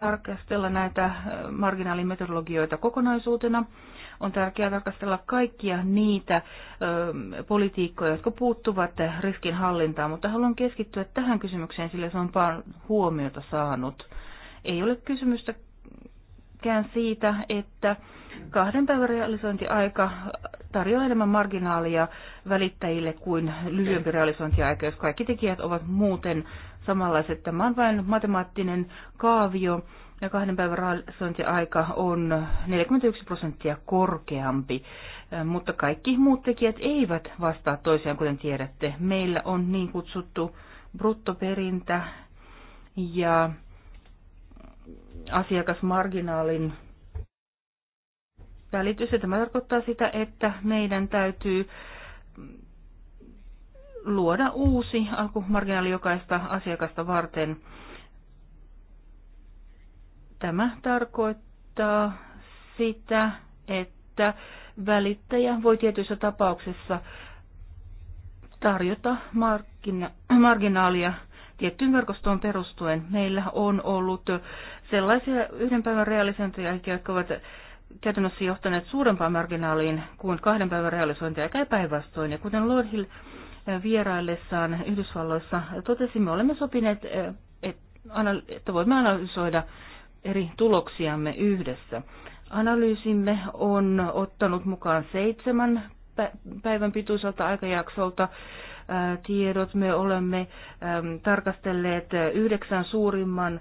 tarkastella näitä äh, marginaalimetodologioita kokonaisuutena. On tärkeää tarkastella kaikkia niitä ö, äh, politiikkoja, jotka puuttuvat hallintaan, mutta haluan keskittyä tähän kysymykseen, sillä se on paljon huomiota saanut. Ei ole kysymystäkään siitä, että kahden päivän realisointiaika tarjoaa enemmän marginaalia välittäjille kuin lyhyempi realisointiaika, jos kaikki tekijät ovat muuten samanlaiset. Tämä on vain matemaattinen kaavio ja kahden päivän realisointiaika on 41 prosenttia korkeampi, äh, mutta kaikki muut tekijät eivät vastaa toisiaan, kuten tiedätte. Meillä on niin kutsuttu bruttoperintä ja asiakasmarginaalin välitys. tämä tarkoittaa sitä, että meidän täytyy luoda uusi alkumarginaali jokaista asiakasta varten. Tämä tarkoittaa sitä, että välittäjä voi tietyissä tapauksissa tarjota markkina- marginaalia tiettyyn verkostoon perustuen. Meillä on ollut sellaisia yhden päivän realisointeja, jotka ovat käytännössä johtaneet suurempaan marginaaliin kuin kahden päivän realisointeja, eikä päinvastoin. Ja kuten Lord Hill vieraillessaan Yhdysvalloissa totesimme, olemme sopineet, eh, että voimme analysoida eri tuloksiamme yhdessä. Analyysimme on ottanut mukaan seitsemän päivän pituiselta aikajaksolta tiedot. Me olemme tarkastelleet yhdeksän suurimman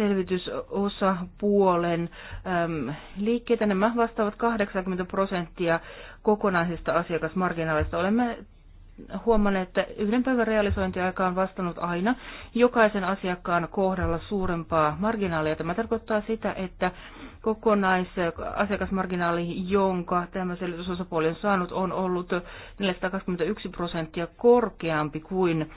selvitysosapuolen äm, liikkeitä. Nämä vastaavat 80 prosenttia kokonaisista asiakasmarginaaleista. Olemme huomanneet, että yhden päivän realisointiaika on vastannut aina jokaisen asiakkaan kohdalla suurempaa marginaalia. Tämä tarkoittaa sitä, että kokonaisasiakasmarginaali, jonka tämä selvitysosapuoli on saanut, on ollut 421 prosenttia korkeampi kuin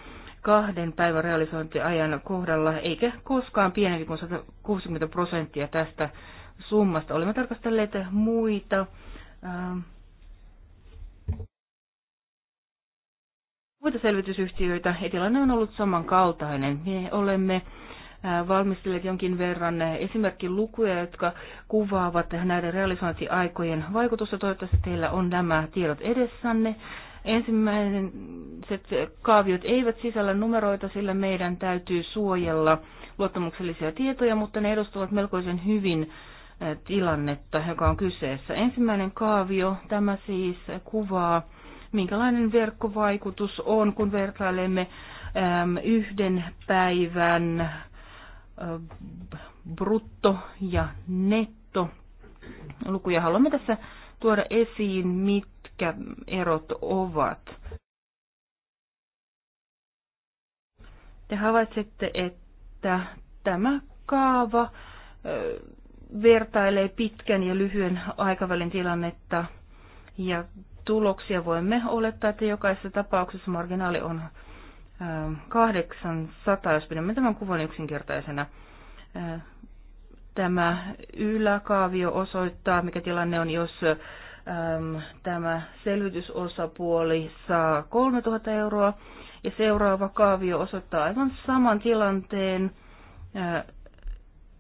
kahden päivän realisointiajan kohdalla, eikä koskaan pienempi kuin 160 prosenttia tästä summasta. Olemme tarkastelleet muita ähm, muita selvitysyhtiöitä ja on ollut samankaltainen. Me olemme äh, valmistelleet jonkin verran lukuja, jotka kuvaavat näiden realisointiaikojen vaikutusta. Toivottavasti teillä on nämä tiedot edessänne. Ensimmäiset kaaviot eivät sisällä numeroita, sillä meidän täytyy suojella luottamuksellisia tietoja, mutta ne edustavat melkoisen hyvin eh, tilannetta, joka on kyseessä. Ensimmäinen kaavio, tämä siis kuvaa, minkälainen verkkovaikutus on, kun vertailemme ehm, yhden päivän eh, brutto- ja netto lukuja. Haluamme tässä tuoda esiin, mitä mitkä erot ovat. Te havaitsette, että tämä kaava vertailee pitkän ja lyhyen aikavälin tilannetta ja tuloksia voimme olettaa, että jokaisessa tapauksessa marginaali on 800, jos pidämme tämän kuvan yksinkertaisena. Tämä yläkaavio osoittaa, mikä tilanne on, jos tämä selvitysosapuoli saa 3000 euroa ja seuraava kaavio osoittaa aivan saman tilanteen,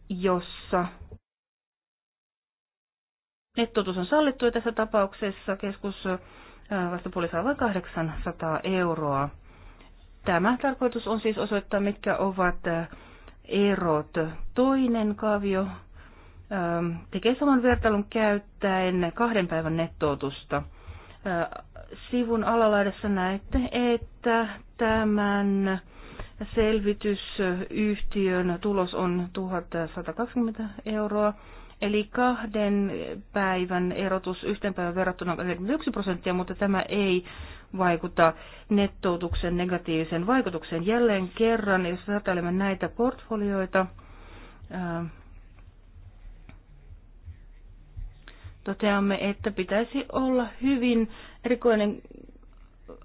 jossa nettotus on sallittu ja tässä tapauksessa keskus vastapuoli saa vain 800 euroa. Tämä tarkoitus on siis osoittaa, mitkä ovat erot. Toinen kaavio Ähm, tekee saman vertailun käyttäen kahden päivän nettoutusta. Äh, sivun alalaidassa näette, että tämän selvitysyhtiön tulos on 1120 euroa, eli kahden päivän erotus yhteen päivän verrattuna 41 prosenttia, mutta tämä ei vaikuta nettoutuksen negatiivisen vaikutukseen. Jälleen kerran, jos vertailemme näitä portfolioita, äh, toteamme, että pitäisi olla hyvin erikoinen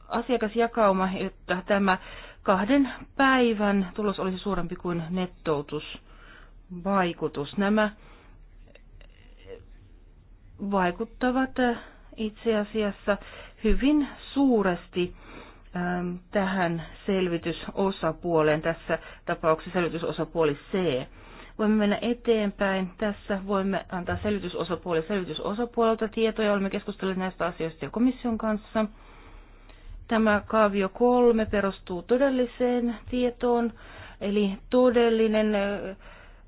asiakasjakauma, että tämä kahden päivän tulos olisi suurempi kuin nettoutusvaikutus. Nämä vaikuttavat äh, itse asiassa hyvin suuresti ähm, tähän selvitysosapuoleen, tässä tapauksessa selvitysosapuoli C voimme mennä eteenpäin. Tässä voimme antaa selvitysosapuolelle selvitysosapuolelta tietoja. Olemme keskustelleet näistä asioista jo komission kanssa. Tämä kaavio kolme perustuu todelliseen tietoon, eli todellinen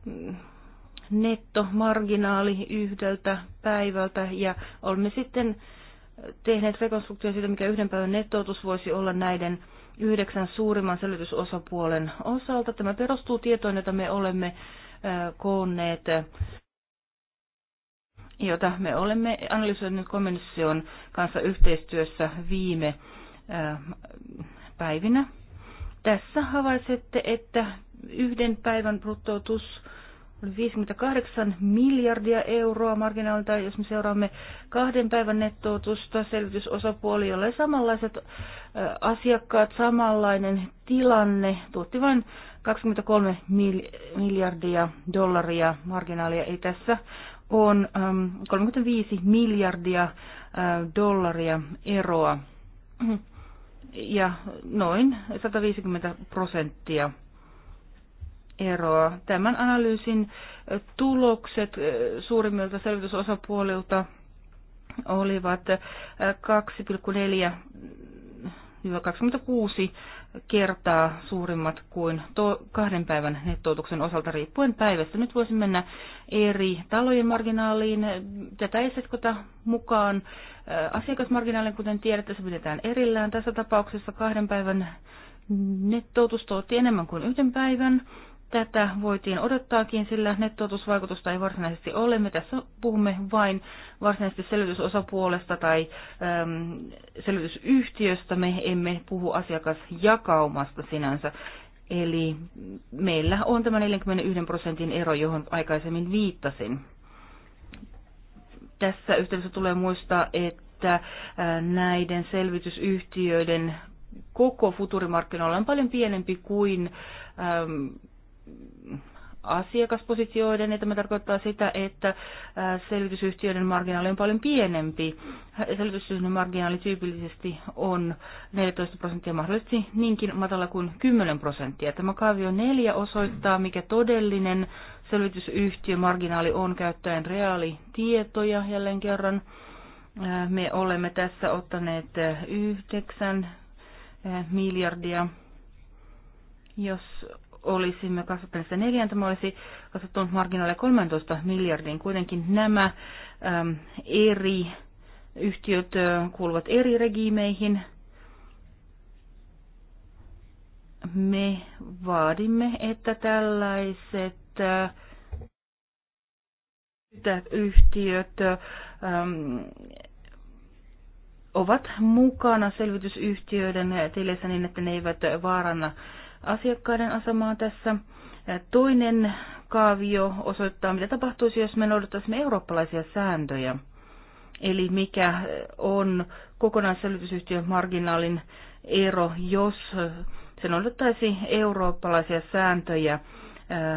mm, nettomarginaali yhdeltä päivältä ja olemme sitten tehneet rekonstruktio siitä, mikä yhden päivän nettoutus voisi olla näiden yhdeksän suurimman selvitysosapuolen osalta. Tämä perustuu tietoon, jota me olemme koonneet, jota me olemme analysoineet komission kanssa yhteistyössä viime päivinä. Tässä havaitsette, että yhden päivän bruttoutus oli 58 miljardia euroa marginaalilta, jos me seuraamme kahden päivän nettoutusta, selvitysosapuoli, jolle samanlaiset asiakkaat, samanlainen tilanne, tuotti vain 23 miljardia dollaria marginaalia, ei tässä on 35 ähm, miljardia äh, dollaria eroa ja noin 150 prosenttia eroa. Tämän analyysin äh, tulokset äh, suurimmilta selvitysosapuolilta olivat 2,4-26 kertaa suurimmat kuin to- kahden päivän nettoutuksen osalta riippuen päivästä. Nyt voisi mennä eri talojen marginaaliin, tätä essetkota mukaan äh, asiakasmarginaalin, kuten tiedätte, se pidetään erillään. Tässä tapauksessa kahden päivän nettoutus tuotti enemmän kuin yhden päivän Tätä voitiin odottaakin, sillä nettoutusvaikutusta ei varsinaisesti ole. Me tässä puhumme vain varsinaisesti selvitysosapuolesta tai äm, selvitysyhtiöstä. Me emme puhu asiakasjakaumasta sinänsä. Eli meillä on tämä 41 prosentin ero, johon aikaisemmin viittasin. Tässä yhteydessä tulee muistaa, että äh, näiden selvitysyhtiöiden koko futurimarkkinoilla on paljon pienempi kuin äm, asiakaspositioiden, että tämä tarkoittaa sitä, että äh, selvitysyhtiöiden marginaali on paljon pienempi. Selvitysyhtiöiden marginaali tyypillisesti on 14 prosenttia, mahdollisesti niinkin matala kuin 10 prosenttia. Tämä kaavio 4 osoittaa, mikä todellinen selvitysyhtiön marginaali on käyttäen reaalitietoja jälleen kerran. Äh, me olemme tässä ottaneet 9 äh, miljardia, jos olisimme kasvattaneet sitä neljään, tämä olisi kasvattunut marginaaleja 13 miljardin. Kuitenkin nämä äm, eri yhtiöt ä, kuuluvat eri regiimeihin. Me vaadimme, että tällaiset äh, yhtiöt ä, ovat mukana selvitysyhtiöiden tilissä niin, että ne eivät vaaranna asiakkaiden asemaa tässä. Toinen kaavio osoittaa, mitä tapahtuisi, jos me noudattaisimme eurooppalaisia sääntöjä. Eli mikä on kokonaisselvitysyhtiön marginaalin ero, jos se noudattaisi eurooppalaisia sääntöjä,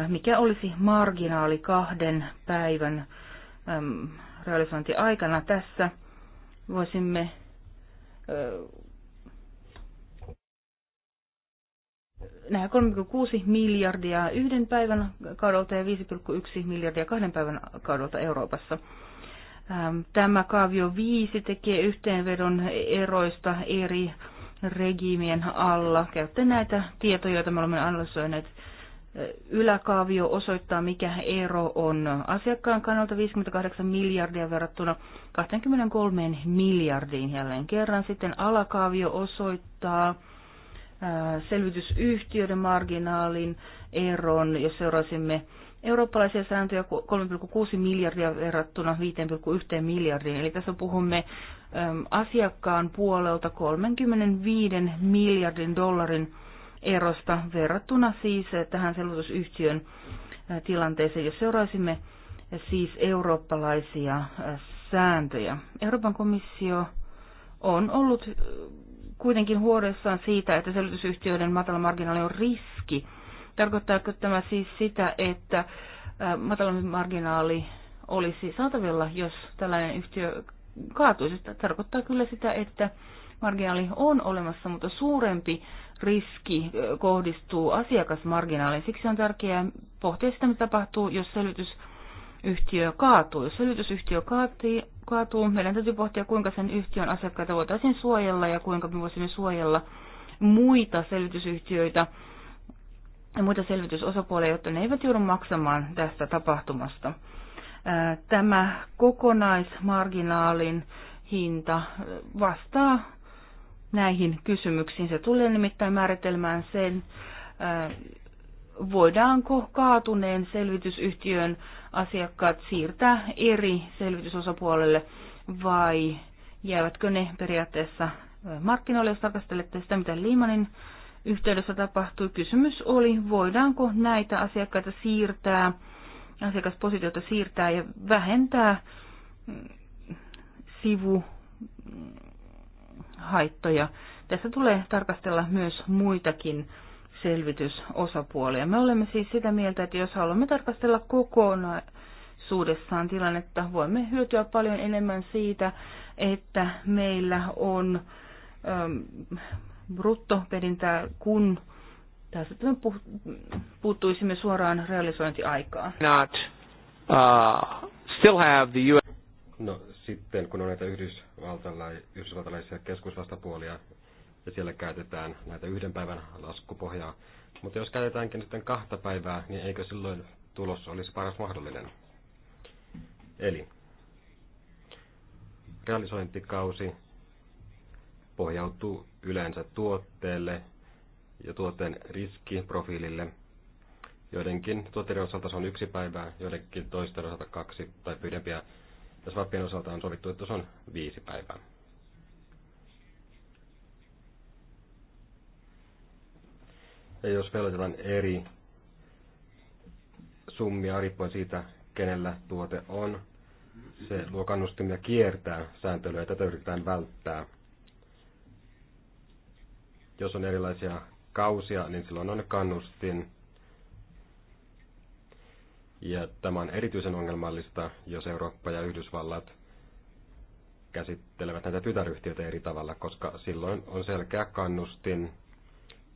mikä olisi marginaali kahden päivän realisointiaikana tässä. Voisimme nämä 3,6 miljardia yhden päivän kaudelta ja 5,1 miljardia kahden päivän kaudelta Euroopassa. Ähm, tämä kaavio 5 tekee yhteenvedon eroista eri regiimien alla. Käytte näitä tietoja, joita me olemme analysoineet. Äh, yläkaavio osoittaa, mikä ero on asiakkaan kannalta 58 miljardia verrattuna 23 miljardiin jälleen kerran. Sitten alakaavio osoittaa, Äh, selvitysyhtiöiden marginaalin eron, jos seurasimme eurooppalaisia sääntöjä 3,6 miljardia verrattuna 5,1 miljardiin. Eli tässä puhumme asiakkaan puolelta 35 miljardin dollarin erosta verrattuna siis äh, tähän selvitysyhtiön äh, tilanteeseen, jos seuraisimme siis eurooppalaisia sääntöjä. Euroopan komissio on ollut kuitenkin huolissaan siitä, että selvitysyhtiöiden matala marginaali on riski. Tarkoittaako tämä siis sitä, että matala marginaali olisi saatavilla, jos tällainen yhtiö kaatuisi? Tämä tarkoittaa kyllä sitä, että marginaali on olemassa, mutta suurempi riski kohdistuu asiakasmarginaaliin. Siksi on tärkeää pohtia sitä, mitä tapahtuu, jos yhtiö kaatuu. Jos selvitysyhtiö kaatii, kaatuu, meidän täytyy pohtia, kuinka sen yhtiön asiakkaita voitaisiin suojella ja kuinka me voisimme suojella muita selvitysyhtiöitä ja muita selvitysosapuolia, jotta ne eivät joudu maksamaan tästä tapahtumasta. Tämä kokonaismarginaalin hinta vastaa näihin kysymyksiin. Se tulee nimittäin määritelmään sen, voidaanko kaatuneen selvitysyhtiön asiakkaat siirtää eri selvitysosapuolelle vai jäävätkö ne periaatteessa markkinoille, jos tarkastelette sitä, mitä Liimanin yhteydessä tapahtui. Kysymys oli, voidaanko näitä asiakkaita siirtää, asiakaspositiota siirtää ja vähentää mm, sivuhaittoja. Tässä tulee tarkastella myös muitakin selvitysosapuolia. Me olemme siis sitä mieltä, että jos haluamme tarkastella kokonaisuudessaan tilannetta, voimme hyötyä paljon enemmän siitä, että meillä on ähm, bruttoperintää, kun tässä puh- puuttuisimme suoraan realisointiaikaan. Not, uh, still have the US... No sitten, kun on näitä yhdysvaltalaisia, yhdysvaltalaisia keskusvastapuolia, ja siellä käytetään näitä yhden päivän laskupohjaa. Mutta jos käytetäänkin sitten kahta päivää, niin eikö silloin tulos olisi paras mahdollinen? Eli realisointikausi pohjautuu yleensä tuotteelle ja tuotteen riskiprofiilille. Joidenkin tuotteiden osalta se on yksi päivää, joidenkin toisten osalta kaksi tai pidempiä. Ja swappien osalta on sovittu, että se on viisi päivää. Ja jos velotetaan eri summia riippuen siitä, kenellä tuote on, se luo kannustimia kiertää sääntelyä ja tätä yritetään välttää. Jos on erilaisia kausia, niin silloin on kannustin. Ja tämä on erityisen ongelmallista, jos Eurooppa ja Yhdysvallat käsittelevät näitä tytäryhtiöitä eri tavalla, koska silloin on selkeä kannustin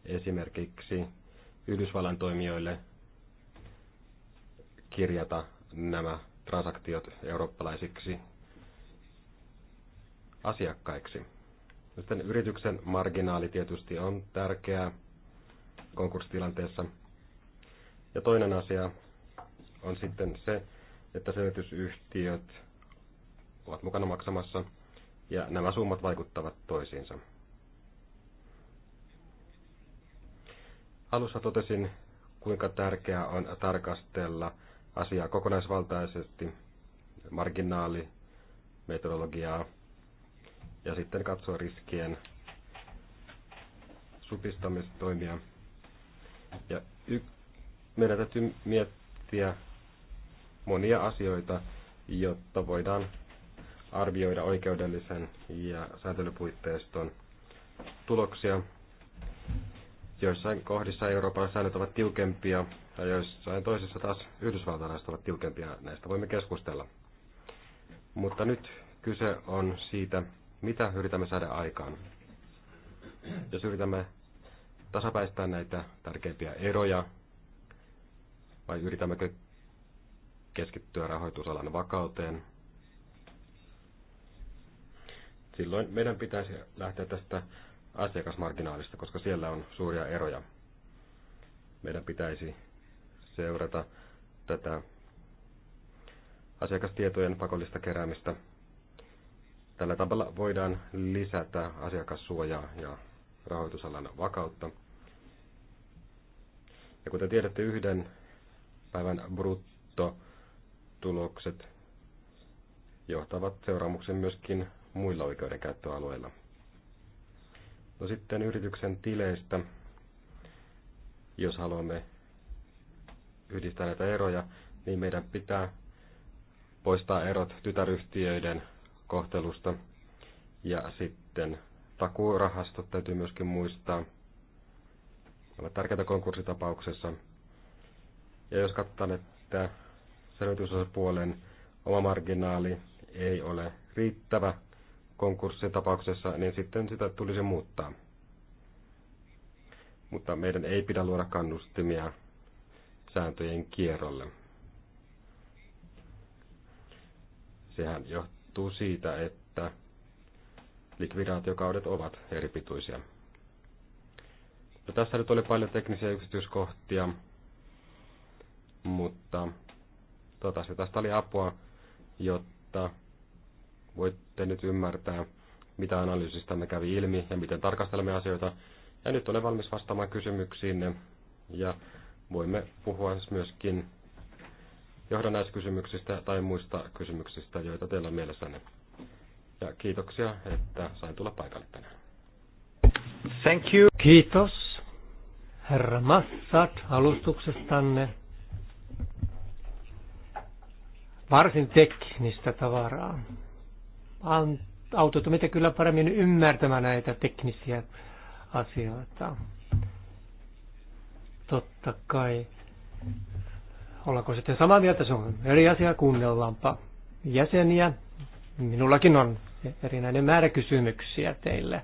esimerkiksi Yhdysvallan toimijoille kirjata nämä transaktiot eurooppalaisiksi asiakkaiksi. No sitten yrityksen marginaali tietysti on tärkeää konkurssitilanteessa. Ja toinen asia on sitten se, että selvitysyhtiöt ovat mukana maksamassa ja nämä summat vaikuttavat toisiinsa. Alussa totesin, kuinka tärkeää on tarkastella asiaa kokonaisvaltaisesti, marginaali, metodologiaa ja sitten katsoa riskien supistamistoimia. Ja y- meidän täytyy miettiä monia asioita, jotta voidaan arvioida oikeudellisen ja sääntelypuitteiston tuloksia Joissain kohdissa Euroopan säännöt ovat tiukempia ja joissain toisissa taas yhdysvaltalaiset ovat tiukempia. Näistä voimme keskustella. Mutta nyt kyse on siitä, mitä yritämme saada aikaan. Jos yritämme tasapäistää näitä tärkeimpiä eroja, vai yritämmekö keskittyä rahoitusalan vakauteen, silloin meidän pitäisi lähteä tästä asiakasmarginaalista, koska siellä on suuria eroja. Meidän pitäisi seurata tätä asiakastietojen pakollista keräämistä. Tällä tavalla voidaan lisätä asiakassuojaa ja rahoitusalan vakautta. Ja kuten tiedätte, yhden päivän bruttotulokset johtavat seuraamuksen myöskin muilla oikeudenkäyttöalueilla. No sitten yrityksen tileistä, jos haluamme yhdistää näitä eroja, niin meidän pitää poistaa erot tytäryhtiöiden kohtelusta. Ja sitten takuurahastot täytyy myöskin muistaa. Olla tärkeitä konkurssitapauksessa. Ja jos katsotaan, että selvitysosapuolen oma marginaali ei ole riittävä konkurssin tapauksessa, niin sitten sitä tulisi muuttaa. Mutta meidän ei pidä luoda kannustimia sääntöjen kierrolle. Sehän johtuu siitä, että likvidaatiokaudet ovat pituisia. No, tässä nyt oli paljon teknisiä yksityiskohtia, mutta toivottavasti tästä oli apua, jotta Voitte nyt ymmärtää, mitä analyysistä me kävi ilmi ja miten tarkastelemme asioita. Ja nyt olen valmis vastaamaan kysymyksiin ja voimme puhua siis myöskin johdannaiskysymyksistä tai muista kysymyksistä, joita teillä on mielessänne. Ja kiitoksia, että sain tulla paikalle tänään. Thank you. Kiitos, herra Massad, alustuksestanne. Varsin teknistä tavaraa autettu meitä kyllä paremmin ymmärtämään näitä teknisiä asioita. Totta kai. Ollaanko sitten samaa mieltä, se on eri asia, kuunnellaanpa jäseniä. Minullakin on erinäinen määrä kysymyksiä teille.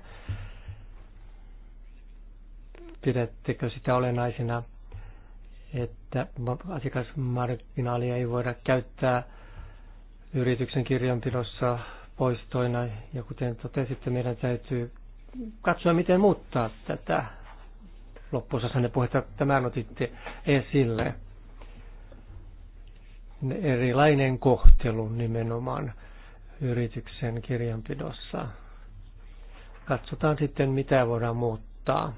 Pidättekö sitä olennaisena, että asiakasmarginaalia ei voida käyttää yrityksen kirjanpidossa poistoina. Ja kuten totesitte, meidän täytyy katsoa, miten muuttaa tätä loppuosassa ne puhetta tämän otitte esille. Erilainen kohtelu nimenomaan yrityksen kirjanpidossa. Katsotaan sitten, mitä voidaan muuttaa,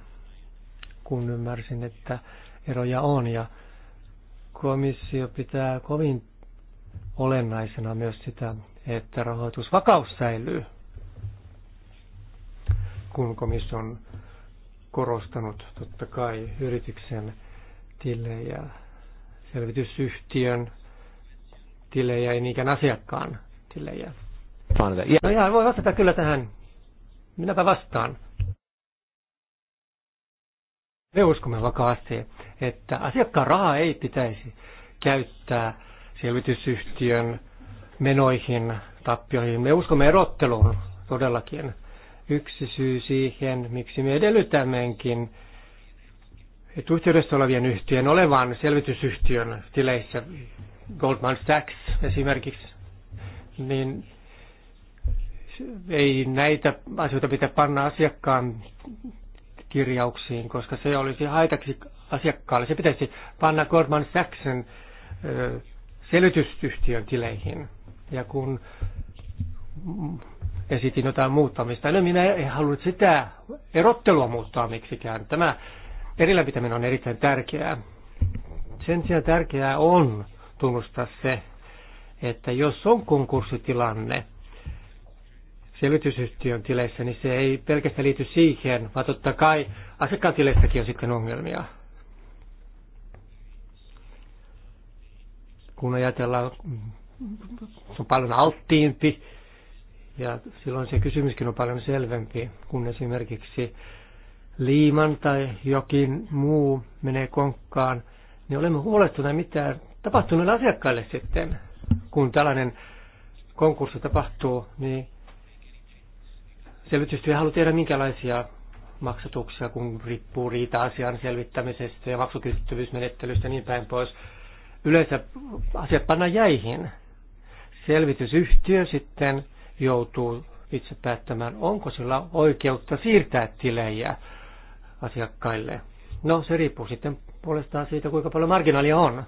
kun ymmärsin, että eroja on. Ja komissio pitää kovin olennaisena myös sitä, että rahoitusvakaus säilyy, kun komissio on korostanut totta kai yrityksen tilejä, selvitysyhtiön tilejä, ei niinkään asiakkaan tilejä. No ja voi vastata kyllä tähän. Minäpä vastaan. Me uskomme vakaasti, että asiakkaan raha ei pitäisi käyttää selvitysyhtiön menoihin, tappioihin. Me uskomme erotteluun todellakin. Yksi syy siihen, miksi me edellytämmekin että yhteydessä olevien yhtiön olevan selvitysyhtiön tileissä, Goldman Sachs esimerkiksi, niin ei näitä asioita pitää panna asiakkaan kirjauksiin, koska se olisi haitaksi asiakkaalle. Se pitäisi panna Goldman Sachsin selitystyhtiön tileihin. Ja kun esitin jotain muuttamista, no minä en halunnut sitä erottelua muuttaa miksikään. Tämä erilläpitäminen on erittäin tärkeää. Sen sijaan tärkeää on tunnustaa se, että jos on konkurssitilanne selitysyhtiön tileissä, niin se ei pelkästään liity siihen, vaan totta kai asiakkaan tileissäkin on sitten ongelmia. kun ajatellaan, se on paljon alttiimpi ja silloin se kysymyskin on paljon selvempi kun esimerkiksi liiman tai jokin muu menee konkkaan, niin olemme huolestuneet, mitä tapahtuu asiakkaille sitten, kun tällainen konkurssi tapahtuu, niin selvitystyö halua tehdä minkälaisia maksatuksia, kun riippuu riita-asian selvittämisestä ja maksukyvyttömyysmenettelystä ja niin päin pois yleensä asiat panna jäihin. Selvitysyhtiö sitten joutuu itse päättämään, onko sillä oikeutta siirtää tilejä asiakkaille. No se riippuu sitten puolestaan siitä, kuinka paljon marginaalia on.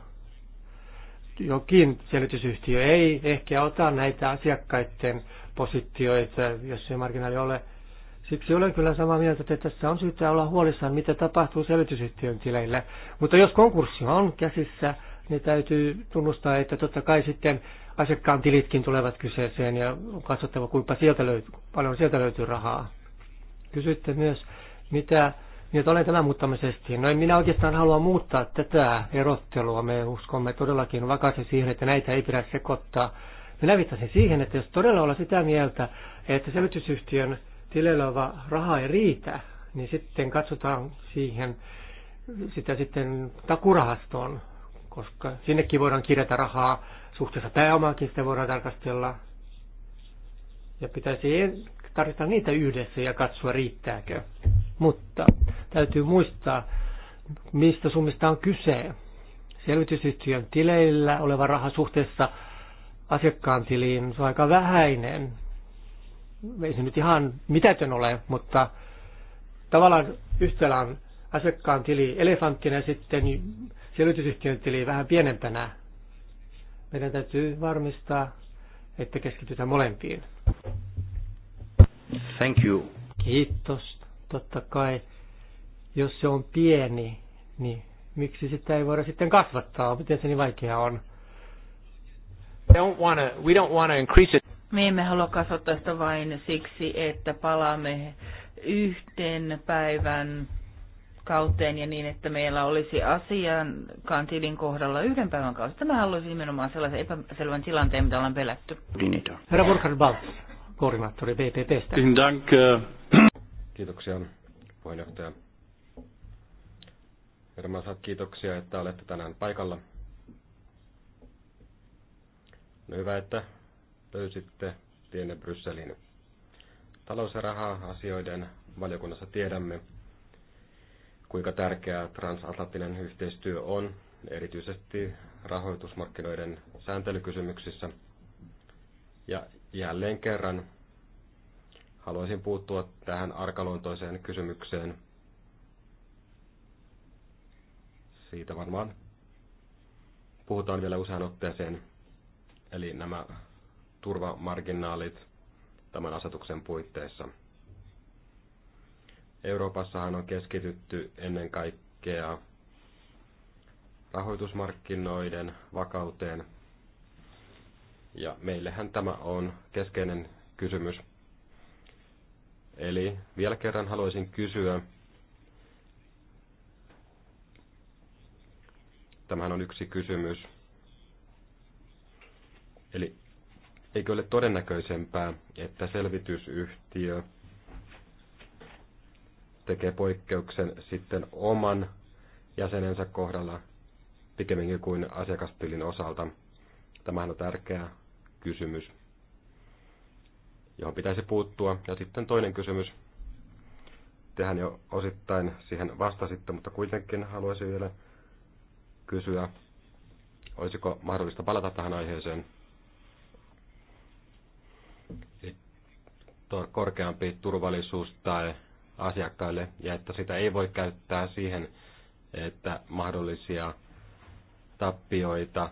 Jokin selvitysyhtiö ei ehkä ota näitä asiakkaiden positioita, jos se marginaali ole. Siksi olen kyllä samaa mieltä, että tässä on syytä olla huolissaan, mitä tapahtuu selvitysyhtiön tileille. Mutta jos konkurssi on käsissä, ne täytyy tunnustaa, että totta kai sitten asiakkaan tilitkin tulevat kyseeseen ja on katsottava, kuinka sieltä löytyy, paljon sieltä löytyy rahaa. Kysytte myös, mitä niin olen tämän muuttamisesti. No en minä oikeastaan halua muuttaa tätä erottelua. Me uskomme todellakin vakaasti siihen, että näitä ei pidä sekoittaa. Minä viittasin siihen, että jos todella olla sitä mieltä, että selvitysyhtiön tilillä oleva raha ei riitä, niin sitten katsotaan siihen sitä sitten takurahastoon koska sinnekin voidaan kirjata rahaa suhteessa pääomaankin, sitä voidaan tarkastella. Ja pitäisi tarkastella niitä yhdessä ja katsoa riittääkö. Mutta täytyy muistaa, mistä summista on kyse. Selvitysyhtiön tileillä oleva raha suhteessa asiakkaan tiliin on aika vähäinen. Ei se nyt ihan mitätön ole, mutta tavallaan yhtälä on asiakkaan tili elefanttina ja sitten selvitysyhtiön tili vähän pienempänä. Meidän täytyy varmistaa, että keskitytään molempiin. Thank you. Kiitos. Totta kai, jos se on pieni, niin miksi sitä ei voida sitten kasvattaa? Miten se niin vaikeaa on? Don't wanna, we don't wanna increase it. Me emme halua kasvattaa sitä vain siksi, että palaamme yhteen päivän kauteen ja niin, että meillä olisi asiankaan tilin kohdalla yhden päivän kausi. Tämä haluaisi nimenomaan sellaisen epäselvän tilanteen, mitä ollaan pelätty. Herra Burkhard Baltz, koordinaattori BPPstä. Dank. Äh. Kiitoksia puheenjohtaja. Herra Masat, kiitoksia, että olette tänään paikalla. No hyvä, että löysitte tienne Brysselin Talous- ja raha-asioiden valiokunnassa tiedämme, kuinka tärkeää transatlanttinen yhteistyö on, erityisesti rahoitusmarkkinoiden sääntelykysymyksissä. Ja jälleen kerran haluaisin puuttua tähän arkaluontoiseen kysymykseen. Siitä varmaan puhutaan vielä usean otteeseen. Eli nämä turvamarginaalit tämän asetuksen puitteissa – Euroopassahan on keskitytty ennen kaikkea rahoitusmarkkinoiden vakauteen. Ja meillähän tämä on keskeinen kysymys. Eli vielä kerran haluaisin kysyä, tämähän on yksi kysymys. Eli eikö ole todennäköisempää, että selvitysyhtiö tekee poikkeuksen sitten oman jäsenensä kohdalla pikemminkin kuin asiakastilin osalta. Tämähän on tärkeä kysymys, johon pitäisi puuttua. Ja sitten toinen kysymys. Tehän jo osittain siihen vastasitte, mutta kuitenkin haluaisin vielä kysyä, olisiko mahdollista palata tähän aiheeseen. tuo korkeampi turvallisuus tai asiakkaille ja että sitä ei voi käyttää siihen, että mahdollisia tappioita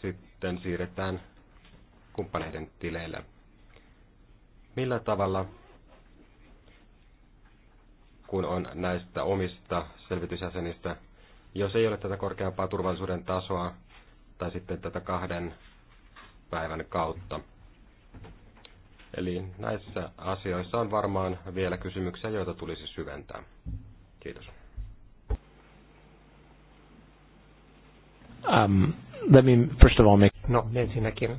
sitten siirretään kumppaneiden tileille. Millä tavalla, kun on näistä omista selvitysjäsenistä, jos ei ole tätä korkeampaa turvallisuuden tasoa tai sitten tätä kahden päivän kautta, Eli näissä asioissa on varmaan vielä kysymyksiä, joita tulisi syventää. Kiitos. Um, let me first of all make... No, ensinnäkin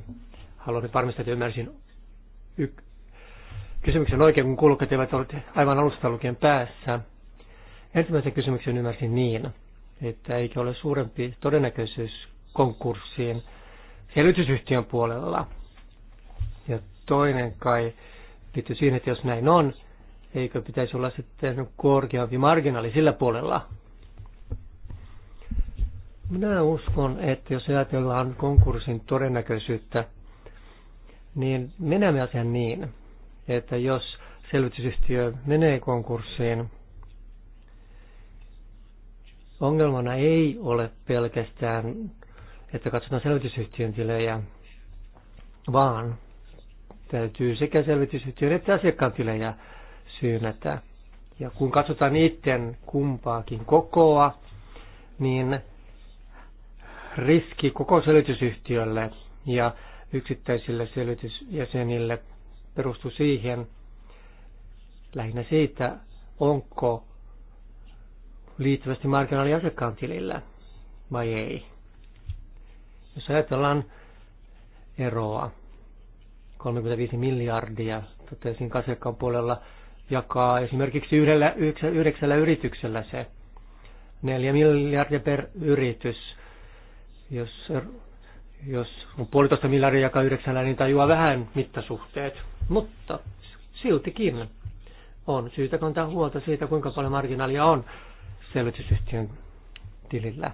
haluan nyt varmistaa, että ymmärsin y- kysymyksen oikein, kun kuulokkeet eivät ole aivan alusta lukien päässä. Ensimmäisen kysymyksen ymmärsin niin, että eikö ole suurempi todennäköisyys konkurssiin selvitysyhtiön puolella – toinen kai liittyy siihen, että jos näin on, eikö pitäisi olla sitten korkeampi marginaali sillä puolella. Minä uskon, että jos ajatellaan konkurssin todennäköisyyttä, niin menemme asian niin, että jos selvitysyhtiö menee konkurssiin, ongelmana ei ole pelkästään, että katsotaan selvitysyhtiön tilejä, vaan Täytyy sekä selvitysyhtiön että asiakkaan tilejä syynätä. Ja kun katsotaan niiden kumpaakin kokoa, niin riski koko selvitysyhtiölle ja yksittäisille selvitysjäsenille perustuu siihen lähinnä siitä, onko liittyvästi marginaali asiakkaan tilillä vai ei. Jos ajatellaan eroa 35 miljardia, totesin kasvikkaan puolella, jakaa esimerkiksi yhdellä, yhdeksällä yrityksellä se 4 miljardia per yritys. Jos, jos on puolitoista miljardia jakaa yhdeksällä, niin tajuaa vähän mittasuhteet. Mutta siltikin on syytä kantaa huolta siitä, kuinka paljon marginaalia on selvitysyhtiön tilillä.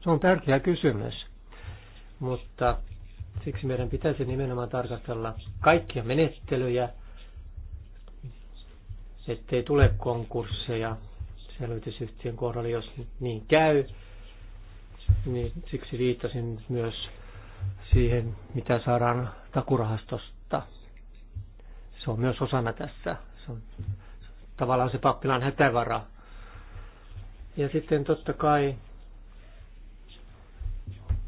Se on tärkeä kysymys, mutta Siksi meidän pitäisi nimenomaan tarkastella kaikkia menettelyjä, ettei tule konkursseja selvitysyhtiön kohdalla, jos niin käy. Niin siksi viittasin myös siihen, mitä saadaan takurahastosta. Se on myös osana tässä. Se on tavallaan se pappilan hätävara. Ja sitten totta kai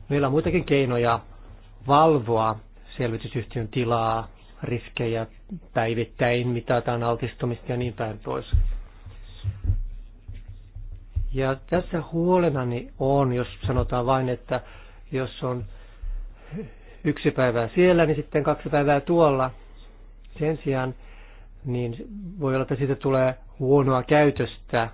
meillä on muitakin keinoja valvoa selvitysyhtiön tilaa, riskejä päivittäin, mitataan altistumista ja niin päin pois. Ja tässä huolenani on, jos sanotaan vain, että jos on yksi päivää siellä, niin sitten kaksi päivää tuolla. Sen sijaan niin voi olla, että siitä tulee huonoa käytöstä.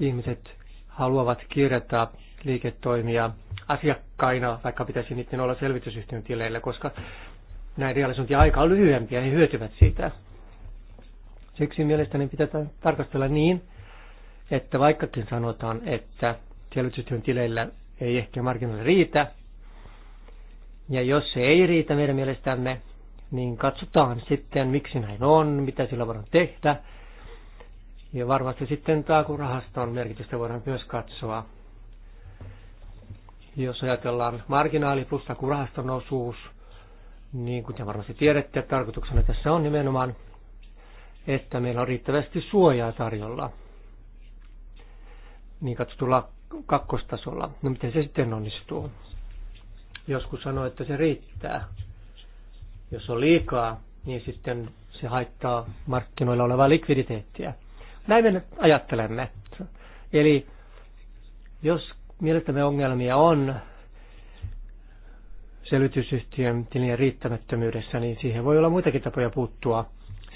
Ihmiset haluavat kirjata liiketoimia asiakkaina, vaikka pitäisi niiden olla selvitysyhtiön tileillä, koska näin aika on lyhyempi ja he hyötyvät siitä. Siksi mielestäni pitää tarkastella niin, että vaikkakin sanotaan, että selvitysyhtiön tileillä ei ehkä markkinoilla riitä, ja jos se ei riitä meidän mielestämme, niin katsotaan sitten, miksi näin on, mitä sillä voidaan tehdä. Ja varmasti sitten taakurahaston merkitystä voidaan myös katsoa. Jos ajatellaan marginaali plus takurahaston osuus, niin kuten varmasti tiedätte, tarkoituksena tässä on nimenomaan, että meillä on riittävästi suojaa tarjolla niin katsotulla kakkostasolla. No miten se sitten onnistuu? Joskus sanoo, että se riittää. Jos on liikaa, niin sitten se haittaa markkinoilla olevaa likviditeettiä. Näin me ajattelemme. Eli jos Mielestämme ongelmia on selvitysyhtiön tilien riittämättömyydessä, niin siihen voi olla muitakin tapoja puuttua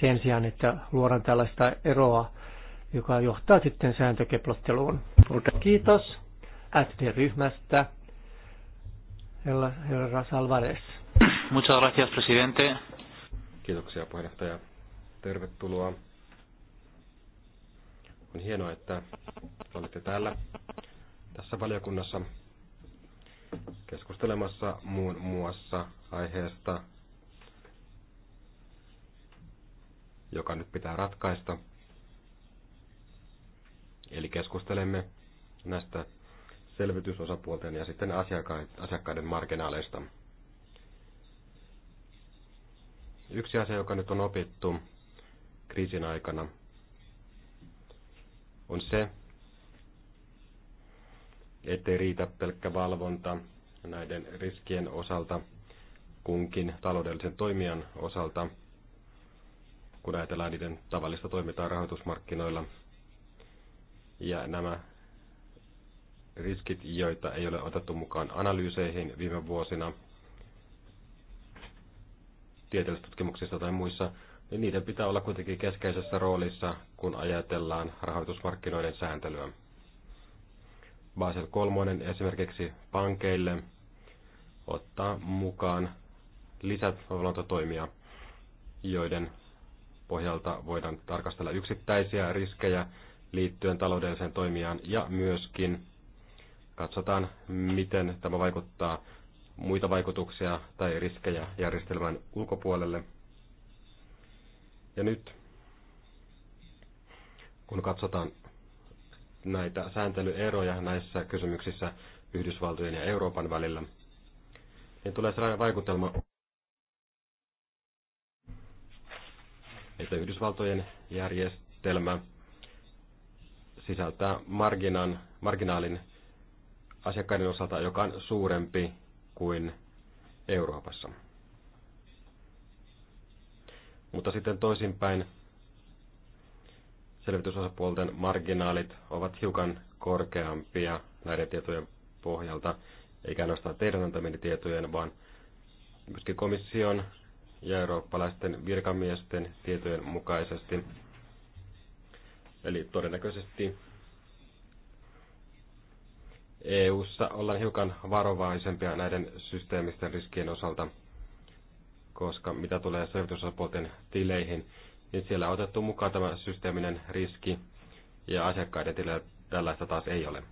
sen sijaan, että luodaan tällaista eroa, joka johtaa sitten sääntökeplotteluun. Kiitos SD-ryhmästä, herra, herra Muchas gracias, presidente. Kiitoksia, puheenjohtaja. Tervetuloa. On hienoa, että olette täällä tässä valiokunnassa keskustelemassa muun muassa aiheesta, joka nyt pitää ratkaista. Eli keskustelemme näistä selvitysosapuolten ja sitten asiakkaiden marginaaleista. Yksi asia, joka nyt on opittu kriisin aikana, on se, ettei riitä pelkkä valvonta näiden riskien osalta kunkin taloudellisen toimijan osalta, kun ajatellaan niiden tavallista toimintaa rahoitusmarkkinoilla. Ja nämä riskit, joita ei ole otettu mukaan analyyseihin viime vuosina tieteellisissä tutkimuksissa tai muissa, niin niiden pitää olla kuitenkin keskeisessä roolissa, kun ajatellaan rahoitusmarkkinoiden sääntelyä. Basel kolmonen esimerkiksi pankeille ottaa mukaan lisävalvontatoimia, joiden pohjalta voidaan tarkastella yksittäisiä riskejä liittyen taloudelliseen toimijaan ja myöskin katsotaan, miten tämä vaikuttaa muita vaikutuksia tai riskejä järjestelmän ulkopuolelle. Ja nyt, kun katsotaan näitä sääntelyeroja näissä kysymyksissä Yhdysvaltojen ja Euroopan välillä, niin tulee sellainen vaikutelma, että Yhdysvaltojen järjestelmä sisältää marginan, marginaalin asiakkaiden osalta, joka on suurempi kuin Euroopassa. Mutta sitten toisinpäin selvitysosapuolten marginaalit ovat hiukan korkeampia näiden tietojen pohjalta, eikä ainoastaan teidän antamien tietojen, vaan myöskin komission ja eurooppalaisten virkamiesten tietojen mukaisesti. Eli todennäköisesti EU:ssa ollaan hiukan varovaisempia näiden systeemisten riskien osalta, koska mitä tulee selvitysosapuolten tileihin, niin siellä on otettu mukaan tämä systeeminen riski ja asiakkaiden tilalla tällaista taas ei ole.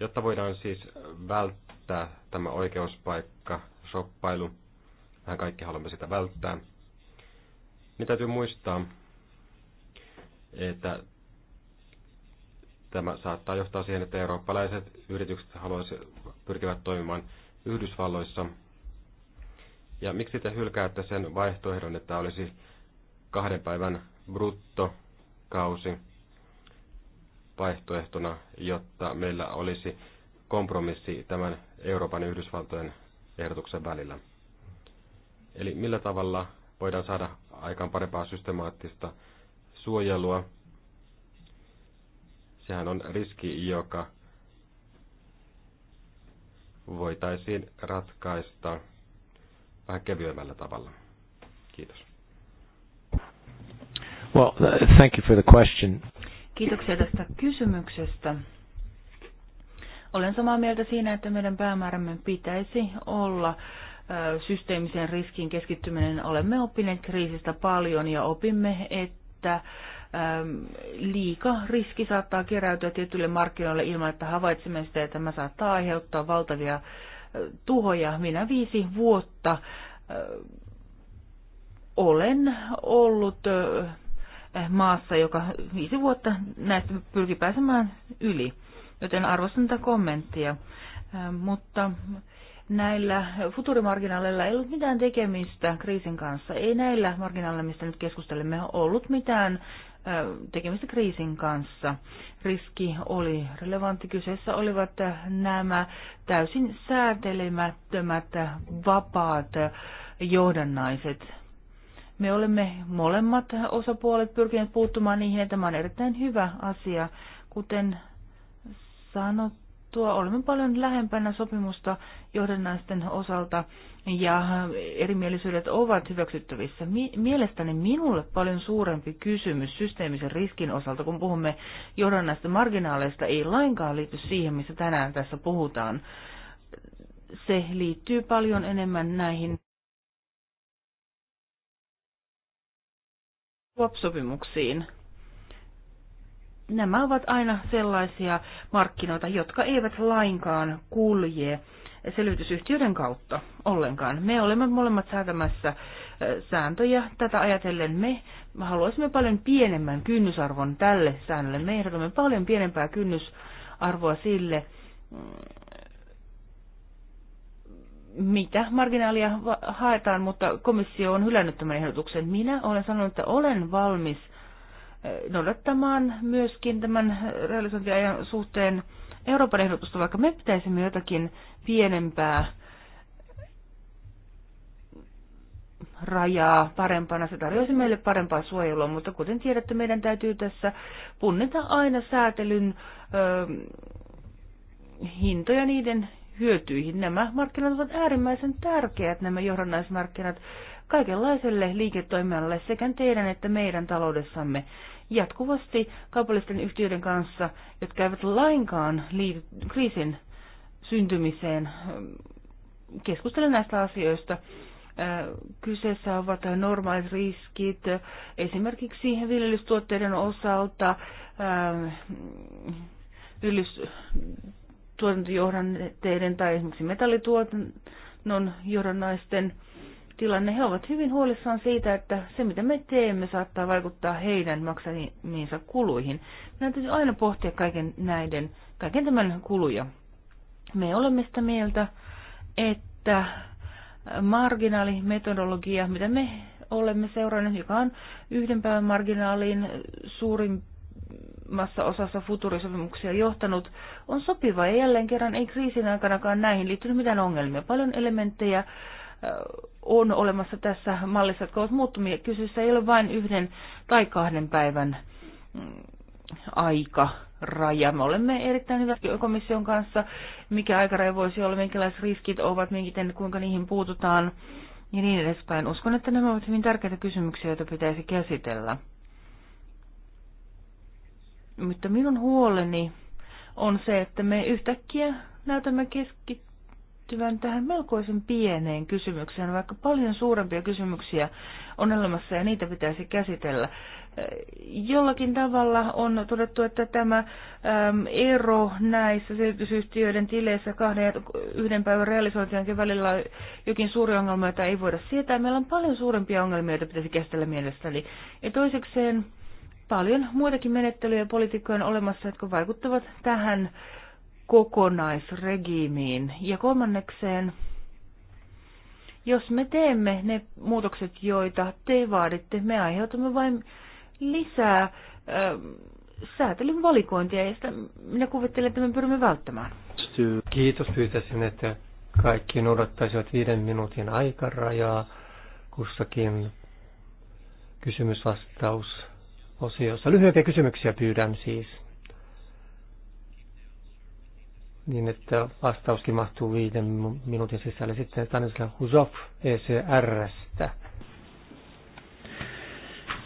Jotta voidaan siis välttää tämä oikeuspaikka, shoppailu, mehän kaikki haluamme sitä välttää, niin täytyy muistaa, että tämä saattaa johtaa siihen, että eurooppalaiset yritykset haluaisi, pyrkivät toimimaan Yhdysvalloissa. Ja miksi te hylkäätte sen vaihtoehdon, että olisi kahden päivän bruttokausi vaihtoehtona, jotta meillä olisi kompromissi tämän Euroopan ja Yhdysvaltojen ehdotuksen välillä. Eli millä tavalla voidaan saada aikaan parempaa systemaattista suojelua. Sehän on riski, joka voitaisiin ratkaista vähän kevyemmällä tavalla. Kiitos. Well, uh, thank you for the question. Kiitoksia tästä kysymyksestä. Olen samaa mieltä siinä, että meidän päämäärämme pitäisi olla systeemisen riskin keskittyminen. Olemme oppineet kriisistä paljon ja opimme, että liika riski saattaa keräytyä tietylle markkinoille ilman, että havaitsemme sitä että tämä saattaa aiheuttaa valtavia tuhoja. Minä viisi vuotta olen ollut maassa, joka viisi vuotta näistä pyrki pääsemään yli. Joten arvostan tätä kommenttia. Mutta näillä futurimarginaaleilla ei ollut mitään tekemistä kriisin kanssa. Ei näillä marginaaleilla, mistä nyt keskustelemme, ollut mitään tekemistä kriisin kanssa. Riski oli relevantti. Kyseessä olivat nämä täysin säätelemättömät vapaat johdannaiset me olemme molemmat osapuolet pyrkineet puuttumaan niihin, että tämä on erittäin hyvä asia. Kuten sanottua, olemme paljon lähempänä sopimusta johdannaisten osalta ja erimielisyydet ovat hyväksyttävissä. Mielestäni minulle paljon suurempi kysymys systeemisen riskin osalta, kun puhumme johdannaisten marginaaleista, ei lainkaan liity siihen, missä tänään tässä puhutaan. Se liittyy paljon enemmän näihin swap-sopimuksiin. Nämä ovat aina sellaisia markkinoita, jotka eivät lainkaan kulje selvitysyhtiöiden kautta ollenkaan. Me olemme molemmat säätämässä sääntöjä. Tätä ajatellen me haluaisimme paljon pienemmän kynnysarvon tälle säännölle. Me ehdotamme paljon pienempää kynnysarvoa sille, mm, mitä marginaalia haetaan, mutta komissio on hylännyt tämän ehdotuksen. Minä olen sanonut, että olen valmis eh, noudattamaan myöskin tämän realisointiajan suhteen Euroopan ehdotusta, vaikka me pitäisimme jotakin pienempää rajaa parempana. Se tarjoaisi meille parempaa suojelua, mutta kuten tiedätte, meidän täytyy tässä punnita aina säätelyn ö, eh, hintoja niiden hyötyihin. Nämä markkinat ovat äärimmäisen tärkeät, nämä johdannaismarkkinat, kaikenlaiselle liiketoiminnalle sekä teidän että meidän taloudessamme. Jatkuvasti kaupallisten yhtiöiden kanssa, jotka eivät lainkaan liity kriisin syntymiseen, keskustelen näistä asioista. Kyseessä ovat normaalit riskit esimerkiksi viljelystuotteiden osalta, yllys, tuotantojohdanteiden tai esimerkiksi metallituotannon johdannaisten tilanne. He ovat hyvin huolissaan siitä, että se mitä me teemme saattaa vaikuttaa heidän maksamiinsa kuluihin. Meidän täytyy aina pohtia kaiken näiden, kaiken tämän kuluja. Me olemme sitä mieltä, että marginaalimetodologia, mitä me olemme seuranneet, joka on yhden päivän marginaaliin suurin suurimmassa osassa futurisopimuksia johtanut, on sopiva ja jälleen kerran ei kriisin aikanakaan näihin liittynyt mitään ongelmia. Paljon elementtejä on olemassa tässä mallissa, jotka ovat muuttumia. Kysyssä ei ole vain yhden tai kahden päivän mm, aika raja. Me olemme erittäin hyvät komission kanssa, mikä aikaraja voisi olla, minkälaiset riskit ovat, minkiten, kuinka niihin puututaan ja niin edespäin. Uskon, että nämä ovat hyvin tärkeitä kysymyksiä, joita pitäisi käsitellä. Mutta minun huoleni on se, että me yhtäkkiä näytämme keskittyvän tähän melkoisen pieneen kysymykseen, vaikka paljon suurempia kysymyksiä on olemassa ja niitä pitäisi käsitellä. Äh, jollakin tavalla on todettu, että tämä äm, ero näissä selitysyhtiöiden tileissä kahden ja yhden päivän realisointienkin välillä on jokin suuri ongelma, jota ei voida sietää. Meillä on paljon suurempia ongelmia, joita pitäisi käsitellä mielestäni. Ja toisekseen paljon muitakin menettelyjä poliitikkojen olemassa, jotka vaikuttavat tähän kokonaisregiimiin. Ja kolmannekseen, jos me teemme ne muutokset, joita te vaaditte, me aiheutamme vain lisää äh, säätelyn valikointia, ja sitä minä kuvittelen, että me pyrimme välttämään. Kiitos, pyytäisin, että kaikki noudattaisivat viiden minuutin aikarajaa kussakin kysymysvastaus osiossa. Lyhyempiä kysymyksiä pyydän siis, niin että vastauskin mahtuu viiden minuutin sisällä. Sitten Stanislav Huzov ECRstä.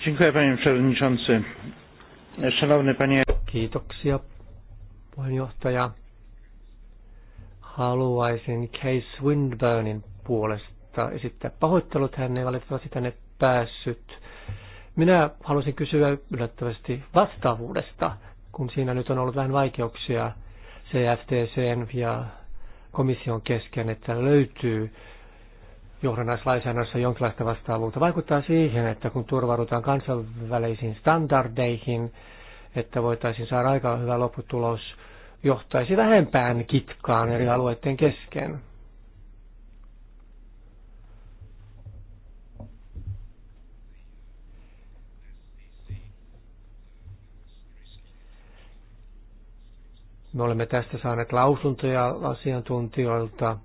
Dziękuję Kiitoksia puheenjohtaja. Haluaisin Case Windburnin puolesta esittää pahoittelut. Hän ei valitettavasti tänne päässyt minä haluaisin kysyä yllättävästi vastaavuudesta, kun siinä nyt on ollut vähän vaikeuksia CFTCn ja komission kesken, että löytyy johdannaislainsäädännössä jonkinlaista vastaavuutta. Vaikuttaa siihen, että kun turvaudutaan kansainvälisiin standardeihin, että voitaisiin saada aika hyvä lopputulos, johtaisi vähempään kitkaan eri alueiden kesken. Me olemme tästä saaneet lausuntoja asiantuntijoilta.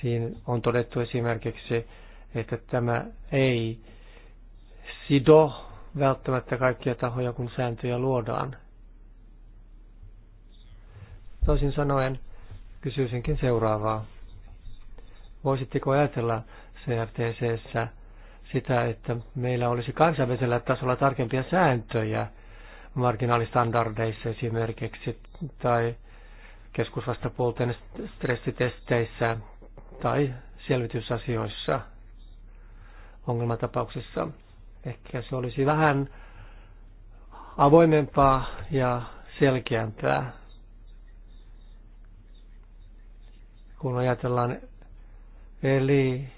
Siinä on todettu esimerkiksi, että tämä ei sido välttämättä kaikkia tahoja, kun sääntöjä luodaan. Toisin sanoen kysyisinkin seuraavaa. Voisitteko ajatella CRTCssä sitä, että meillä olisi kansainvälisellä tasolla tarkempia sääntöjä – marginaalistandardeissa esimerkiksi tai keskusvastapuolten stressitesteissä tai selvitysasioissa ongelmatapauksissa. Ehkä se olisi vähän avoimempaa ja selkeämpää. Kun ajatellaan eli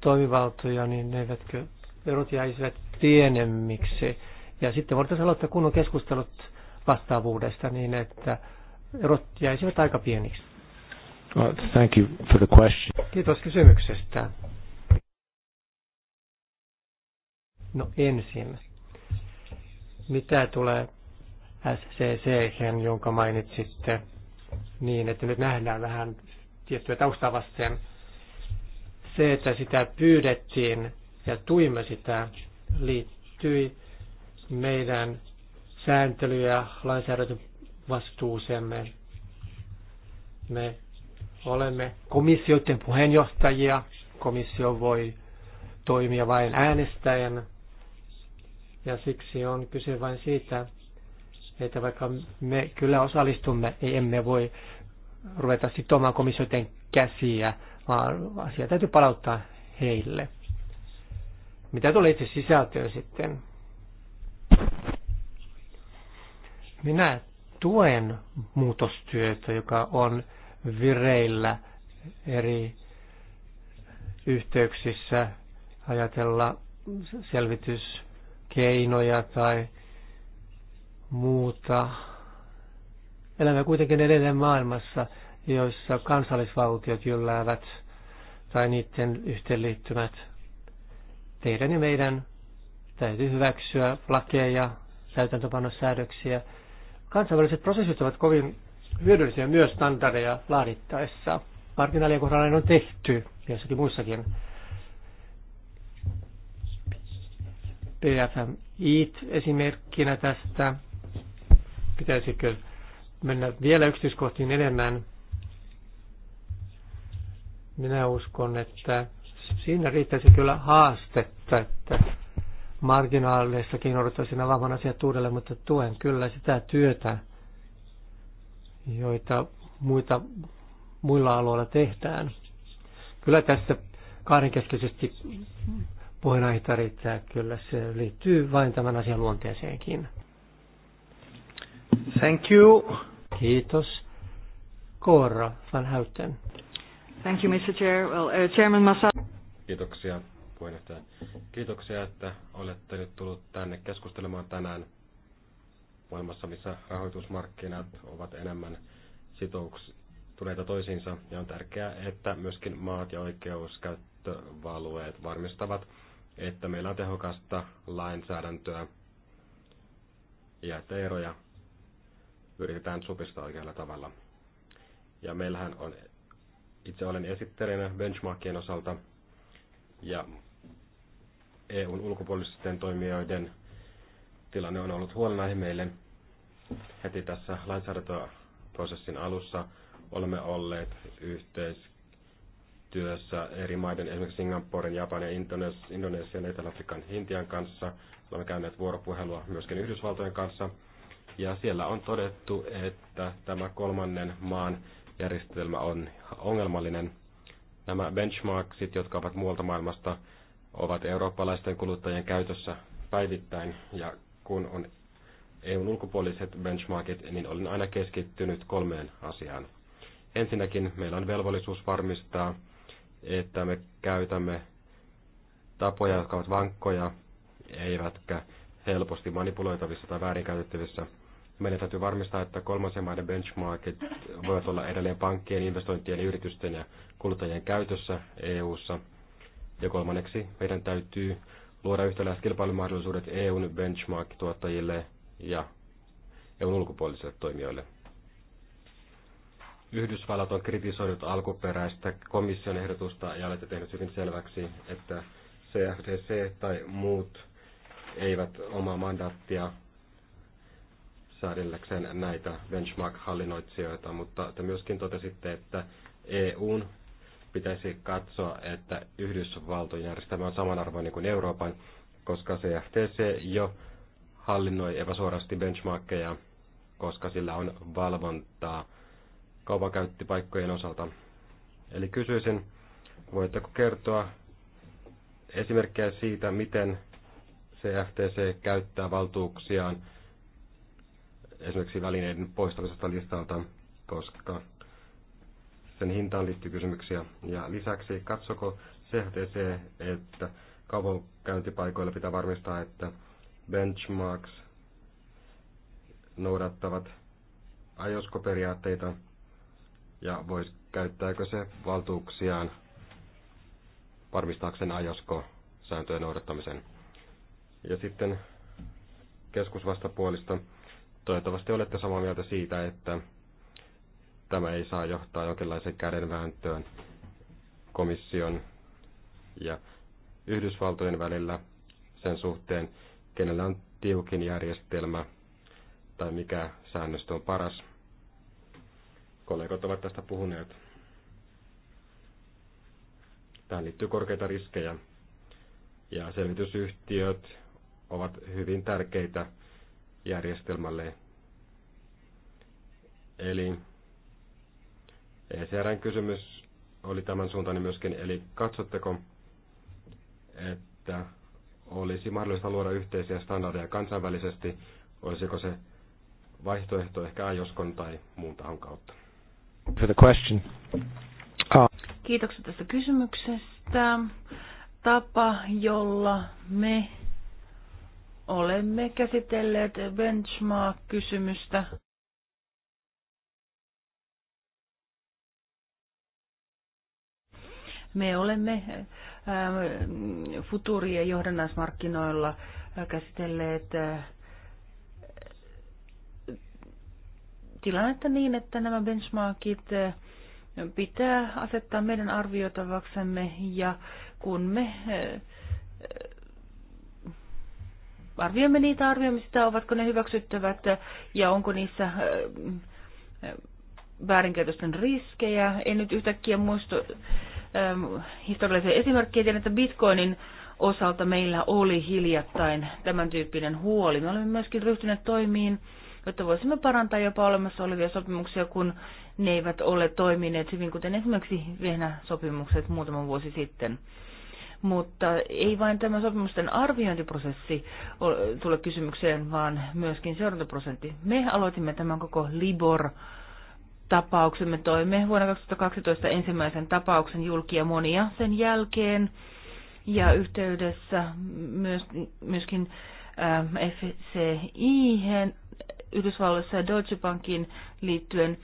toimivaltoja, niin ne eivätkö verot jäisivät pienemmiksi ja sitten voitaisiin aloittaa kunnon keskustelut vastaavuudesta niin, että erot jäisivät aika pieniksi. Thank you for the question. Kiitos kysymyksestä. No ensin, mitä tulee scc jonka mainitsitte, niin että nyt nähdään vähän tiettyä taustaa vasten. Se, että sitä pyydettiin ja tuimme sitä, liittyi meidän sääntely- ja lainsäädäntövastuusemme. Me olemme komissioiden puheenjohtajia. Komissio voi toimia vain äänestäjän. Ja siksi on kyse vain siitä, että vaikka me kyllä osallistumme, ei niin emme voi ruveta sitomaan komissioiden käsiä, vaan asia täytyy palauttaa heille. Mitä tulee itse sisältöön sitten? Minä tuen muutostyötä, joka on vireillä eri yhteyksissä ajatella selvityskeinoja tai muuta. Elämme kuitenkin edelleen maailmassa, joissa kansallisvaltiot jylläävät tai niiden yhteenliittymät. Teidän ja meidän täytyy hyväksyä lakeja, täytäntöpanosäädöksiä säädöksiä Kansainväliset prosessit ovat kovin hyödyllisiä myös standardeja laadittaessa. Marginaalien kohdalla on tehty jossakin muissakin. PFMI esimerkkinä tästä. Pitäisikö mennä vielä yksityiskohtiin enemmän? Minä uskon, että siinä riittäisi kyllä haastetta, että marginaaleissakin odottaisin avaamaan asiat uudelleen, mutta tuen kyllä sitä työtä, joita muita, muilla aloilla tehdään. Kyllä tässä kahdenkeskeisesti puheenaiheita riittää, kyllä se liittyy vain tämän asian luonteeseenkin. Thank you. Kiitos. Koora van Houten. Thank you, Mr. Chair. Well, uh, Chairman Massa. Kiitoksia puheenjohtaja. Kiitoksia, että olette nyt tullut tänne keskustelemaan tänään maailmassa, missä rahoitusmarkkinat ovat enemmän sitoutuneita toisiinsa. Ja on tärkeää, että myöskin maat ja oikeuskäyttövalueet varmistavat, että meillä on tehokasta lainsäädäntöä ja että eroja yritetään supistaa oikealla tavalla. Ja meillähän on, itse olen esittelijänä benchmarkien osalta, ja EUn ulkopuolisten toimijoiden tilanne on ollut huolenaihe meille. Heti tässä lainsäädäntöprosessin alussa olemme olleet yhteistyössä eri maiden, esimerkiksi Singaporen, Japanin, ja Indonesian, Etelä-Afrikan, Intian kanssa. Olemme käyneet vuoropuhelua myöskin Yhdysvaltojen kanssa. Ja siellä on todettu, että tämä kolmannen maan järjestelmä on ongelmallinen. Nämä benchmarksit, jotka ovat muualta maailmasta ovat eurooppalaisten kuluttajien käytössä päivittäin ja kun on EUn ulkopuoliset benchmarkit, niin olen aina keskittynyt kolmeen asiaan. Ensinnäkin meillä on velvollisuus varmistaa, että me käytämme tapoja, jotka ovat vankkoja, eivätkä helposti manipuloitavissa tai väärinkäytettävissä. Meidän täytyy varmistaa, että kolmansien maiden benchmarkit voivat olla edelleen pankkien, investointien, yritysten ja kuluttajien käytössä EU:ssa ja kolmanneksi meidän täytyy luoda yhtäläiset kilpailumahdollisuudet EUn benchmark-tuottajille ja EUn ulkopuolisille toimijoille. Yhdysvallat on kritisoinut alkuperäistä komission ehdotusta ja olette tehnyt hyvin selväksi, että CFTC tai muut eivät omaa mandaattia säädelläkseen näitä benchmark-hallinnoitsijoita, mutta te myöskin totesitte, että EUn pitäisi katsoa, että Yhdysvaltojen järjestelmä on samanarvoinen kuin Euroopan, koska CFTC jo hallinnoi epäsuorasti benchmarkkeja, koska sillä on valvontaa kaupankäyttipaikkojen osalta. Eli kysyisin, voitteko kertoa esimerkkejä siitä, miten CFTC käyttää valtuuksiaan esimerkiksi välineiden poistamisesta listalta, koska sen hintaan liittyy kysymyksiä. Ja lisäksi katsoko CHTC, että kaupankäyntipaikoilla pitää varmistaa, että benchmarks noudattavat ajoskoperiaatteita ja voisi käyttääkö se valtuuksiaan varmistaakseen ajosko-sääntöjen noudattamisen. Ja sitten keskusvastapuolista. Toivottavasti olette samaa mieltä siitä, että tämä ei saa johtaa jonkinlaiseen kädenvääntöön komission ja Yhdysvaltojen välillä sen suhteen, kenellä on tiukin järjestelmä tai mikä säännöstö on paras. Kollegot ovat tästä puhuneet. Tähän liittyy korkeita riskejä ja selvitysyhtiöt ovat hyvin tärkeitä järjestelmälle. Eli ECRn kysymys oli tämän suuntainen myöskin, eli katsotteko, että olisi mahdollista luoda yhteisiä standardeja kansainvälisesti, olisiko se vaihtoehto ehkä ajoskon tai muun tahon kautta? For the question. Ah. Kiitoksia tästä kysymyksestä. Tapa, jolla me olemme käsitelleet benchmark-kysymystä Me olemme ähm, futurien johdannaismarkkinoilla äh, käsitelleet äh, tilannetta niin, että nämä benchmarkit äh, pitää asettaa meidän arvioitavaksemme ja kun me arvioimme niitä, arvioimme sitä, ovatko ne hyväksyttävät ja onko niissä väärinkäytösten riskejä. En nyt yhtäkkiä muista Ähm, historiallisia esimerkkejä. Tiedän, että bitcoinin osalta meillä oli hiljattain tämän tyyppinen huoli. Me olemme myöskin ryhtyneet toimiin, jotta voisimme parantaa jopa olemassa olevia sopimuksia, kun ne eivät ole toimineet hyvin, kuten esimerkiksi Vienna-sopimukset muutama vuosi sitten. Mutta ei vain tämä sopimusten arviointiprosessi tule kysymykseen, vaan myöskin seurantaprosentti. Me aloitimme tämän koko Libor tapauksemme toimme vuonna 2012 ensimmäisen tapauksen julki ja monia sen jälkeen. Ja yhteydessä myös, myöskin äh, FCI Yhdysvalloissa ja Deutsche Bankin liittyen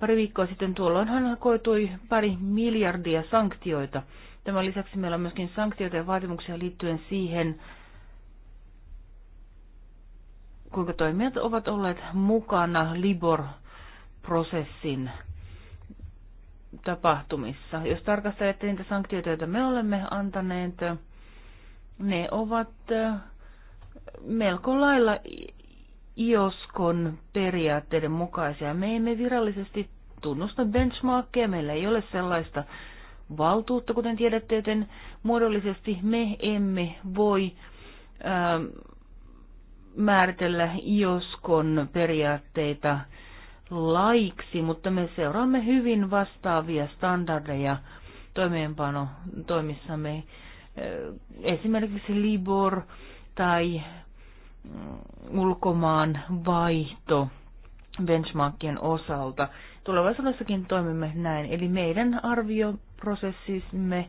pari viikkoa sitten tuolloinhan koitui pari miljardia sanktioita. Tämän lisäksi meillä on myöskin sanktioita ja vaatimuksia liittyen siihen, kuinka toimijat ovat olleet mukana Libor prosessin tapahtumissa. Jos tarkastelette niitä sanktioita, joita me olemme antaneet, ne ovat melko lailla IOSKON periaatteiden mukaisia. Me emme virallisesti tunnusta benchmarkkeja, meillä ei ole sellaista valtuutta, kuten tiedätte, joten muodollisesti me emme voi ää, ähm, määritellä IOSKON periaatteita laiksi, mutta me seuraamme hyvin vastaavia standardeja toimeenpano toimissamme. Esimerkiksi Libor tai mm, ulkomaan vaihto benchmarkien osalta. Tulevaisuudessakin toimimme näin, eli meidän arvioprosessimme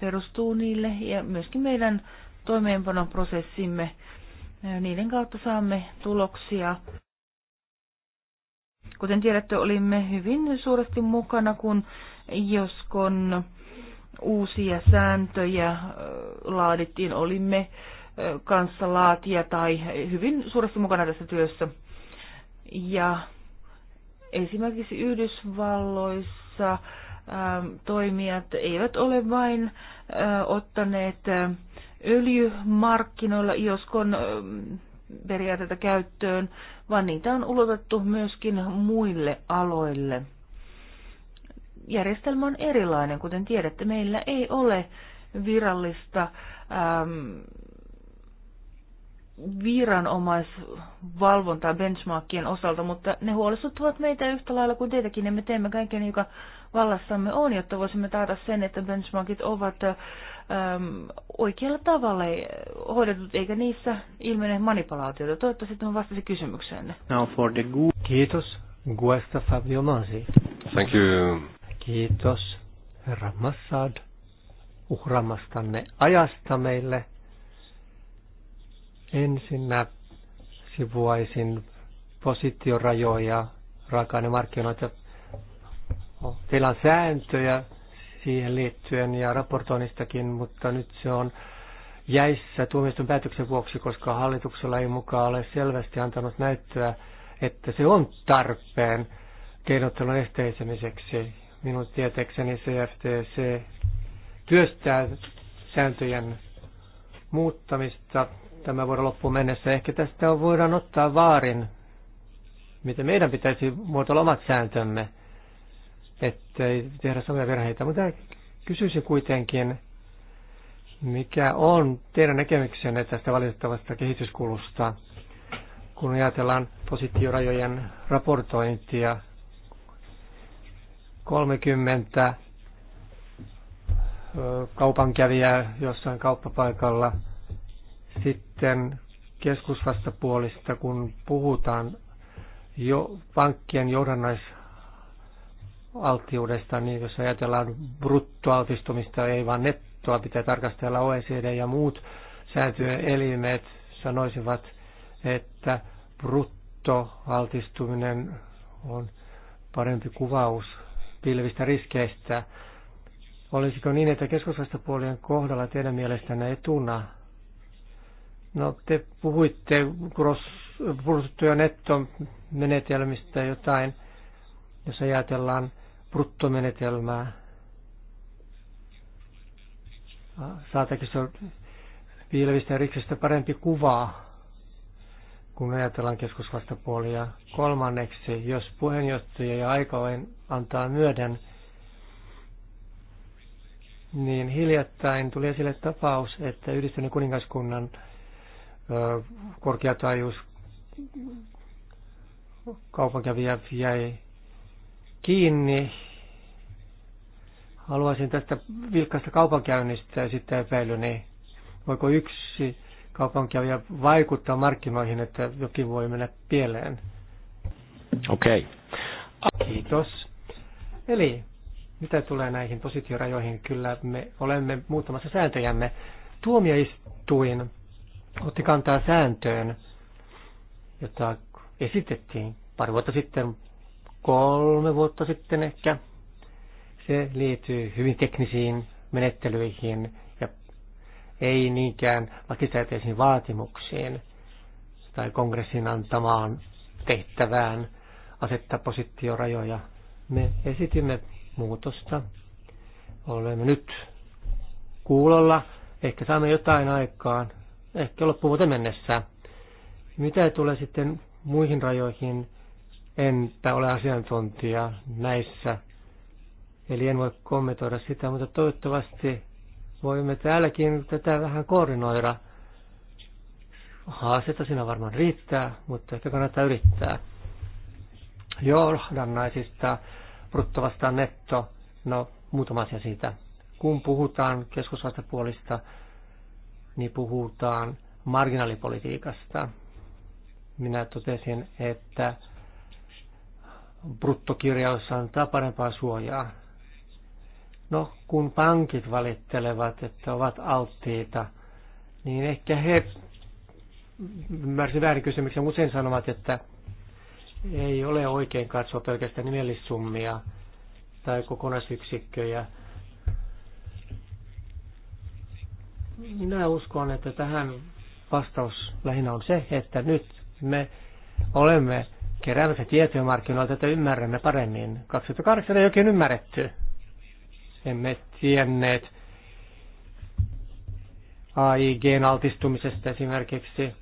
perustuu niille ja myöskin meidän toimeenpanoprosessimme. Niiden kautta saamme tuloksia Kuten tiedätte, olimme hyvin suuresti mukana, kun joskon uusia sääntöjä laadittiin, olimme kanssa laatia tai hyvin suuresti mukana tässä työssä. Ja esimerkiksi Yhdysvalloissa toimijat eivät ole vain ottaneet öljymarkkinoilla ioskon periaatteita käyttöön, vaan niitä on ulotettu myöskin muille aloille. Järjestelmä on erilainen, kuten tiedätte, meillä ei ole virallista ähm, viranomaisvalvontaa benchmarkien osalta, mutta ne huolestuttavat meitä yhtä lailla kuin teitäkin, ja me teemme kaiken, joka vallassamme on, jotta voisimme taata sen, että benchmarkit ovat äh, äm, oikealla tavalla hoidetut, eikä niissä ilmene manipulaatioita. Toivottavasti tämä vastasi kysymykseenne. Now for the good. Kiitos. Guesta Fabio Masi. Thank you. Kiitos, herra Massad, uhramastanne ajasta meille. Ensinnä sivuaisin positiorajoja, raaka-ainemarkkinoita. Teillä on sääntöjä, siihen liittyen ja raportoinnistakin, mutta nyt se on jäissä tuomioistuin päätöksen vuoksi, koska hallituksella ei mukaan ole selvästi antanut näyttöä, että se on tarpeen keinottelun esteisemiseksi. Minun tietekseni CFTC työstää sääntöjen muuttamista tämän vuoden loppuun mennessä. Ehkä tästä voidaan ottaa vaarin, miten meidän pitäisi muotoilla omat sääntömme – että ei tehdä samoja virheitä. Mutta kysyisin kuitenkin, mikä on teidän näkemyksenne tästä valitettavasta kehityskulusta, kun ajatellaan positiorajojen raportointia 30 kaupankävijää jossain kauppapaikalla, sitten keskusvastapuolista, kun puhutaan jo pankkien johdannais alttiudesta, niin jos ajatellaan bruttoaltistumista, ei vaan nettoa pitää tarkastella OECD ja muut säätyelimet sanoisivat, että bruttoaltistuminen on parempi kuvaus pilvistä riskeistä. Olisiko niin, että keskusvastapuolien kohdalla teidän mielestänne etuna? No te puhuitte brutto- ja nettomenetelmistä jotain, jos ajatellaan bruttomenetelmää. Saatakin se piilevistä riksestä parempi kuvaa, kun ajatellaan keskusvastapuolia. Kolmanneksi, jos puheenjohtaja ja aikaoin antaa myöden, niin hiljattain tuli esille tapaus, että yhdistyneen kuningaskunnan korkeataajuus kaupankävijä jäi kiinni. Haluaisin tästä vilkkaasta kaupankäynnistä epäily, niin Voiko yksi kaupankäyjä vaikuttaa markkinoihin, että jokin voi mennä pieleen? Okei. Okay. Kiitos. Eli mitä tulee näihin positiorajoihin, kyllä me olemme muuttamassa sääntöjämme. Tuomioistuin otti kantaa sääntöön, jota esitettiin pari vuotta sitten kolme vuotta sitten ehkä. Se liittyy hyvin teknisiin menettelyihin ja ei niinkään lakisääteisiin vaatimuksiin tai kongressin antamaan tehtävään asettaa positiorajoja. Me esitimme muutosta. Olemme nyt kuulolla. Ehkä saamme jotain aikaan, ehkä loppuvuoteen mennessä. Mitä tulee sitten muihin rajoihin, enpä ole asiantuntija näissä, eli en voi kommentoida sitä, mutta toivottavasti voimme täälläkin tätä vähän koordinoida. Haasetta siinä varmaan riittää, mutta ehkä kannattaa yrittää. Johdannaisista, brutto vastaan netto, no muutama asia siitä. Kun puhutaan keskusvastapuolista, niin puhutaan marginaalipolitiikasta. Minä totesin, että bruttokirjaus antaa parempaa suojaa. No, kun pankit valittelevat, että ovat alttiita, niin ehkä he ymmärsivät väärin kysymyksen, usein sanovat, että ei ole oikein katsoa pelkästään nimellissummia tai kokonaisyksikköjä. Minä uskon, että tähän vastaus lähinnä on se, että nyt me olemme keräämme se tietoja markkinoilta, että ymmärrämme paremmin. 2008 ei oikein ymmärretty. Emme tienneet AIGn altistumisesta esimerkiksi.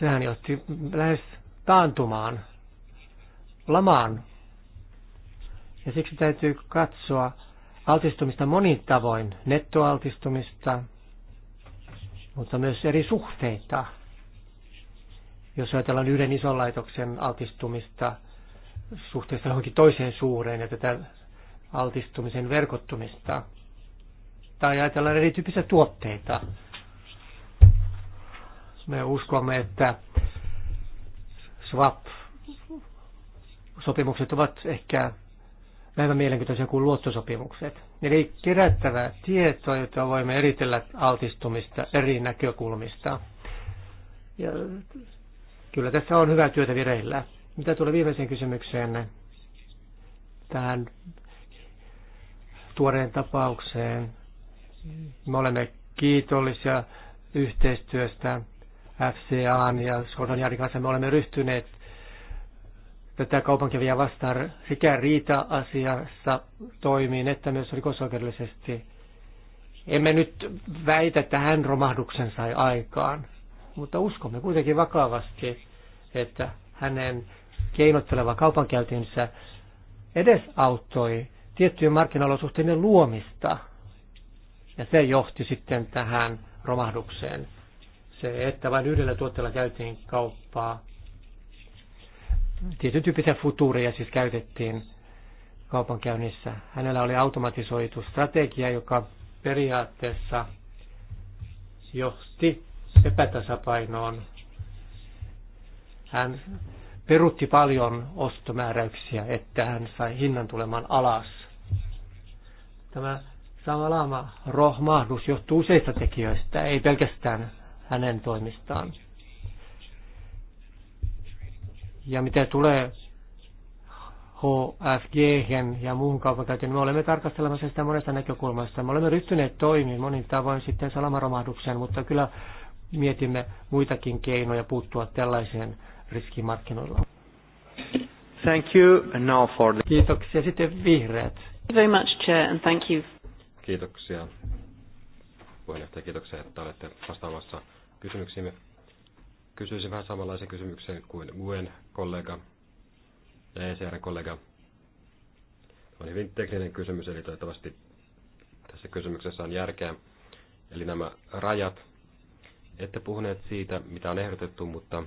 Sehän johti lähes taantumaan, lamaan. Ja siksi täytyy katsoa altistumista monin tavoin, nettoaltistumista, mutta myös eri suhteita jos ajatellaan yhden ison laitoksen altistumista suhteessa johonkin toiseen suureen ja tätä altistumisen verkottumista, tai ajatellaan erityyppisiä tuotteita, me uskomme, että swap-sopimukset ovat ehkä vähemmän mielenkiintoisia kuin luottosopimukset. Eli kerättävää tietoa, jota voimme eritellä altistumista eri näkökulmista. Ja Kyllä tässä on hyvää työtä vireillä. Mitä tulee viimeiseen kysymykseen tähän tuoreen tapaukseen? Me olemme kiitollisia yhteistyöstä FCAn ja Jari kanssa. Me olemme ryhtyneet tätä kaupankäviä vastaan sekä riita-asiassa toimiin että myös rikosoikeudellisesti. Emme nyt väitä, että hän romahduksen sai aikaan mutta uskomme kuitenkin vakavasti, että hänen keinotteleva kaupankäyntinsä auttoi tiettyjen markkinaolosuhteiden luomista. Ja se johti sitten tähän romahdukseen. Se, että vain yhdellä tuotteella käytiin kauppaa. Tietyn tyyppisiä futuureja siis käytettiin kaupankäynnissä. Hänellä oli automatisoitu strategia, joka periaatteessa johti epätasapainoon. Hän perutti paljon ostomääräyksiä, että hän sai hinnan tulemaan alas. Tämä Samalama rohmahdus johtuu useista tekijöistä, ei pelkästään hänen toimistaan. Ja mitä tulee HFG ja muuhun kaupankäyntiin, me olemme tarkastelemassa sitä monesta näkökulmasta. Me olemme ryhtyneet toimiin monin tavoin sitten salamaromahdukseen, mutta kyllä mietimme muitakin keinoja puuttua tällaiseen riskimarkkinoilla. Thank you and now for the... Kiitoksia. Sitten vihreät. Thank you very much, Chair, and thank you. Kiitoksia. Puheenjohtaja, kiitoksia, että olette vastaamassa kysymyksiimme. Kysyisin vähän samanlaisen kysymyksen kuin muen kollega ja ECR-kollega. on hyvin tekninen kysymys, eli toivottavasti tässä kysymyksessä on järkeä. Eli nämä rajat, ette puhuneet siitä, mitä on ehdotettu, mutta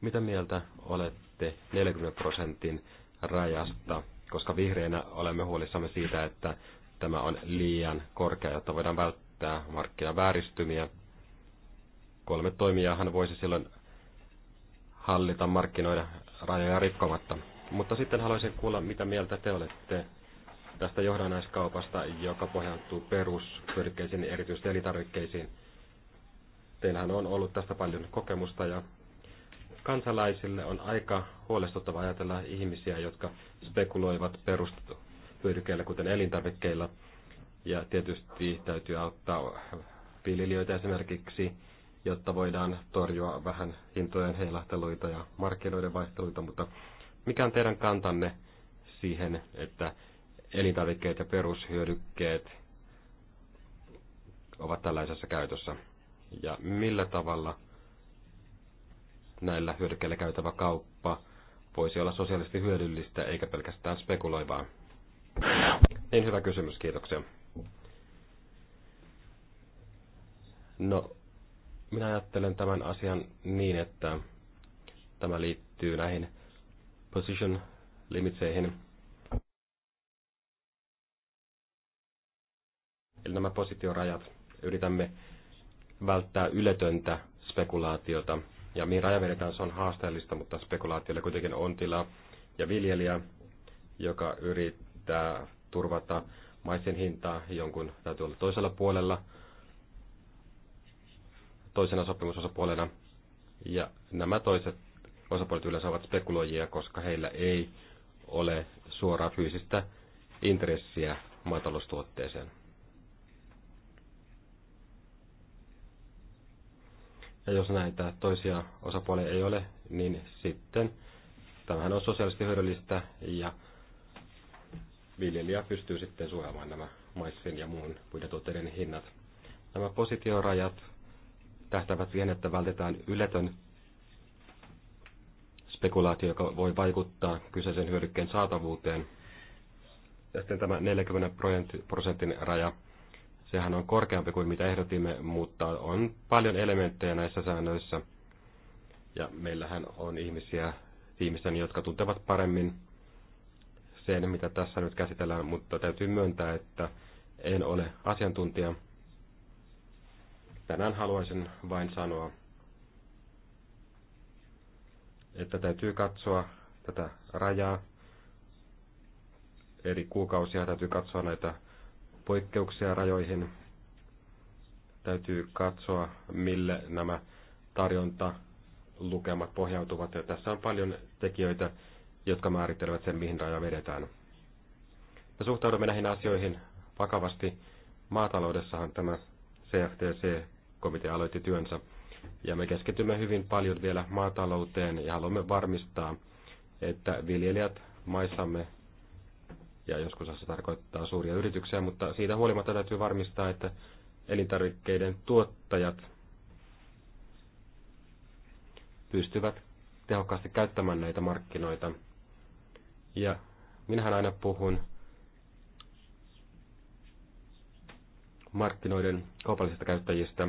mitä mieltä olette 40 prosentin rajasta, koska vihreinä olemme huolissamme siitä, että tämä on liian korkea, jotta voidaan välttää markkinavääristymiä. Kolme toimijaahan voisi silloin hallita markkinoida rajoja rikkomatta. Mutta sitten haluaisin kuulla, mitä mieltä te olette tästä johdannaiskaupasta, joka pohjautuu peruspyrkkeisiin, erityisesti elintarvikkeisiin. Teillähän on ollut tästä paljon kokemusta ja kansalaisille on aika huolestuttava ajatella ihmisiä, jotka spekuloivat perushyödykkeillä, kuten elintarvikkeilla. Ja tietysti täytyy auttaa viljelijöitä esimerkiksi, jotta voidaan torjua vähän hintojen heilahteluita ja markkinoiden vaihteluita, mutta mikä on teidän kantanne siihen, että elintarvikkeet ja perushyödykkeet ovat tällaisessa käytössä? ja millä tavalla näillä hyödykkeillä käytävä kauppa voisi olla sosiaalisesti hyödyllistä eikä pelkästään spekuloivaa? Niin hyvä kysymys, kiitoksia. No, minä ajattelen tämän asian niin, että tämä liittyy näihin position limitseihin. Eli nämä positiorajat yritämme välttää yletöntä spekulaatiota. Ja mihin raja vedetään, se on haasteellista, mutta spekulaatiolle kuitenkin on tilaa. Ja viljelijä, joka yrittää turvata maisen hintaa, jonkun täytyy olla toisella puolella, toisena sopimusosapuolena. Ja nämä toiset osapuolet yleensä ovat spekuloijia, koska heillä ei ole suoraa fyysistä intressiä maataloustuotteeseen. Ja jos näitä toisia osapuolia ei ole, niin sitten tämähän on sosiaalisesti hyödyllistä ja viljelijä pystyy sitten suojaamaan nämä maissin ja muun muiden tuotteiden hinnat. Nämä positiorajat tähtävät siihen, että vältetään yletön spekulaatio, joka voi vaikuttaa kyseisen hyödykkeen saatavuuteen. Ja sitten tämä 40 prosentin raja Sehän on korkeampi kuin mitä ehdotimme, mutta on paljon elementtejä näissä säännöissä. Ja meillähän on ihmisiä tiimissä, jotka tuntevat paremmin sen, mitä tässä nyt käsitellään, mutta täytyy myöntää, että en ole asiantuntija. Tänään haluaisin vain sanoa, että täytyy katsoa tätä rajaa eri kuukausia, täytyy katsoa näitä poikkeuksia rajoihin. Täytyy katsoa, mille nämä tarjonta lukemat pohjautuvat. Ja tässä on paljon tekijöitä, jotka määrittelevät sen, mihin raja vedetään. Me suhtaudumme näihin asioihin vakavasti. Maataloudessahan tämä CFTC-komitea aloitti työnsä. Ja me keskitymme hyvin paljon vielä maatalouteen ja haluamme varmistaa, että viljelijät maissamme ja joskus se tarkoittaa suuria yrityksiä, mutta siitä huolimatta täytyy varmistaa, että elintarvikkeiden tuottajat pystyvät tehokkaasti käyttämään näitä markkinoita. Ja minähän aina puhun markkinoiden kaupallisista käyttäjistä.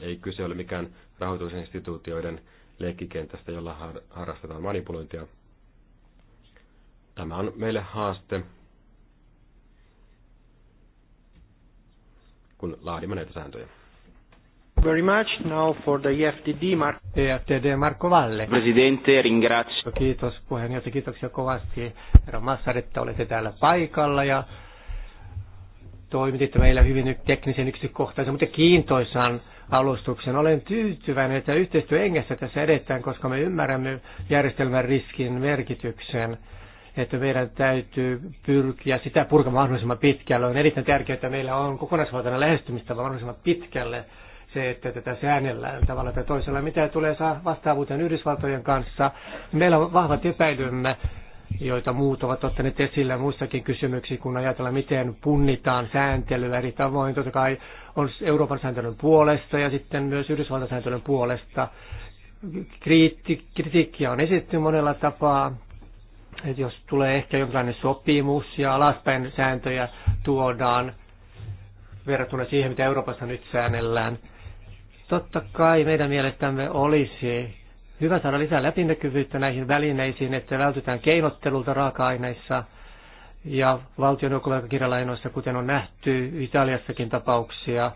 Ei kyse ole mikään rahoitusinstituutioiden leikkikentästä, jolla harrastetaan manipulointia. Tämä on meille haaste, kun laadimme näitä sääntöjä. Very much now for the EFTD, Mark... EFTD Marco Valle. Presidente, ringrazio. No, kiitos puheenjohtaja, kiitoksia kovasti herra Massar, että olette täällä paikalla ja toimititte meillä hyvin teknisen yksityiskohtaisen, mutta kiintoisan alustuksen. Olen tyytyväinen, että yhteistyöengessä tässä edetään, koska me ymmärrämme järjestelmän riskin merkityksen että meidän täytyy pyrkiä sitä purkamaan mahdollisimman pitkälle. On erittäin tärkeää, että meillä on kokonaisvaltainen lähestymistä mahdollisimman pitkälle se, että tätä säännellään tavalla tai toisella. Mitä tulee saa vastaavuuteen Yhdysvaltojen kanssa, meillä on vahvat epäilymme, joita muut ovat ottaneet esille muissakin kysymyksiä, kun ajatellaan, miten punnitaan sääntelyä eri tavoin. Totta kai on Euroopan sääntelyn puolesta ja sitten myös Yhdysvaltain sääntelyn puolesta. Kriti- kritiikkiä on esitetty monella tapaa että jos tulee ehkä jonkinlainen sopimus ja alaspäin sääntöjä tuodaan verrattuna siihen, mitä Euroopassa nyt säännellään. Totta kai meidän mielestämme olisi hyvä saada lisää läpinäkyvyyttä näihin välineisiin, että vältytään keinottelulta raaka-aineissa ja valtion joukkovelkakirjalainoissa, kuten on nähty Italiassakin tapauksia.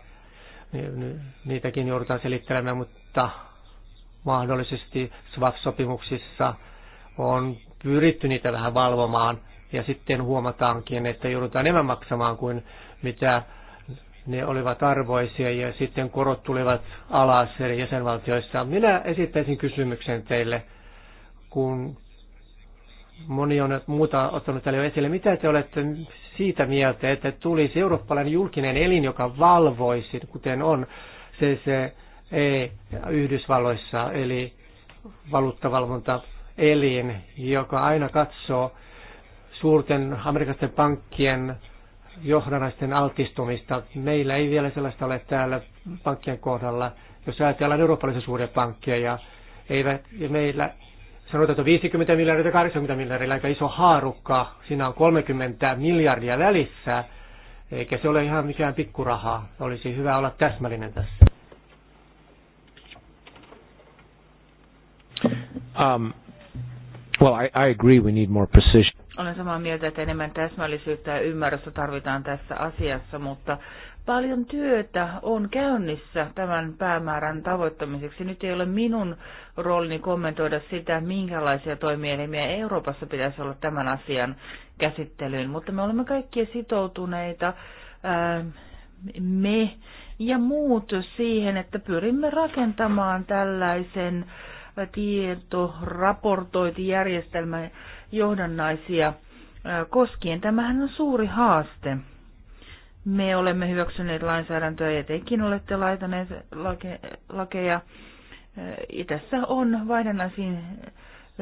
Niitäkin joudutaan selittelemään, mutta mahdollisesti swaf sopimuksissa on pyritty niitä vähän valvomaan ja sitten huomataankin, että joudutaan enemmän maksamaan kuin mitä ne olivat arvoisia ja sitten korot tulivat alas eri jäsenvaltioissa. Minä esittäisin kysymyksen teille, kun moni on muuta ottanut täällä jo esille. Mitä te olette siitä mieltä, että tulisi eurooppalainen julkinen elin, joka valvoisi, kuten on CCE Yhdysvalloissa, eli valuuttavalvonta elin, joka aina katsoo suurten amerikkalaisten pankkien johdannaisten altistumista. Meillä ei vielä sellaista ole täällä pankkien kohdalla, jos ajatellaan eurooppalaisia suuria pankkeja. Ja eivät, ja meillä sanotaan, että 50 miljardia tai 80 miljardia, aika iso haarukka. Siinä on 30 miljardia välissä, eikä se ole ihan mikään pikkurahaa. Olisi hyvä olla täsmällinen tässä. Um, Well, I, I agree we need more precision. Olen samaa mieltä, että enemmän täsmällisyyttä ja ymmärrystä tarvitaan tässä asiassa, mutta paljon työtä on käynnissä tämän päämäärän tavoittamiseksi. Nyt ei ole minun roolini kommentoida sitä, minkälaisia toimielimiä Euroopassa pitäisi olla tämän asian käsittelyyn, mutta me olemme kaikki sitoutuneita, me ja muut siihen, että pyrimme rakentamaan tällaisen tietoraportointijärjestelmän johdannaisia koskien. Tämähän on suuri haaste. Me olemme hyväksyneet lainsäädäntöä ja tekin olette laitaneet lakeja. Ja tässä on vaihdannaisiin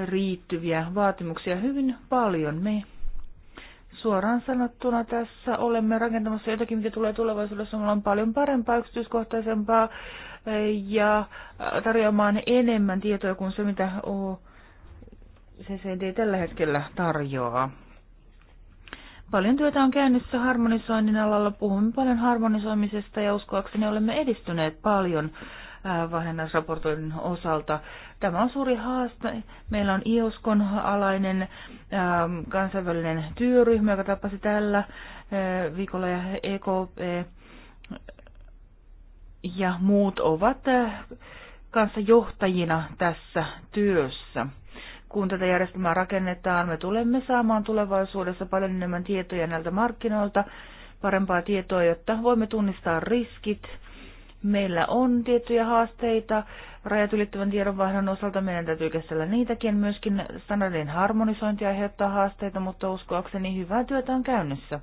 riittyviä vaatimuksia hyvin paljon. Me suoraan sanottuna tässä olemme rakentamassa jotakin, mikä tulee tulevaisuudessa. Me ollaan paljon parempaa, yksityiskohtaisempaa, ja tarjoamaan enemmän tietoa kuin se, mitä CCD tällä hetkellä tarjoaa. Paljon työtä on käynnissä harmonisoinnin alalla. Puhumme paljon harmonisoimisesta ja uskoakseni olemme edistyneet paljon äh, vaihdannaisraportoinnin osalta. Tämä on suuri haaste. Meillä on IOSKON alainen ähm, kansainvälinen työryhmä, joka tapasi tällä äh, viikolla ja EKP ja muut ovat eh, kanssa johtajina tässä työssä. Kun tätä järjestelmää rakennetaan, me tulemme saamaan tulevaisuudessa paljon enemmän tietoja näiltä markkinoilta, parempaa tietoa, jotta voimme tunnistaa riskit. Meillä on tiettyjä haasteita. Rajat ylittävän tiedonvaihdon osalta meidän täytyy kestellä niitäkin. Myöskin standardien harmonisointi aiheuttaa haasteita, mutta uskoakseni hyvää työtä on käynnissä.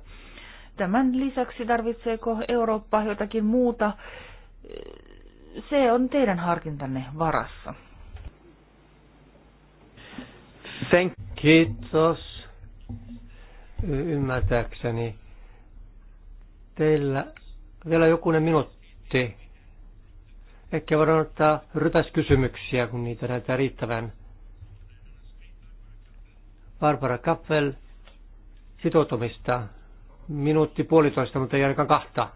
Tämän lisäksi tarvitseeko Eurooppa jotakin muuta se on teidän harkintanne varassa. Sen kiitos. Ymmärtääkseni teillä vielä jokunen minuutti. Ehkä voidaan ottaa kysymyksiä kun niitä näyttää riittävän. Barbara Kappel sitoutumista. Minuutti puolitoista, mutta ei ainakaan kahta.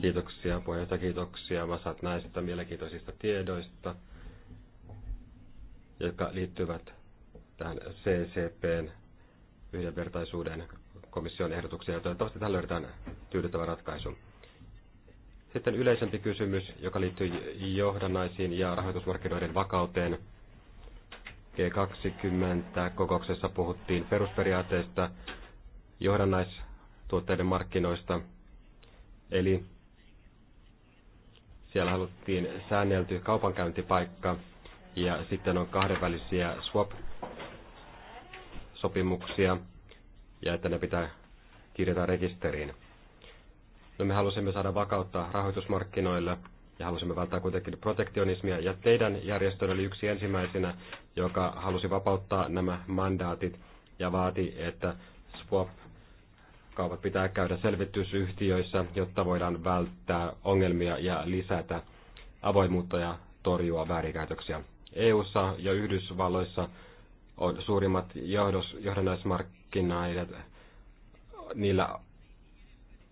Kiitoksia ja kiitoksia Vasat näistä mielenkiintoisista tiedoista, jotka liittyvät tähän CCPn yhdenvertaisuuden komission ehdotuksia, ja toivottavasti tähän löydetään tyydyttävä ratkaisu. Sitten yleisempi kysymys, joka liittyy johdannaisiin ja rahoitusmarkkinoiden vakauteen. G20-kokouksessa puhuttiin perusperiaatteista, johdannaistuotteiden markkinoista, eli siellä haluttiin säännelty kaupankäyntipaikka ja sitten on kahdenvälisiä swap-sopimuksia ja että ne pitää kirjata rekisteriin. No me halusimme saada vakautta rahoitusmarkkinoille ja halusimme välttää kuitenkin protektionismia. Ja teidän järjestö oli yksi ensimmäisenä, joka halusi vapauttaa nämä mandaatit ja vaati, että swap kaupat pitää käydä selvitysyhtiöissä, jotta voidaan välttää ongelmia ja lisätä avoimuutta ja torjua väärinkäytöksiä. EU:ssa ja Yhdysvalloissa on suurimmat johdos, johdannaismarkkinat. Niillä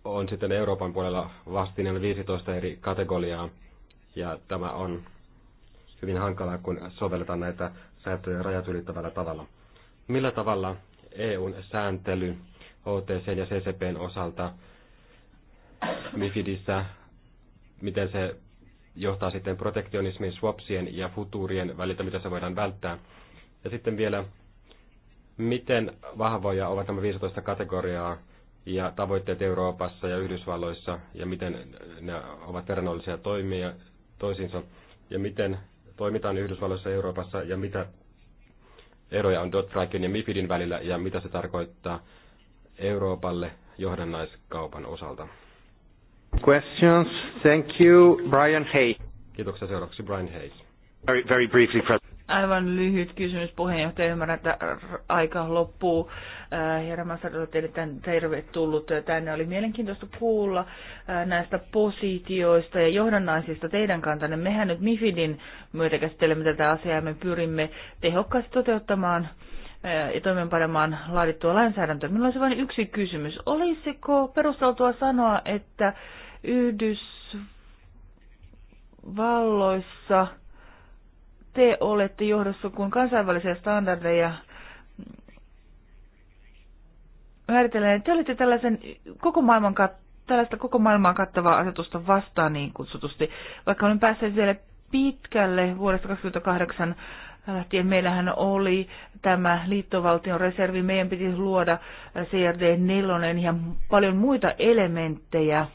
on sitten Euroopan puolella vastineen 15 eri kategoriaa, ja tämä on hyvin hankalaa, kun sovelletaan näitä sääntöjä rajat ylittävällä tavalla. Millä tavalla EUn sääntely OTC ja CCPn osalta Mifidissä, miten se johtaa sitten protektionismin, swapsien ja futurien välillä, mitä se voidaan välttää. Ja sitten vielä, miten vahvoja ovat nämä 15 kategoriaa ja tavoitteet Euroopassa ja Yhdysvalloissa ja miten ne ovat verrannollisia toimia toisiinsa ja miten toimitaan Yhdysvalloissa ja Euroopassa ja mitä eroja on Dodd-Frankin ja Mifidin välillä ja mitä se tarkoittaa Euroopalle johdannaiskaupan osalta. Questions. Thank you, Brian Hayes. Kiitoksia seuraavaksi Brian Hayes. Very, very briefly, Aivan lyhyt kysymys puheenjohtaja. Ymmärrän, että aika loppuu. Äh, herra Masarilla teille tämän tervetullut. Tänne oli mielenkiintoista kuulla äh, näistä positioista ja johdannaisista teidän kantanne. Mehän nyt MIFIDin myötä käsittelemme tätä asiaa ja me pyrimme tehokkaasti toteuttamaan ja toimeenpanemaan laadittua lainsäädäntöä. Minulla olisi vain yksi kysymys. Olisiko perusteltua sanoa, että Yhdysvalloissa te olette johdossa, kun kansainvälisiä standardeja määritellään, te olette tällaisen koko maailman kat- tällaista koko maailmaa kattavaa asetusta vastaan niin kutsutusti, vaikka olen päässyt vielä pitkälle vuodesta 2008 lähtien meillähän oli tämä liittovaltion reservi. Meidän piti luoda CRD4 ja paljon muita elementtejä.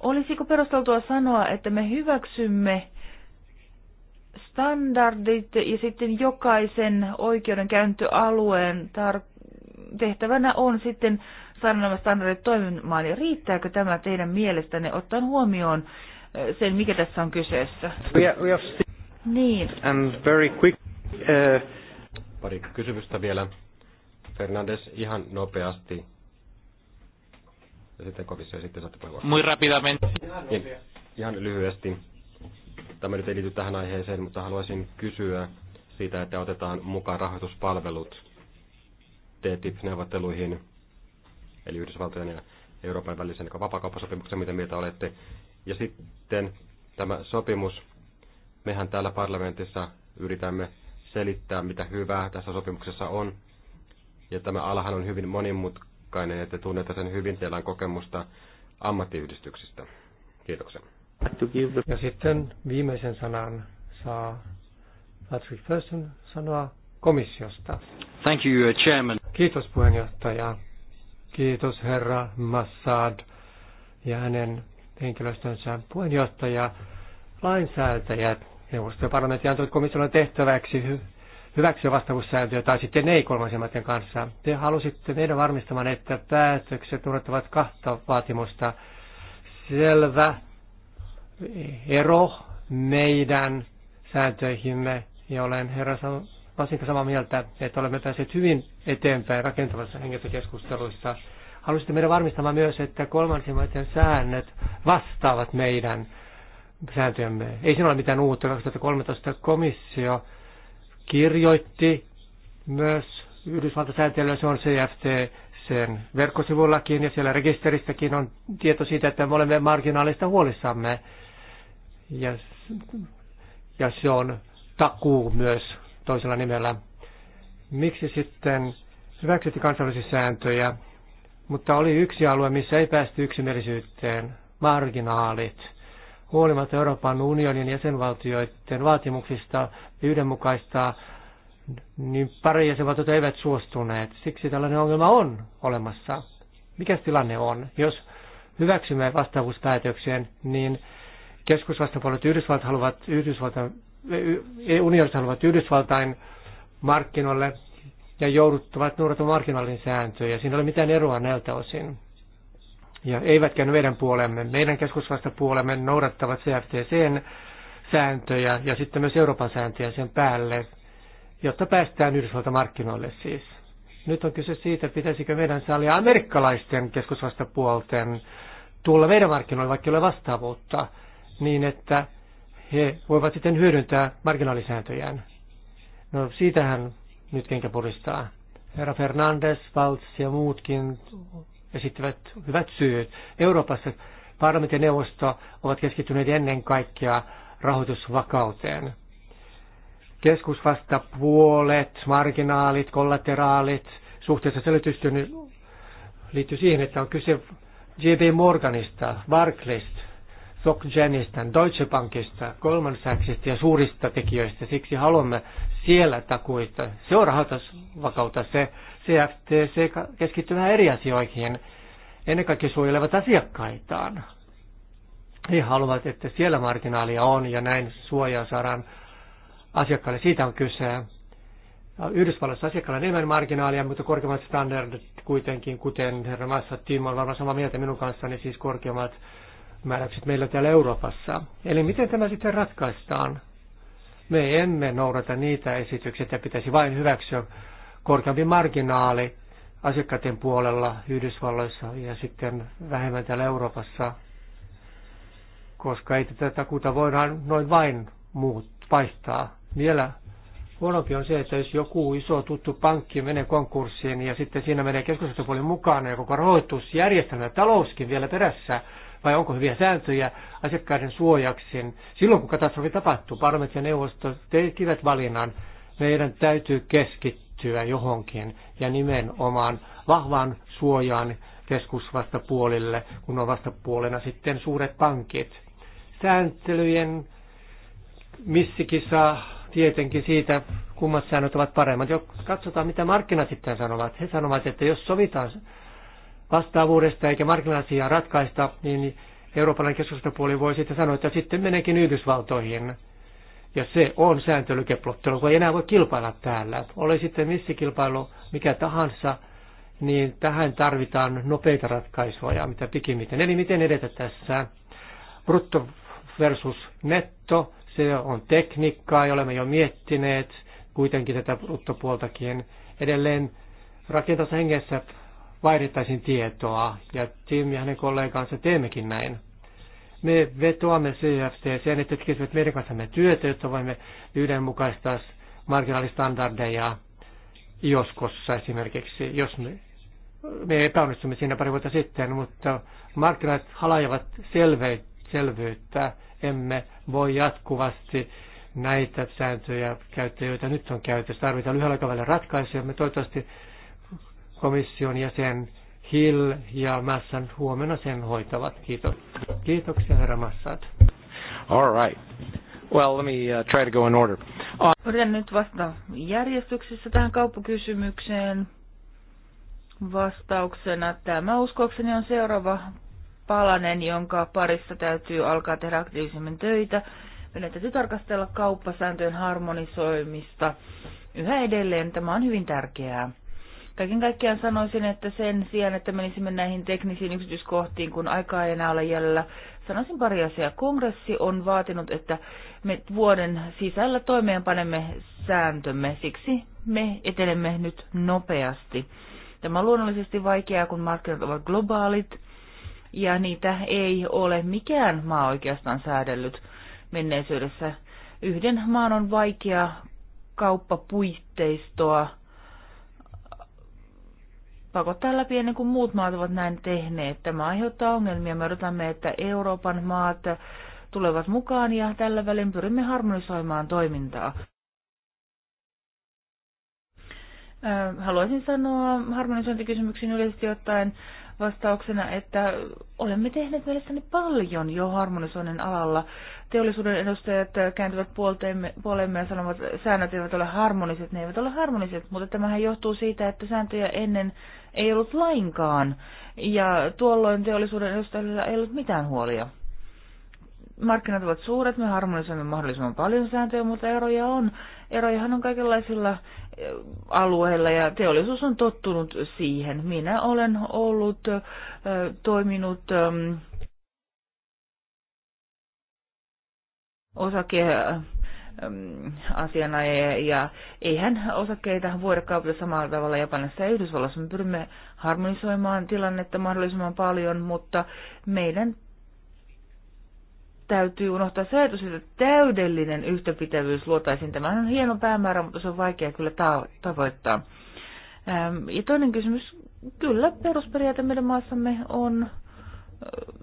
Olisiko perusteltua sanoa, että me hyväksymme standardit ja sitten jokaisen oikeudenkäyntialueen tar- tehtävänä on sitten saada nämä standardit toimimaan. Ja riittääkö tämä teidän mielestänne ottaen huomioon eh, sen, mikä tässä on kyseessä? We are, we are... Niin. And very quick. Pari kysymystä vielä. Fernandes ihan nopeasti. Ja sitten ja sitten saatte puheenvuoron. Muy rapidamente, Niin, ihan lyhyesti. Tämä nyt ei liity tähän aiheeseen, mutta haluaisin kysyä siitä, että otetaan mukaan rahoituspalvelut TTIP-neuvotteluihin, eli Yhdysvaltojen ja Euroopan välisen vapakauppasopimuksen, mitä mieltä olette. Ja sitten tämä sopimus, mehän täällä parlamentissa yritämme selittää, mitä hyvää tässä sopimuksessa on. Ja tämä alahan on hyvin monimutkainen, että tunnette sen hyvin. Teillä on kokemusta ammattiyhdistyksistä. Kiitoksia. Ja sitten viimeisen sanan saa Patrick Thurston sanoa komissiosta. Thank you, uh, Chairman. Kiitos puheenjohtaja. Kiitos herra Massad ja hänen henkilöstönsä puheenjohtaja, lainsäätäjät, neuvostojen parlamentti antoi komissiolle tehtäväksi hyväksyä vastavuussääntöjä tai sitten ei kolmansien maiden kanssa. Te halusitte meidän varmistamaan, että päätökset noudattavat kahta vaatimusta. Selvä ero meidän sääntöihimme ja olen herra Vasinka samaa mieltä, että olemme päässeet hyvin eteenpäin rakentavassa hengessä Halusitte meidän varmistamaan myös, että kolmansien maiden säännöt vastaavat meidän sääntöjämme. Ei siinä ole mitään uutta. 2013 komissio kirjoitti myös Yhdysvaltasääntöjä, se on CFT sen verkkosivullakin ja siellä rekisteristäkin on tieto siitä, että me olemme marginaalista huolissamme. Ja, ja se on takuu myös toisella nimellä. Miksi sitten hyväksytti kansallisia sääntöjä, mutta oli yksi alue, missä ei päästy yksimielisyyteen, marginaalit – huolimatta Euroopan unionin jäsenvaltioiden vaatimuksista yhdenmukaistaa, niin pari jäsenvaltiota eivät suostuneet. Siksi tällainen ongelma on olemassa. Mikä tilanne on? Jos hyväksymme vastaavuuspäätöksen, niin keskusvastapuolet Yhdysvalt haluavat Yhdysvaltain, unionista haluavat Yhdysvaltain markkinoille ja jouduttavat noudattamaan markkinoillin sääntöjä. Siinä ei ole mitään eroa näiltä osin ja eivätkä meidän puolemme, meidän keskusvastapuolemme noudattavat CFTCn sääntöjä ja sitten myös Euroopan sääntöjä sen päälle, jotta päästään Yhdysvalta markkinoille siis. Nyt on kyse siitä, pitäisikö meidän sallia amerikkalaisten keskusvastapuolten tulla meidän markkinoille, vaikka ei ole vastaavuutta, niin että he voivat sitten hyödyntää marginaalisääntöjään. No siitähän nyt kenkä puristaa. Herra Fernandes, Valts ja muutkin esittävät hyvät syyt. Euroopassa ja neuvosto ovat keskittyneet ennen kaikkea rahoitusvakauteen. Keskusvastapuolet, marginaalit, kollateraalit, suhteessa selitystyn liittyy siihen, että on kyse JB Morganista, Barclaysta, Sokjenista, Deutsche Bankista, Goldman Sachsista ja suurista tekijöistä. Siksi haluamme siellä takuista. Se on rahoitusvakautta se, CFTC keskittyy vähän eri asioihin. Ennen kaikkea suojelevat asiakkaitaan. He haluavat, että siellä marginaalia on ja näin suojaa saadaan asiakkaille. Siitä on kyse. Yhdysvalloissa asiakkailla on enemmän marginaalia, mutta korkeammat standardit kuitenkin, kuten herra Massa Tim on varmaan samaa mieltä minun kanssani, niin siis korkeammat määräykset meillä täällä Euroopassa. Eli miten tämä sitten ratkaistaan? Me emme noudata niitä esityksiä, että pitäisi vain hyväksyä korkeampi marginaali asiakkaiden puolella Yhdysvalloissa ja sitten vähemmän täällä Euroopassa, koska ei tätä takuuta voidaan noin vain muut vaihtaa. Vielä huonompi on se, että jos joku iso tuttu pankki menee konkurssiin ja sitten siinä menee keskusjohtopuoli mukana ja koko rahoitusjärjestelmä talouskin vielä perässä, vai onko hyviä sääntöjä asiakkaiden suojaksi. Silloin kun katastrofi tapahtuu, parlamentti ja neuvosto tekivät valinnan, meidän täytyy keskittyä liittyä johonkin ja nimenomaan vahvan suojaan keskusvastapuolille, kun on vastapuolena sitten suuret pankit. Sääntelyjen missikisa tietenkin siitä, kummat säännöt ovat paremmat. Jo katsotaan, mitä markkinat sitten sanovat. He sanovat, että jos sovitaan vastaavuudesta eikä markkina ratkaista, niin Euroopan keskustapuoli voi sitten sanoa, että sitten meneekin Yhdysvaltoihin. Ja se on sääntelykeplottelu, kun ei enää voi kilpailla täällä. Oli sitten missä kilpailu mikä tahansa, niin tähän tarvitaan nopeita ratkaisuja, mitä pikimmiten. Eli miten edetä tässä? Brutto versus netto, se on tekniikkaa, ja olemme jo miettineet kuitenkin tätä bruttopuoltakin. Edelleen rakentavassa hengessä vaihdettaisiin tietoa, ja Tim ja hänen kollegansa teemmekin näin. Me vetoamme CFTC, että tekisivät meidän kanssamme työtä, jotta voimme yhdenmukaistaa marginaalistandardeja ioskossa esimerkiksi, jos me, me epäonnistumme siinä pari vuotta sitten, mutta markkinat halajavat selve, selvyyttä, emme voi jatkuvasti näitä sääntöjä käyttää, joita nyt on käytössä. Tarvitaan lyhyellä aikavälillä ratkaisuja. Me toivottavasti komission jäsen Hill ja Massan huomenna sen hoitavat. Kiitos. Kiitoksia, herra Massad. All right. Well, let me uh, try to go in order. On... Uh, Yritän nyt vasta järjestyksessä tähän kauppakysymykseen. Vastauksena tämä uskoakseni on seuraava palanen, jonka parissa täytyy alkaa tehdä aktiivisemmin töitä. Meidän täytyy tarkastella kauppasääntöjen harmonisoimista. Yhä edelleen tämä on hyvin tärkeää. Kaiken kaikkiaan sanoisin, että sen sijaan, että menisimme näihin teknisiin yksityiskohtiin, kun aikaa ei enää ole jäljellä, sanoisin pari asiaa. Kongressi on vaatinut, että me vuoden sisällä toimeenpanemme sääntömme, siksi me etenemme nyt nopeasti. Tämä on luonnollisesti vaikeaa, kun markkinat ovat globaalit ja niitä ei ole mikään maa oikeastaan säädellyt menneisyydessä. Yhden maan on vaikea kauppapuitteistoa pakottaa läpi ennen kuin muut maat ovat näin tehneet. Tämä aiheuttaa ongelmia. Me odotamme, että Euroopan maat tulevat mukaan ja tällä välin pyrimme harmonisoimaan toimintaa. Haluaisin sanoa harmonisointikysymyksiin yleisesti ottaen vastauksena, että olemme tehneet mielestäni paljon jo harmonisoinnin alalla. Teollisuuden edustajat kääntyvät puoleemme ja sanovat, että säännöt eivät ole harmoniset. Ne eivät ole harmoniset, mutta tämähän johtuu siitä, että sääntöjä ennen ei ollut lainkaan. Ja tuolloin teollisuuden edustajilla ei ollut mitään huolia. Markkinat ovat suuret, me harmonisoimme mahdollisimman paljon sääntöjä, mutta eroja on. Erojahan on kaikenlaisilla eh, alueilla ja teollisuus on tottunut siihen. Minä olen ollut, eh, toiminut eh, osake asianajaja ja eihän osakkeita voida kaupata samalla tavalla Japanissa ja Yhdysvalloissa. Me pyrimme harmonisoimaan tilannetta mahdollisimman paljon, mutta meidän täytyy unohtaa se ajatus, että täydellinen yhtäpitävyys luotaisiin. Tämä on hieno päämäärä, mutta se on vaikea kyllä tavoittaa. ja toinen kysymys, kyllä perusperiaate meidän maassamme on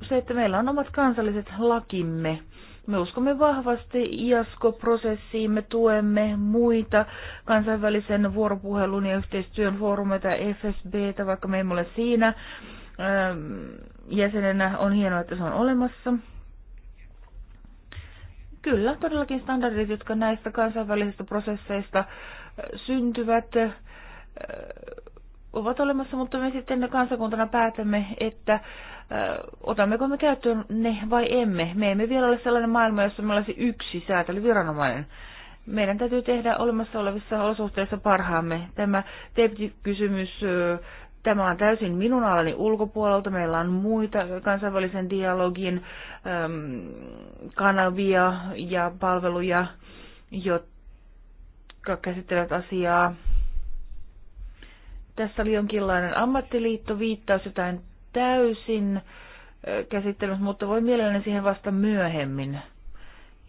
se, että meillä on omat kansalliset lakimme me uskomme vahvasti IASKO-prosessiin, me tuemme muita kansainvälisen vuoropuhelun ja yhteistyön foorumeita, FSBtä, vaikka me emme ole siinä ähm, jäsenenä. On hienoa, että se on olemassa. Kyllä, todellakin standardit, jotka näistä kansainvälisistä prosesseista äh, syntyvät, äh, ovat olemassa, mutta me sitten kansakuntana päätämme, että otammeko me käyttöön ne vai emme. Me emme vielä ole sellainen maailma, jossa me olisi yksi säätelyviranomainen. Meidän täytyy tehdä olemassa olevissa olosuhteissa parhaamme. Tämä TEPT-kysymys, tämä on täysin minun alani ulkopuolelta. Meillä on muita kansainvälisen dialogin kanavia ja palveluja, jotka käsittelevät asiaa. Tässä oli jonkinlainen ammattiliittoviittaus, jotain täysin käsittelyssä, mutta voi mielelläni siihen vasta myöhemmin,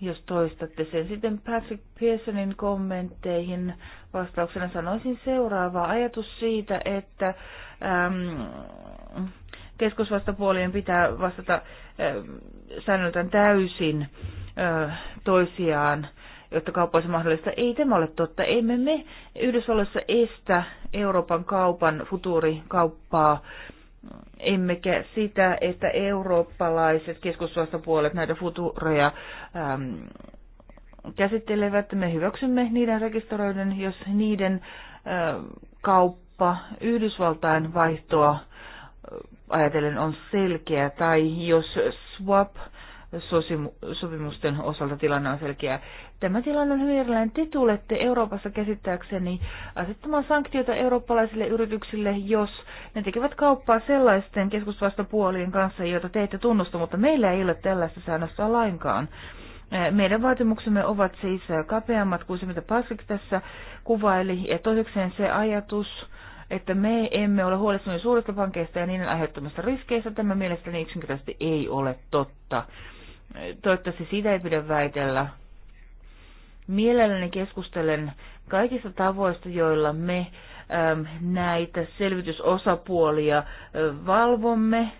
jos toistatte sen. Sitten Patrick Pearsonin kommentteihin vastauksena sanoisin seuraava ajatus siitä, että äm, keskusvastapuolien pitää vastata äm, säännöltään täysin ä, toisiaan jotta kauppa olisi mahdollista. Ei tämä ole totta. Emme me Yhdysvalloissa estä Euroopan kaupan futuurikauppaa emmekä sitä, että eurooppalaiset keskusvastapuolet näitä futureja äm, käsittelevät. Me hyväksymme niiden rekisteröiden, jos niiden ä, äh, kauppa Yhdysvaltain vaihtoa äh, ajatellen on selkeä, tai jos swap sopimusten osalta tilanne on selkeä. Tämä tilanne on hyvin erilainen. Te tulette Euroopassa käsittääkseni asettamaan sanktioita eurooppalaisille yrityksille, jos ne tekevät kauppaa sellaisten keskusvastapuolien kanssa, joita te ette tunnusta, mutta meillä ei ole tällaista säännöstä lainkaan. Eh, meidän vaatimuksemme ovat siis kapeammat kuin se, mitä Pasik tässä kuvaili. Ja toisekseen se ajatus, että me emme ole huolestuneet suurista pankeista ja niiden aiheuttamista riskeistä, tämä mielestäni yksinkertaisesti ei ole totta. Toivottavasti siitä ei pidä väitellä. Mielelläni keskustelen kaikista tavoista, joilla me näitä selvitysosapuolia valvomme.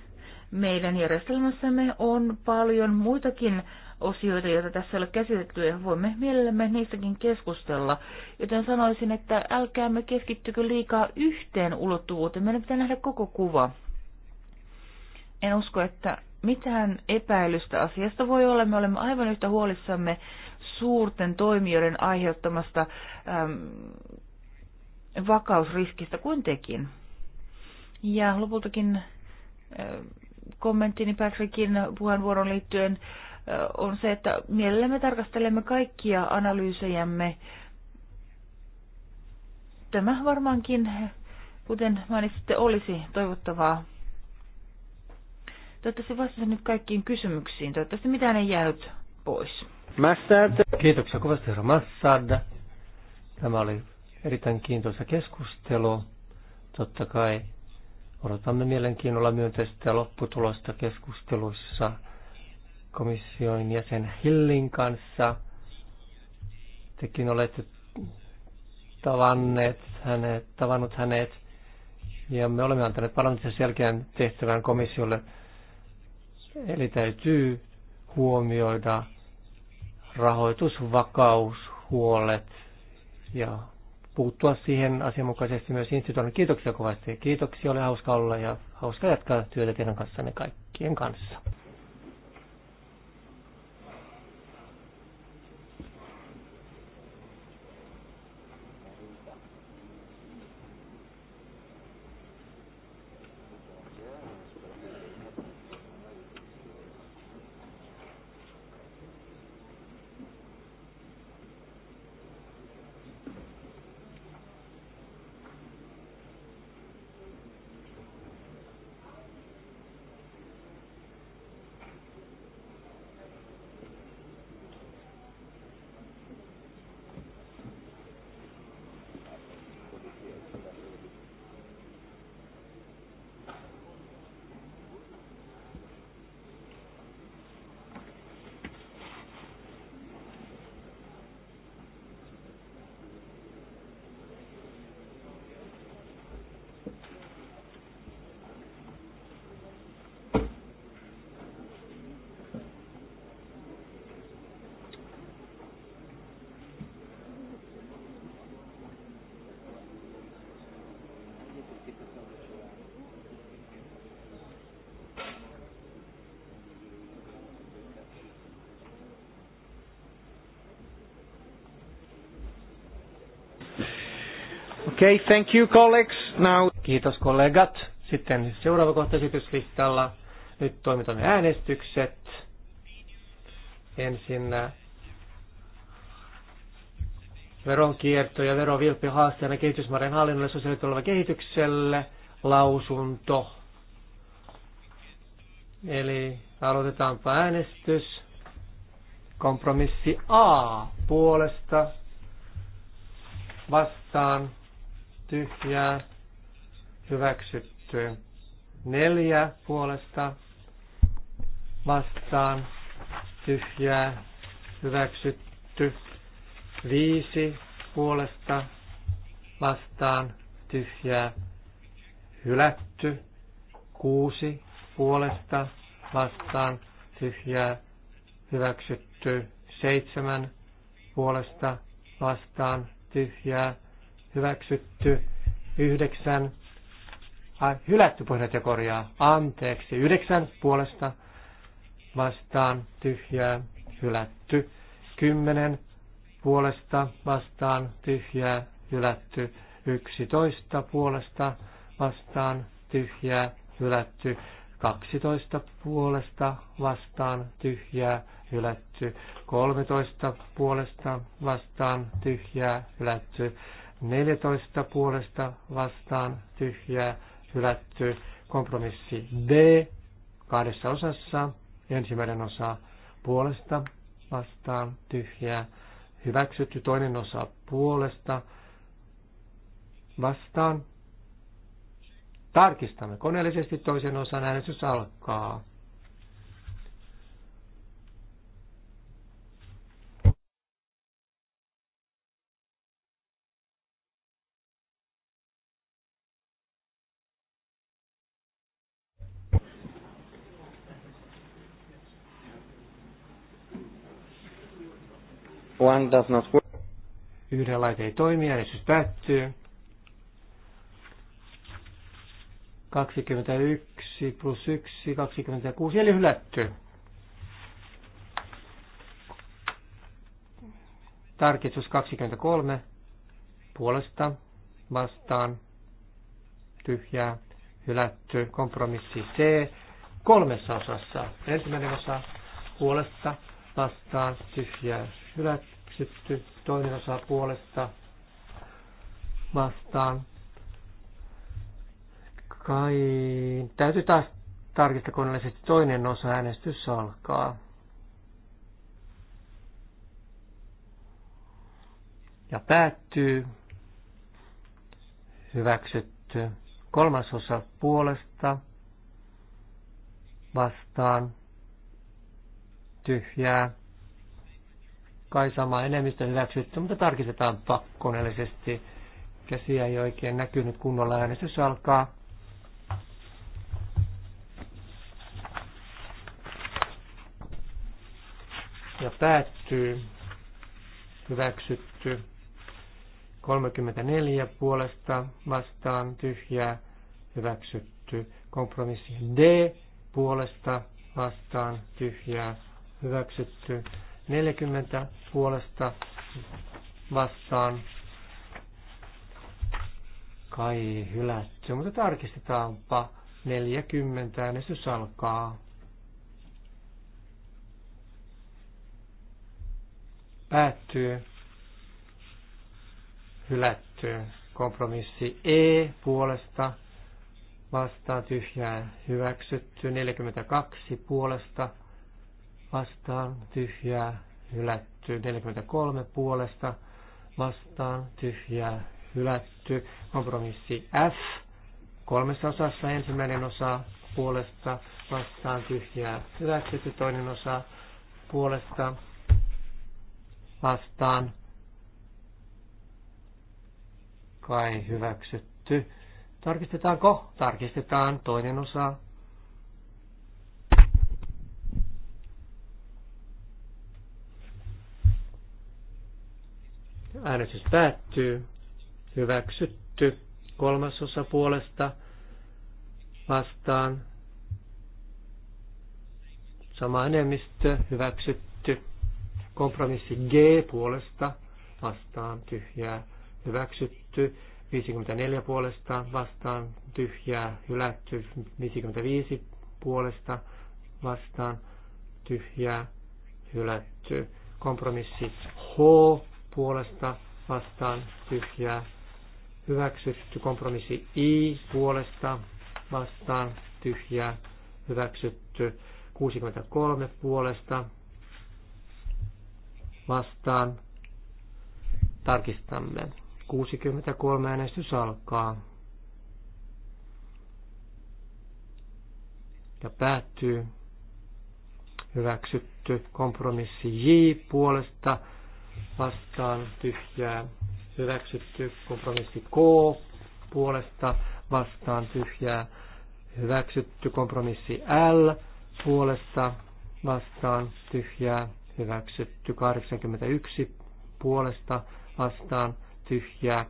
Meidän järjestelmässämme on paljon muitakin osioita, joita tässä ei ole käsitetty, ja voimme mielellämme niistäkin keskustella. Joten sanoisin, että älkäämme keskittykö liikaa yhteen ulottuvuuteen. Meidän pitää nähdä koko kuva. En usko, että mitään epäilystä asiasta voi olla. Me olemme aivan yhtä huolissamme suurten toimijoiden aiheuttamasta äm, vakausriskistä kuin tekin. Ja lopultakin äh, kommenttini Patrickin puheenvuoron liittyen äh, on se, että mielellämme tarkastelemme kaikkia analyysejämme. Tämä varmaankin, kuten mainitsitte, olisi toivottavaa Toivottavasti vastasin nyt kaikkiin kysymyksiin. Toivottavasti mitään ei jäänyt pois. Massad. Kiitoksia kovasti, herra Massad. Tämä oli erittäin kiintoisa keskustelu. Totta kai odotamme mielenkiinnolla myönteistä lopputulosta keskusteluissa komission jäsen Hillin kanssa. Tekin olette tavanneet hänet, tavannut hänet ja me olemme antaneet parlamentissa selkeän tehtävän komissiolle Eli täytyy huomioida rahoitusvakaushuolet ja puuttua siihen asianmukaisesti myös instituutin. Kiitoksia kovasti. Kiitoksia, oli hauska olla ja hauska jatkaa työtä teidän kanssanne kaikkien kanssa. Okay, thank you colleagues. Now... Kiitos kollegat. Sitten seuraava kohta esityslistalla. Nyt toimitamme äänestykset. Ensin äh, veronkierto ja verovilppi haasteena kehitysmaiden hallinnolle sosiaaliturva kehitykselle lausunto. Eli aloitetaanpa äänestys. Kompromissi A puolesta vastaan ja hyväksytty. Neljä puolesta vastaan, tyhjää, hyväksytty. Viisi puolesta vastaan, tyhjää, hylätty. Kuusi puolesta vastaan, tyhjää, hyväksytty. Seitsemän puolesta vastaan, tyhjää, hyväksytty, yhdeksän, ai, hylätty puheenjohtaja korjaa, anteeksi, yhdeksän puolesta vastaan tyhjää, hylätty, kymmenen puolesta vastaan tyhjää, hylätty, yksitoista puolesta vastaan tyhjää, hylätty, kaksitoista puolesta vastaan tyhjää hylätty, 13 puolesta vastaan tyhjää hylätty, 14 puolesta vastaan tyhjää hylätty. Kompromissi D kahdessa osassa. Ensimmäinen osa puolesta vastaan tyhjää hyväksytty. Toinen osa puolesta vastaan. Tarkistamme koneellisesti toisen osan äänestys alkaa. One does not work. Yhden laite ei toimi, äänestys päättyy. 21 plus 1, 26, eli hylätty. Tarkistus 23, puolesta, vastaan, tyhjää, hylätty, kompromissi C, kolmessa osassa. Ensimmäinen osa, puolesta, vastaan, tyhjää, hylätty hyväksytty, toinen osa puolesta vastaan. Kai täytyy taas tarkistaa koneellisesti toinen osa äänestys alkaa. Ja päättyy. Hyväksytty. Kolmas osa puolesta vastaan tyhjää kai sama enemmistö hyväksytty, mutta tarkistetaan pakkonellisesti. Käsiä ei oikein näkynyt kunnolla. Äänestys alkaa. Ja päättyy. Hyväksytty. 34 puolesta vastaan tyhjää hyväksytty. Kompromissi D puolesta vastaan tyhjää hyväksytty. 40 puolesta vastaan. Kai hylätty, mutta tarkistetaanpa. 40 äänestys alkaa. Päättyy. Hylätty. Kompromissi E puolesta vastaa tyhjää hyväksytty. 42 puolesta vastaan tyhjää hylätty. 43 puolesta vastaan tyhjää hylätty. Kompromissi F kolmessa osassa. Ensimmäinen osa puolesta vastaan tyhjää hylätty. Toinen osa puolesta vastaan kai hyväksytty. Tarkistetaanko? Tarkistetaan toinen osa Äänestys päättyy. Hyväksytty. Kolmasosa puolesta vastaan. Sama enemmistö. Hyväksytty. Kompromissi G puolesta vastaan. Tyhjää. Hyväksytty. 54 puolesta vastaan. Tyhjää. Hylätty. 55 puolesta vastaan. Tyhjää. Hylätty. Kompromissi H puolesta vastaan tyhjää hyväksytty. Kompromissi I puolesta vastaan tyhjää hyväksytty. 63 puolesta vastaan tarkistamme. 63 äänestys alkaa. Ja päättyy. Hyväksytty kompromissi J puolesta vastaan tyhjää hyväksytty. Kompromissi K puolesta vastaan tyhjää hyväksytty. Kompromissi L puolesta vastaan tyhjää hyväksytty. 81 puolesta vastaan tyhjää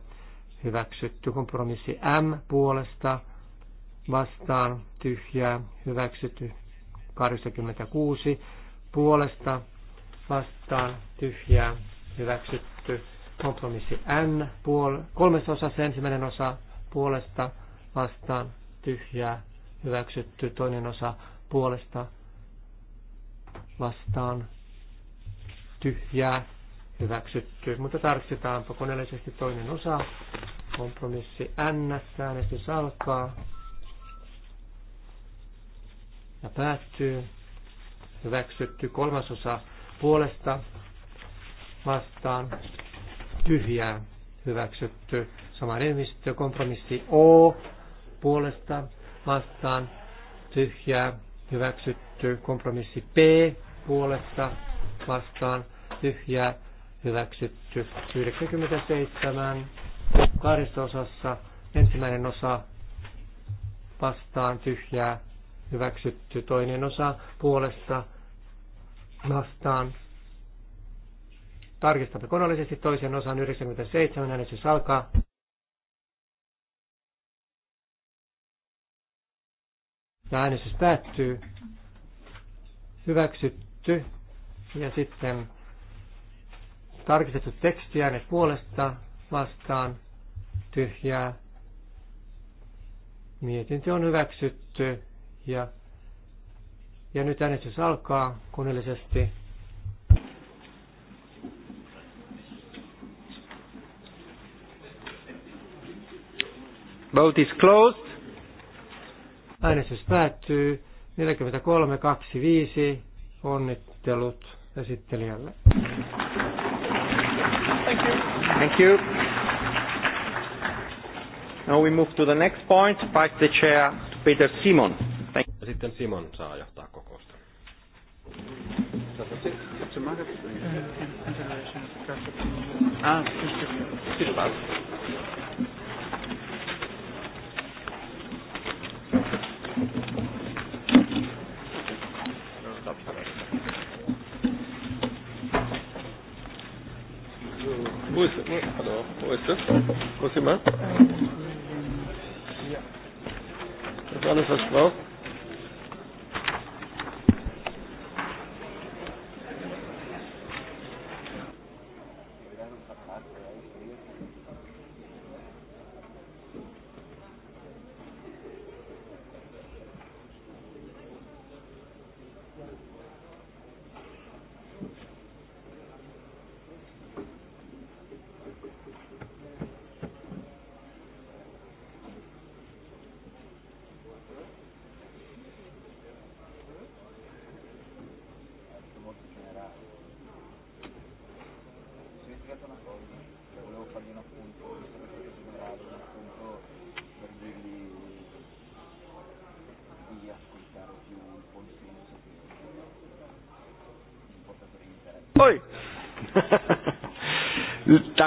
hyväksytty. Kompromissi M puolesta vastaan tyhjää hyväksytty. 86 puolesta vastaan tyhjää hyväksytty. Kompromissi N, puol, kolmessa osassa ensimmäinen osa puolesta vastaan tyhjää, hyväksytty. Toinen osa puolesta vastaan tyhjää, hyväksytty. Mutta tarkistetaanpa koneellisesti toinen osa. Kompromissi N, äänestys alkaa ja päättyy. Hyväksytty kolmasosa puolesta vastaan tyhjää hyväksytty. Sama enemmistö kompromissi O puolesta vastaan tyhjää hyväksytty. Kompromissi P puolesta vastaan tyhjää hyväksytty. 97 kahdessa osassa ensimmäinen osa vastaan tyhjää hyväksytty. Toinen osa puolesta vastaan Tarkistamme koneellisesti toisen osan 97, äänestys alkaa. Ja äänestys päättyy. Hyväksytty. Ja sitten tarkistettu teksti äänet puolesta vastaan tyhjää. Mietintö on hyväksytty ja, ja nyt äänestys alkaa koneellisesti. Vote is closed. Äänestys päättyy 43.25. Onnittelut esittelijälle. Thank you. Thank you. Now we move to the next point. Pass the chair to Peter Simon. Thank you. Sitten Simon saa johtaa kokousta. Ah,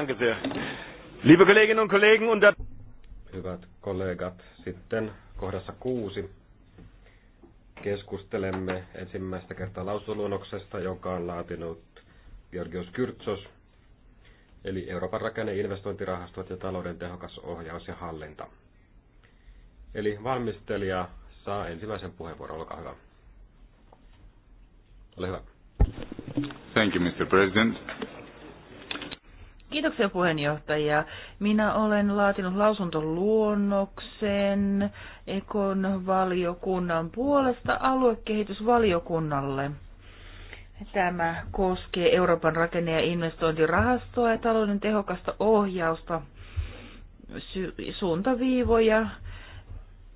danke sehr. Liebe Kolleginnen und Kollegen, unter... Hyvät kollegat, sitten kohdassa kuusi keskustelemme ensimmäistä kertaa lausuntoluonnoksesta, joka on laatinut Georgios Kyrtsos, eli Euroopan rakenne, investointirahastot ja talouden tehokas ohjaus ja hallinta. Eli valmistelija saa ensimmäisen puheenvuoron, olkaa hyvä. Ole hyvä. Thank you, Mr. President. Kiitoksia puheenjohtaja. Minä olen laatinut lausuntoluonnoksen Ekon valiokunnan puolesta aluekehitysvaliokunnalle. Tämä koskee Euroopan rakenne- ja investointirahastoa ja talouden tehokasta ohjausta, suuntaviivoja,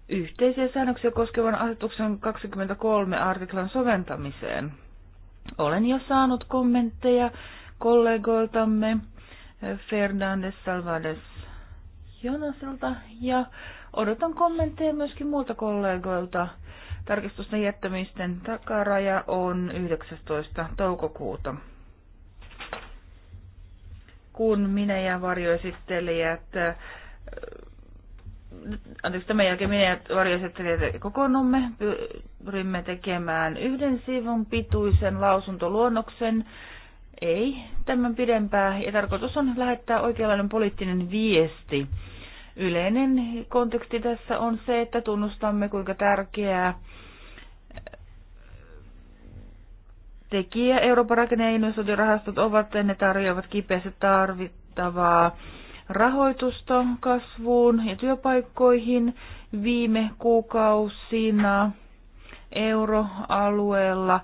yhteisiä säännöksiä koskevan asetuksen 23 artiklan soventamiseen. Olen jo saanut kommentteja kollegoiltamme Fernandes Salvades Jonasilta ja odotan kommentteja myöskin muilta kollegoilta. Tarkistusten jättämisten takaraja on 19. toukokuuta. Kun minä ja varjoesittelijät, äh, anteeksi tämän jälkeen minä ja varjoesittelijät kokoonnumme, pyrimme tekemään yhden sivun pituisen lausuntoluonnoksen, ei tämän pidempää. Ja tarkoitus on lähettää oikeanlainen poliittinen viesti. Yleinen konteksti tässä on se, että tunnustamme kuinka tärkeää tekijä Euroopan rakenne- ja investointirahastot ovat ja ne tarjoavat kipeästi tarvittavaa rahoitusta kasvuun ja työpaikkoihin viime kuukausina euroalueella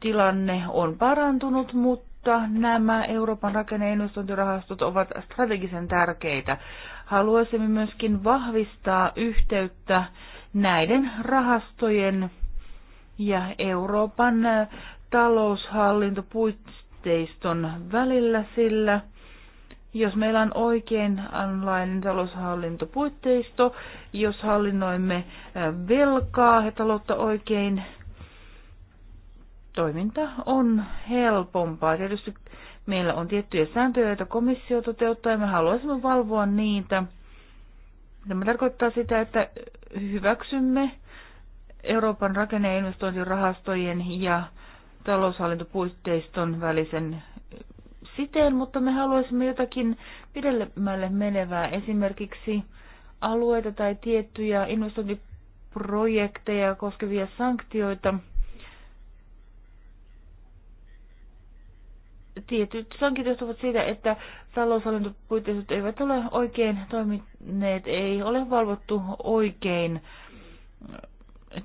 tilanne on parantunut, mutta nämä Euroopan rakenneinvestointirahastot ovat strategisen tärkeitä. Haluaisimme myöskin vahvistaa yhteyttä näiden rahastojen ja Euroopan taloushallintopuisteiston välillä, sillä jos meillä on oikein oikeinlainen taloushallintopuitteisto, jos hallinnoimme velkaa ja taloutta oikein, toiminta on helpompaa. Tietysti meillä on tiettyjä sääntöjä, joita komissio toteuttaa ja me haluaisimme valvoa niitä. Tämä tarkoittaa sitä, että hyväksymme Euroopan rakenne- ja investointirahastojen ja taloushallintopuitteiston välisen siteen, mutta me haluaisimme jotakin pidemmälle menevää, esimerkiksi alueita tai tiettyjä investointiprojekteja koskevia sanktioita – tietyt sankit johtuvat siitä, että taloushallintopuitteet eivät ole oikein toimineet, ei ole valvottu oikein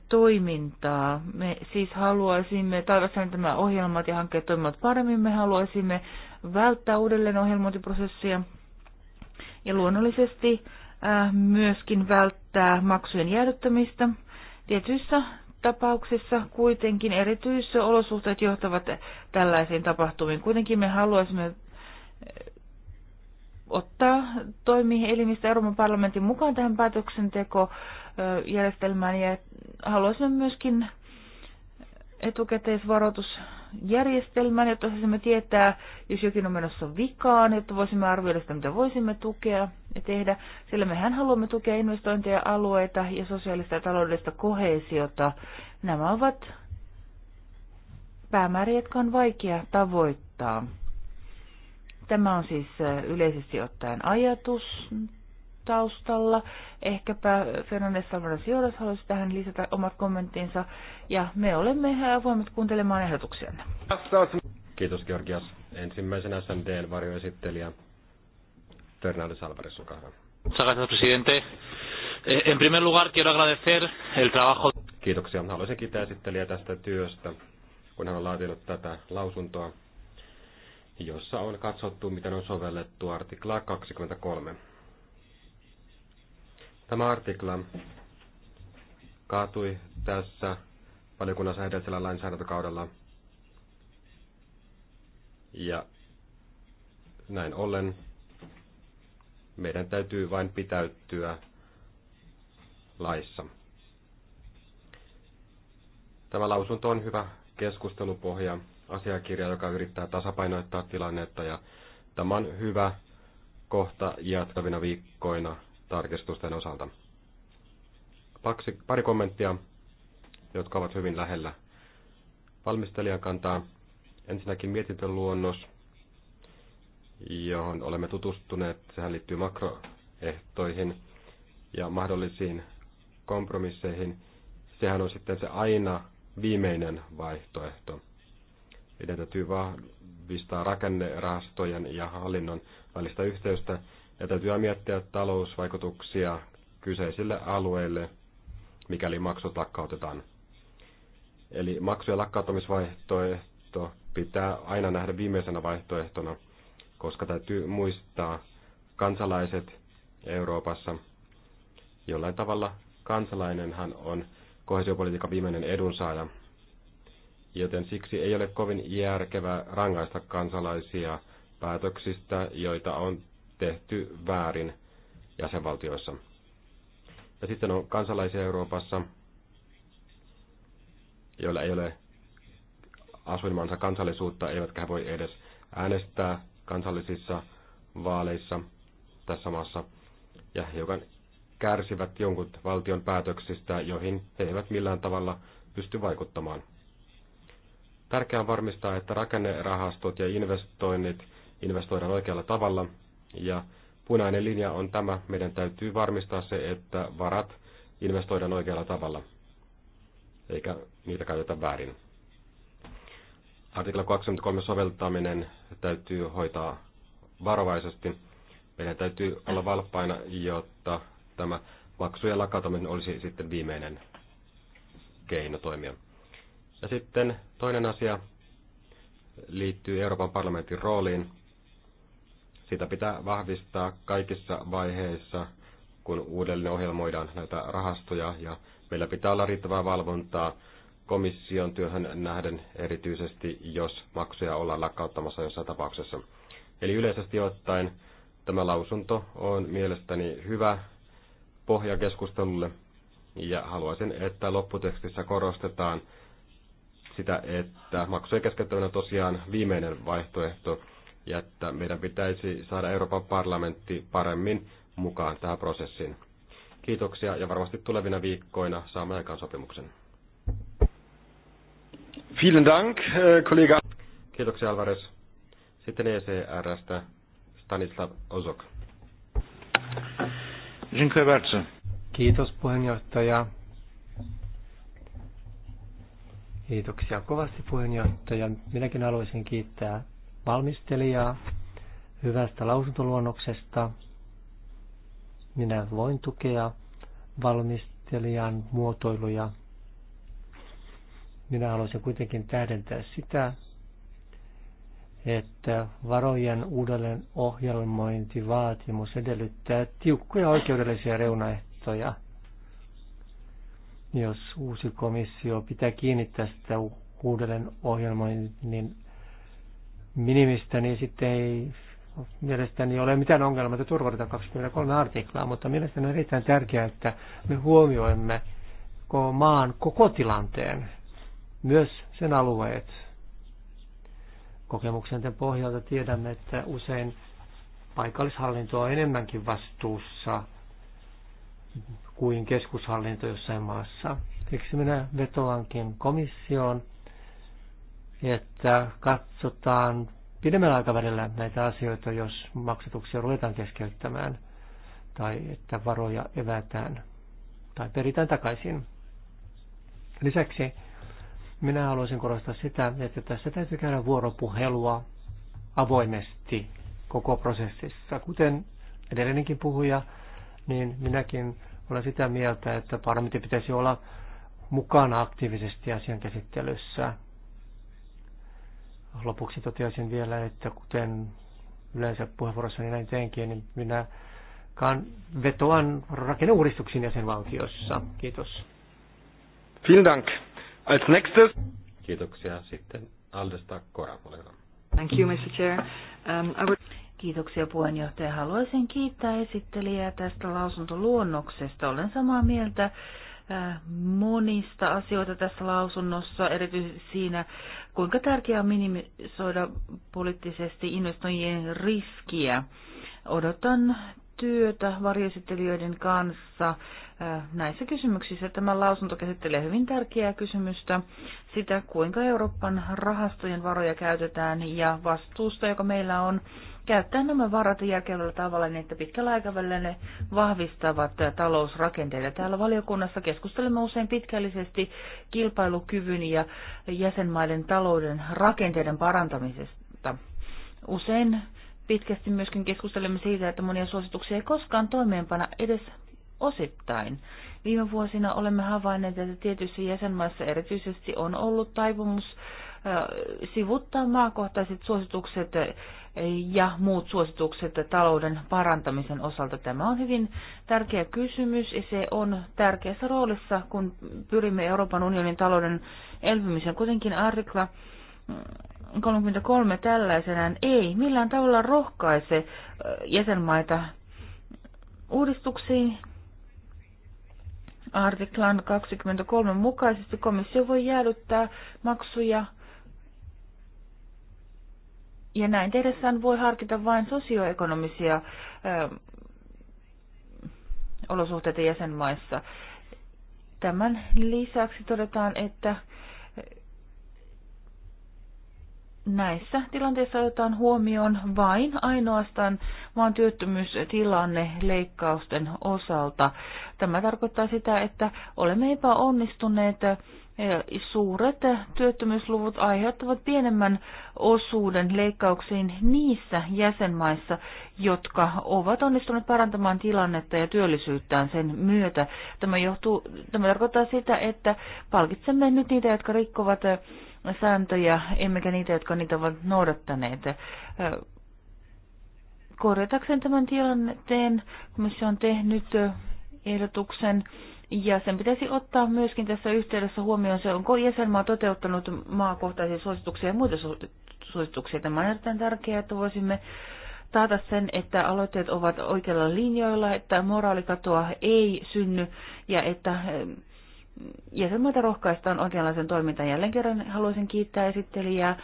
toimintaa. Me siis haluaisimme, taivassain tämä ohjelmat ja hankkeet toimivat paremmin, me haluaisimme välttää uudelleen ohjelmointiprosessia ja luonnollisesti myöskin välttää maksujen jäädyttämistä. Tietyissä tapauksessa kuitenkin olosuhteet johtavat tällaisiin tapahtumiin. Kuitenkin me haluaisimme eh, ottaa toimielimistä Euroopan parlamentin mukaan tähän päätöksentekojärjestelmään eh, ja haluaisimme myöskin etukäteisvaroitus järjestelmän, jotta voisimme tietää, jos jokin on menossa vikaan, jotta voisimme arvioida sitä, mitä voisimme tukea ja tehdä. Sillä mehän haluamme tukea investointeja, alueita ja sosiaalista ja taloudellista kohesiota. Nämä ovat päämääriä, jotka on vaikea tavoittaa. Tämä on siis yleisesti ottaen ajatus taustalla. Ehkäpä Fernandes Salvador Sioras haluaisi tähän lisätä omat kommenttinsa, ja me olemme avoimet kuuntelemaan ehdotuksianne. Kiitos Georgias. Ensimmäisenä SNDn varjoesittelijä Fernandes Salvador olkaa presidente. Eh, en primer lugar quiero agradecer el trabajo. Kiitoksia. Haluaisin kiittää esittelijä tästä työstä, kun hän on laatinut tätä lausuntoa, jossa on katsottu, miten on sovellettu artiklaa 23. Tämä artikla kaatui tässä valiokunnassa edellisellä lainsäädäntökaudella. Ja näin ollen meidän täytyy vain pitäytyä laissa. Tämä lausunto on hyvä keskustelupohja, asiakirja, joka yrittää tasapainoittaa tilannetta ja tämä on hyvä kohta jatkavina viikkoina tarkistusten osalta. Paksi, pari kommenttia, jotka ovat hyvin lähellä valmistelijan kantaa. Ensinnäkin mietintöluonnos, johon olemme tutustuneet. Sehän liittyy makroehtoihin ja mahdollisiin kompromisseihin. Sehän on sitten se aina viimeinen vaihtoehto. Meidän täytyy vahvistaa rakennerahastojen ja hallinnon välistä yhteystä ja täytyy miettiä talousvaikutuksia kyseisille alueille, mikäli maksut lakkautetaan. Eli maksujen lakkautumisvaihtoehto pitää aina nähdä viimeisenä vaihtoehtona, koska täytyy muistaa kansalaiset Euroopassa. Jollain tavalla kansalainenhan on kohesiopolitiikan viimeinen edunsaaja, joten siksi ei ole kovin järkevää rangaista kansalaisia päätöksistä, joita on tehty väärin jäsenvaltioissa. Ja sitten on kansalaisia Euroopassa, joilla ei ole asuinmaansa kansallisuutta, eivätkä he voi edes äänestää kansallisissa vaaleissa tässä maassa. Ja hiukan kärsivät jonkun valtion päätöksistä, joihin he eivät millään tavalla pysty vaikuttamaan. Tärkeää on varmistaa, että rakennerahastot ja investoinnit investoidaan oikealla tavalla ja punainen linja on tämä. Meidän täytyy varmistaa se, että varat investoidaan oikealla tavalla, eikä niitä käytetä väärin. Artikla 23 soveltaminen täytyy hoitaa varovaisesti. Meidän täytyy olla valppaina, jotta tämä maksujen lakautuminen olisi sitten viimeinen keino toimia. Ja sitten toinen asia liittyy Euroopan parlamentin rooliin. Sitä pitää vahvistaa kaikissa vaiheissa, kun uudelleen ohjelmoidaan näitä rahastoja ja meillä pitää olla riittävää valvontaa komission työhön nähden erityisesti, jos maksuja ollaan lakkauttamassa jossain tapauksessa. Eli yleisesti ottaen tämä lausunto on mielestäni hyvä pohja keskustelulle ja haluaisin, että lopputekstissä korostetaan sitä, että maksujen keskeyttäminen on tosiaan viimeinen vaihtoehto ja että meidän pitäisi saada Euroopan parlamentti paremmin mukaan tähän prosessiin. Kiitoksia ja varmasti tulevina viikkoina saamme aikaan sopimuksen. Vielen Dank, äh, kollega. Kiitoksia Alvarez. Sitten ECRstä Stanislav Ozok. Kiitos puheenjohtaja. Kiitoksia kovasti puheenjohtaja. Minäkin haluaisin kiittää valmistelijaa hyvästä lausuntoluonnoksesta. Minä voin tukea valmistelijan muotoiluja. Minä haluaisin kuitenkin tähdentää sitä, että varojen uudelleen ohjelmointivaatimus edellyttää tiukkoja oikeudellisia reunaehtoja. Jos uusi komissio pitää kiinni tästä uudelleen ohjelmoinnin minimistä, niin sitten ei mielestäni ole mitään ongelmaa, että turvata 23 artiklaa, mutta mielestäni on erittäin tärkeää, että me huomioimme koko maan koko tilanteen, myös sen alueet. Kokemuksen pohjalta tiedämme, että usein paikallishallinto on enemmänkin vastuussa kuin keskushallinto jossain maassa. Siksi minä vetoankin komissioon että katsotaan pidemmällä aikavälillä näitä asioita, jos maksatuksia ruvetaan keskeyttämään tai että varoja evätään tai peritään takaisin. Lisäksi minä haluaisin korostaa sitä, että tässä täytyy käydä vuoropuhelua avoimesti koko prosessissa. Kuten edellinenkin puhuja, niin minäkin olen sitä mieltä, että parlamentti pitäisi olla mukana aktiivisesti asian käsittelyssä Lopuksi toteaisin vielä, että kuten yleensä puheenvuorossani näin teenkin, niin minä vetoan rakenneuudistuksiin jäsenvaltiossa. Kiitos. Vielen Dank. Als nächstes. Kiitoksia. Sitten Aldesta Kora, Thank you, Mr. Chair. Um, I would... Kiitoksia puheenjohtaja. Haluaisin kiittää esittelijää tästä lausuntoluonnoksesta. Olen samaa mieltä monista asioita tässä lausunnossa, erityisesti siinä, kuinka tärkeää on minimisoida poliittisesti investoijien riskiä. Odotan työtä varjoesittelijöiden kanssa näissä kysymyksissä. Tämä lausunto käsittelee hyvin tärkeää kysymystä, sitä kuinka Euroopan rahastojen varoja käytetään ja vastuusta, joka meillä on käyttää nämä varat järkevällä tavalla niin, että pitkällä aikavälillä ne vahvistavat talousrakenteita. Täällä valiokunnassa keskustelemme usein pitkällisesti kilpailukyvyn ja jäsenmaiden talouden rakenteiden parantamisesta. Usein pitkästi myöskin keskustelemme siitä, että monia suosituksia ei koskaan toimeenpana edes osittain. Viime vuosina olemme havainneet, että tietyissä jäsenmaissa erityisesti on ollut taipumus äh, sivuttaa maakohtaiset suositukset ja muut suositukset talouden parantamisen osalta. Tämä on hyvin tärkeä kysymys ja se on tärkeässä roolissa, kun pyrimme Euroopan unionin talouden elpymiseen. Kuitenkin artikla 33 mm, tällaisenään ei millään tavalla rohkaise jäsenmaita uudistuksiin. Artiklan 23 mukaisesti komissio voi jäädyttää maksuja ja näin tehdessään voi harkita vain sosioekonomisia ö, olosuhteita jäsenmaissa. Tämän lisäksi todetaan, että näissä tilanteissa otetaan huomioon vain ainoastaan maan työttömyystilanne leikkausten osalta. Tämä tarkoittaa sitä, että olemme epäonnistuneet suuret työttömyysluvut aiheuttavat pienemmän osuuden leikkauksiin niissä jäsenmaissa, jotka ovat onnistuneet parantamaan tilannetta ja työllisyyttään sen myötä. Tämä, johtuu, tämä tarkoittaa sitä, että palkitsemme nyt niitä, jotka rikkovat sääntöjä, emmekä niitä, jotka niitä ovat noudattaneet. Korjatakseen tämän tilanteen komissio on tehnyt ehdotuksen ja sen pitäisi ottaa myöskin tässä yhteydessä huomioon se, onko jäsenmaa toteuttanut maakohtaisia suosituksia ja muita suosituksia. Tämä on erittäin tärkeää, että voisimme taata sen, että aloitteet ovat oikeilla linjoilla, että moraalikatoa ei synny ja että jäsenmaita rohkaistaan oikeanlaisen toimintaan. Jälleen kerran haluaisin kiittää esittelijää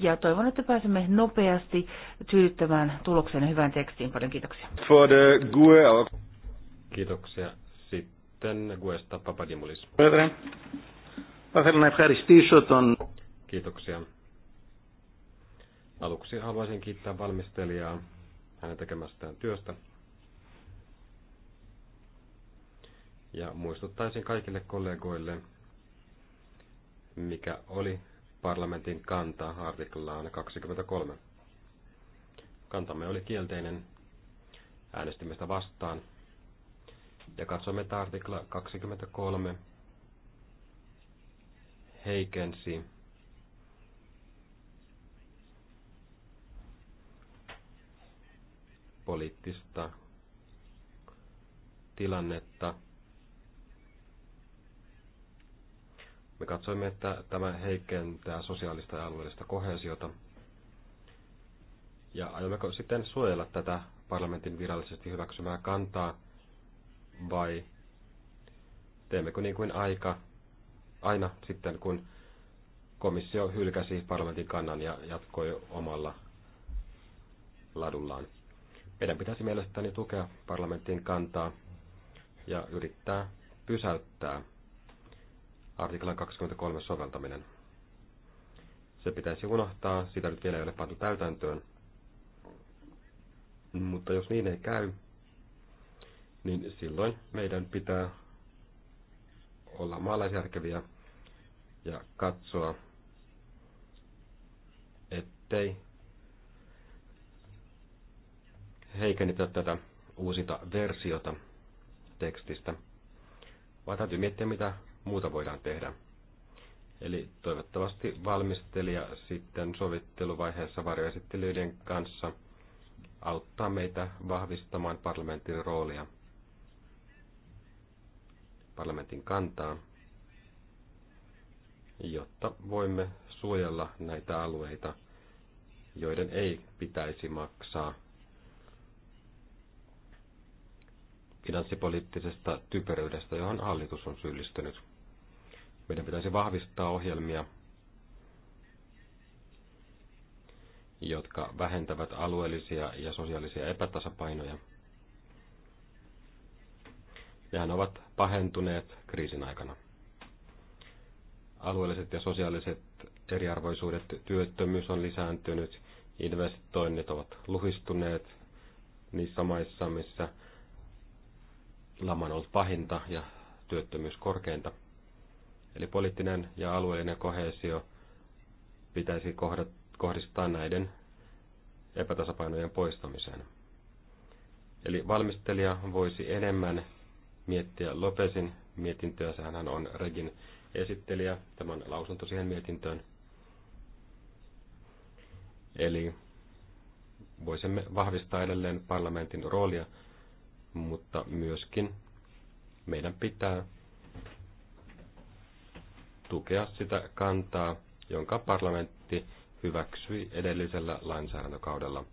ja toivon, että pääsemme nopeasti tyydyttämään tuloksen hyvään tekstiin. Paljon kiitoksia. For the e Kiitoksia sitten Guesta Papadimulis. Kiitoksia. Aluksi haluaisin kiittää valmistelijaa hänen tekemästään työstä. Ja muistuttaisin kaikille kollegoille, mikä oli parlamentin kanta artiklaan 23. Kantamme oli kielteinen. Äänestimme vastaan ja katsomme, että artikla 23 heikensi poliittista tilannetta. Me katsoimme, että tämä heikentää sosiaalista ja alueellista kohesiota. Ja aiommeko sitten suojella tätä parlamentin virallisesti hyväksymää kantaa vai teemmekö niin kuin aika, aina sitten, kun komissio hylkäsi parlamentin kannan ja jatkoi omalla ladullaan. Meidän pitäisi mielestäni tukea parlamentin kantaa ja yrittää pysäyttää artiklan 23 soveltaminen. Se pitäisi unohtaa, sitä nyt vielä ei ole pantu täytäntöön. Mutta jos niin ei käy, niin silloin meidän pitää olla maalaisjärkeviä ja katsoa, ettei heikennetä tätä uusita versiota tekstistä, vaan täytyy miettiä, mitä muuta voidaan tehdä. Eli toivottavasti valmistelija sitten sovitteluvaiheessa varjoesittelyiden kanssa auttaa meitä vahvistamaan parlamentin roolia parlamentin kantaa, jotta voimme suojella näitä alueita, joiden ei pitäisi maksaa finanssipoliittisesta typeryydestä, johon hallitus on syyllistynyt. Meidän pitäisi vahvistaa ohjelmia, jotka vähentävät alueellisia ja sosiaalisia epätasapainoja – ja ne ovat pahentuneet kriisin aikana. Alueelliset ja sosiaaliset eriarvoisuudet, työttömyys on lisääntynyt, investoinnit ovat luhistuneet niissä maissa, missä laman on ollut pahinta ja työttömyys korkeinta. Eli poliittinen ja alueellinen kohesio pitäisi kohdistaa näiden epätasapainojen poistamiseen. Eli valmistelija voisi enemmän miettiä Lopesin mietintöä. Sehän hän on Regin esittelijä. tämän lausunto siihen mietintöön. Eli voisimme vahvistaa edelleen parlamentin roolia, mutta myöskin meidän pitää tukea sitä kantaa, jonka parlamentti hyväksyi edellisellä lainsäädäntökaudella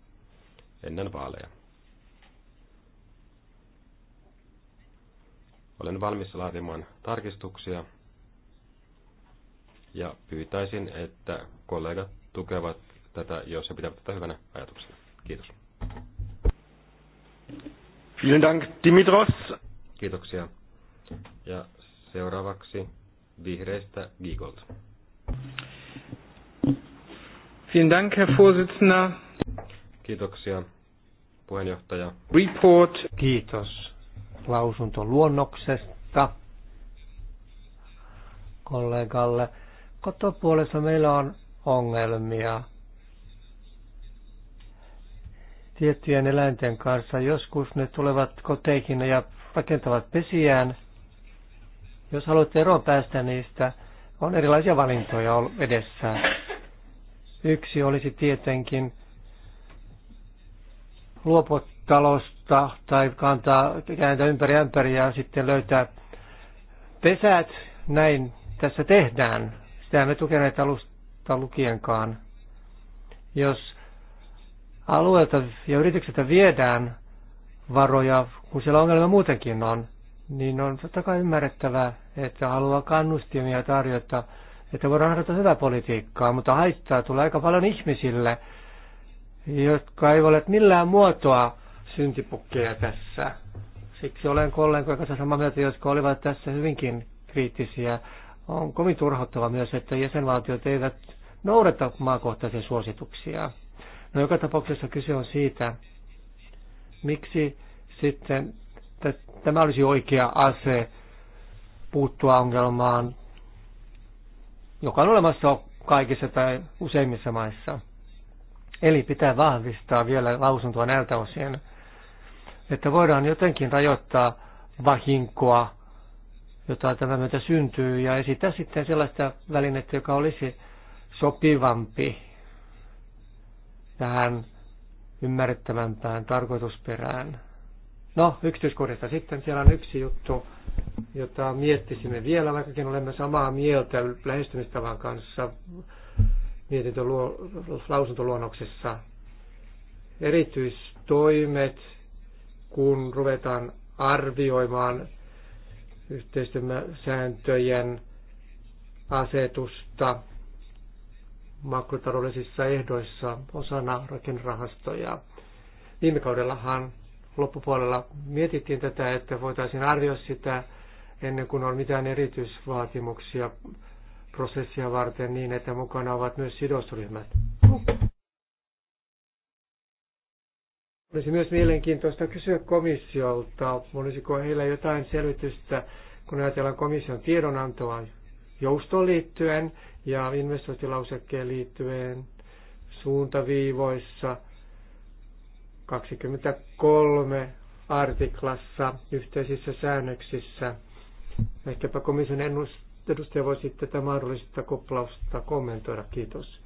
ennen vaaleja. Olen valmis laatimaan tarkistuksia ja pyytäisin, että kollegat tukevat tätä, jos he pitävät tätä hyvänä ajatuksena. Kiitos. Vielen Dank, Dimitros. Kiitoksia. Ja seuraavaksi vihreistä Giegold. Vielen Dank, Herr Vorsitzender. Kiitoksia, puheenjohtaja. Report. Kiitos lausuntoluonnoksesta kollegalle. Kotopuolessa meillä on ongelmia tiettyjen eläinten kanssa. Joskus ne tulevat koteihin ja rakentavat pesiään. Jos haluatte eroon päästä niistä, on erilaisia valintoja edessä. Yksi olisi tietenkin luopua talosta tai kantaa kääntää ympäri ämpäri ja sitten löytää pesät. Näin tässä tehdään. Sitä me tukeneet alusta lukienkaan. Jos alueelta ja yritykseltä viedään varoja, kun siellä ongelma muutenkin on, niin on totta kai ymmärrettävää, että haluaa kannustimia tarjota, että voidaan harjoittaa hyvää politiikkaa, mutta haittaa tulee aika paljon ihmisille, jotka ei ole millään muotoa syntipukkeja tässä. Siksi olen kollegojen kanssa samaa mieltä, jotka olivat tässä hyvinkin kriittisiä. On kovin turhauttava myös, että jäsenvaltiot eivät noudata maakohtaisia suosituksia. No joka tapauksessa kyse on siitä, miksi sitten tämä olisi oikea ase puuttua ongelmaan, joka on olemassa kaikissa tai useimmissa maissa. Eli pitää vahvistaa vielä lausuntoa näiltä osin että voidaan jotenkin rajoittaa vahinkoa, jota tämä myötä syntyy, ja esittää sitten sellaista välinettä, joka olisi sopivampi tähän ymmärrettävämpään tarkoitusperään. No, yksityiskohdista sitten. Siellä on yksi juttu, jota miettisimme vielä, vaikkakin olemme samaa mieltä lähestymistavan kanssa mietintö lausuntoluonnoksessa. Erityistoimet kun ruvetaan arvioimaan yhteistyösääntöjen asetusta makrotaloudellisissa ehdoissa osana rakennerahastoja. Viime kaudellahan loppupuolella mietittiin tätä, että voitaisiin arvioida sitä ennen kuin on mitään erityisvaatimuksia prosessia varten niin, että mukana ovat myös sidosryhmät. Olisi myös mielenkiintoista kysyä komissiolta, olisiko heillä jotain selvitystä, kun ajatellaan komission tiedonantoa joustoon liittyen ja investointilausekkeen liittyen suuntaviivoissa 23 artiklassa yhteisissä säännöksissä. Ehkäpä komission edustaja voisi tätä mahdollista koplausta kommentoida. Kiitos.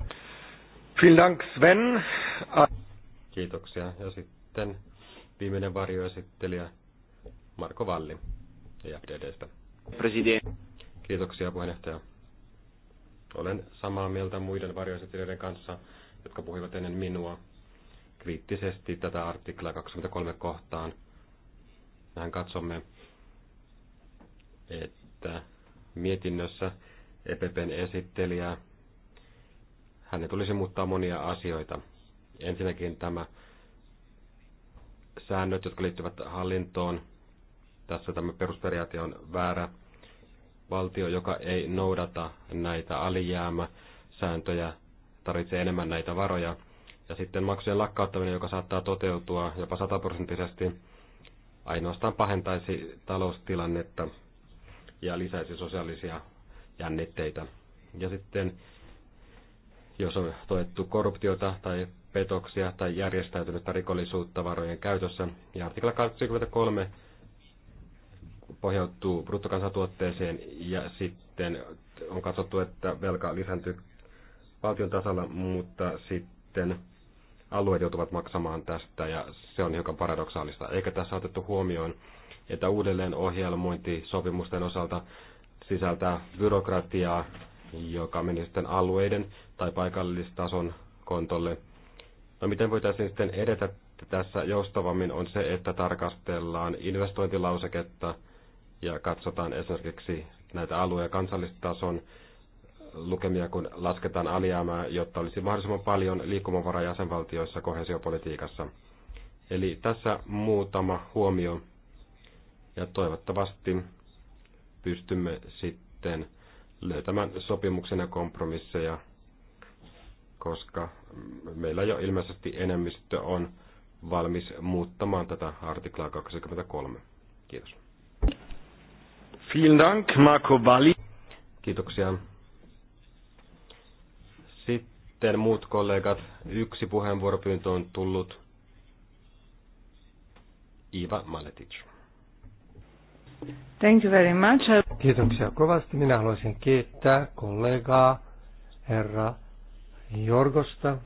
Vielen Dank Sven. Kiitoksia. Ja sitten sitten viimeinen varjoesittelijä Marko Valli EFDDstä. President. Kiitoksia puheenjohtaja. Olen samaa mieltä muiden varjoesittelijöiden kanssa, jotka puhuivat ennen minua kriittisesti tätä artiklaa 23 kohtaan. Mehän katsomme, että mietinnössä EPPn esittelijä, hänen tulisi muuttaa monia asioita. Ensinnäkin tämä säännöt, jotka liittyvät hallintoon. Tässä tämä perusperiaate on väärä. Valtio, joka ei noudata näitä alijäämäsääntöjä, tarvitsee enemmän näitä varoja. Ja sitten maksujen lakkauttaminen, joka saattaa toteutua jopa sataprosenttisesti, ainoastaan pahentaisi taloustilannetta ja lisäisi sosiaalisia jännitteitä. Ja sitten jos on toettu korruptiota tai petoksia tai järjestäytynyttä rikollisuutta varojen käytössä. Ja artikla 23 pohjautuu bruttokansantuotteeseen ja sitten on katsottu, että velka lisääntyy valtion tasalla, mutta sitten alueet joutuvat maksamaan tästä ja se on hiukan paradoksaalista. Eikä tässä otettu huomioon, että uudelleen ohjelmointi sopimusten osalta sisältää byrokratiaa, joka meni sitten alueiden tai paikallistason kontolle. No miten voitaisiin sitten edetä tässä joustavammin on se, että tarkastellaan investointilauseketta ja katsotaan esimerkiksi näitä alue- ja kansallistason lukemia, kun lasketaan alijäämää, jotta olisi mahdollisimman paljon liikkumavaraa jäsenvaltioissa kohesiopolitiikassa. Eli tässä muutama huomio ja toivottavasti pystymme sitten löytämään sopimuksen ja kompromisseja koska meillä jo ilmeisesti enemmistö on valmis muuttamaan tätä artiklaa 23. Kiitos. Vielen Dank, Marco Valli. Kiitoksia. Sitten muut kollegat. Yksi puheenvuoropyyntö on tullut. Iva Maletic. Thank you very much. Kiitoksia kovasti. Minä haluaisin kiittää kollegaa, herra Jorgosta.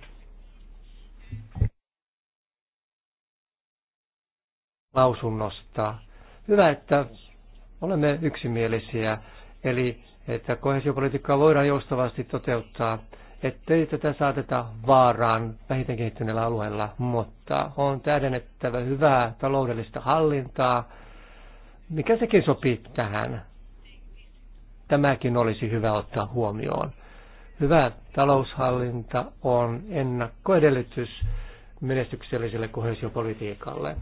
Lausunnosta. Hyvä, että olemme yksimielisiä, eli että kohesiopolitiikkaa voidaan joustavasti toteuttaa, ettei tätä saateta vaaraan vähiten kehittyneellä alueella, mutta on täydennettävä hyvää taloudellista hallintaa, mikä sekin sopii tähän. Tämäkin olisi hyvä ottaa huomioon. Hyvä taloushallinta on ennakkoedellytys menestykselliselle kohesiopolitiikalle.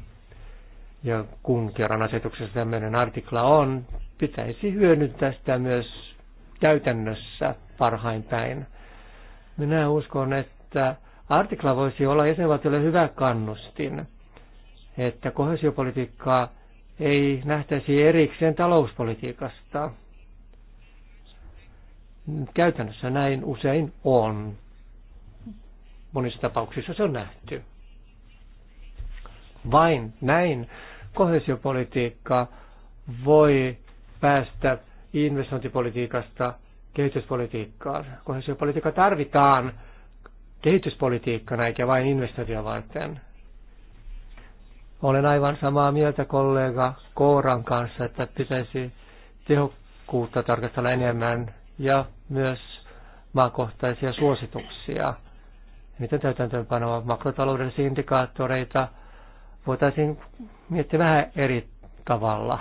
Ja kun kerran asetuksessa tämmöinen artikla on, pitäisi hyödyntää sitä myös käytännössä parhain päin. Minä uskon, että artikla voisi olla jäsenvaltiolle hyvä kannustin, että kohesiopolitiikkaa ei nähtäisi erikseen talouspolitiikasta – Käytännössä näin usein on. Monissa tapauksissa se on nähty. Vain näin kohesiopolitiikka voi päästä investointipolitiikasta kehityspolitiikkaan. Kohesiopolitiikka tarvitaan kehityspolitiikkana eikä vain investointia varten. Olen aivan samaa mieltä kollega Kooran kanssa, että pitäisi tehokkuutta tarkastella enemmän ja myös maakohtaisia suosituksia. Miten täytäntöönpanoa makrotaloudellisia indikaattoreita voitaisiin miettiä vähän eri tavalla.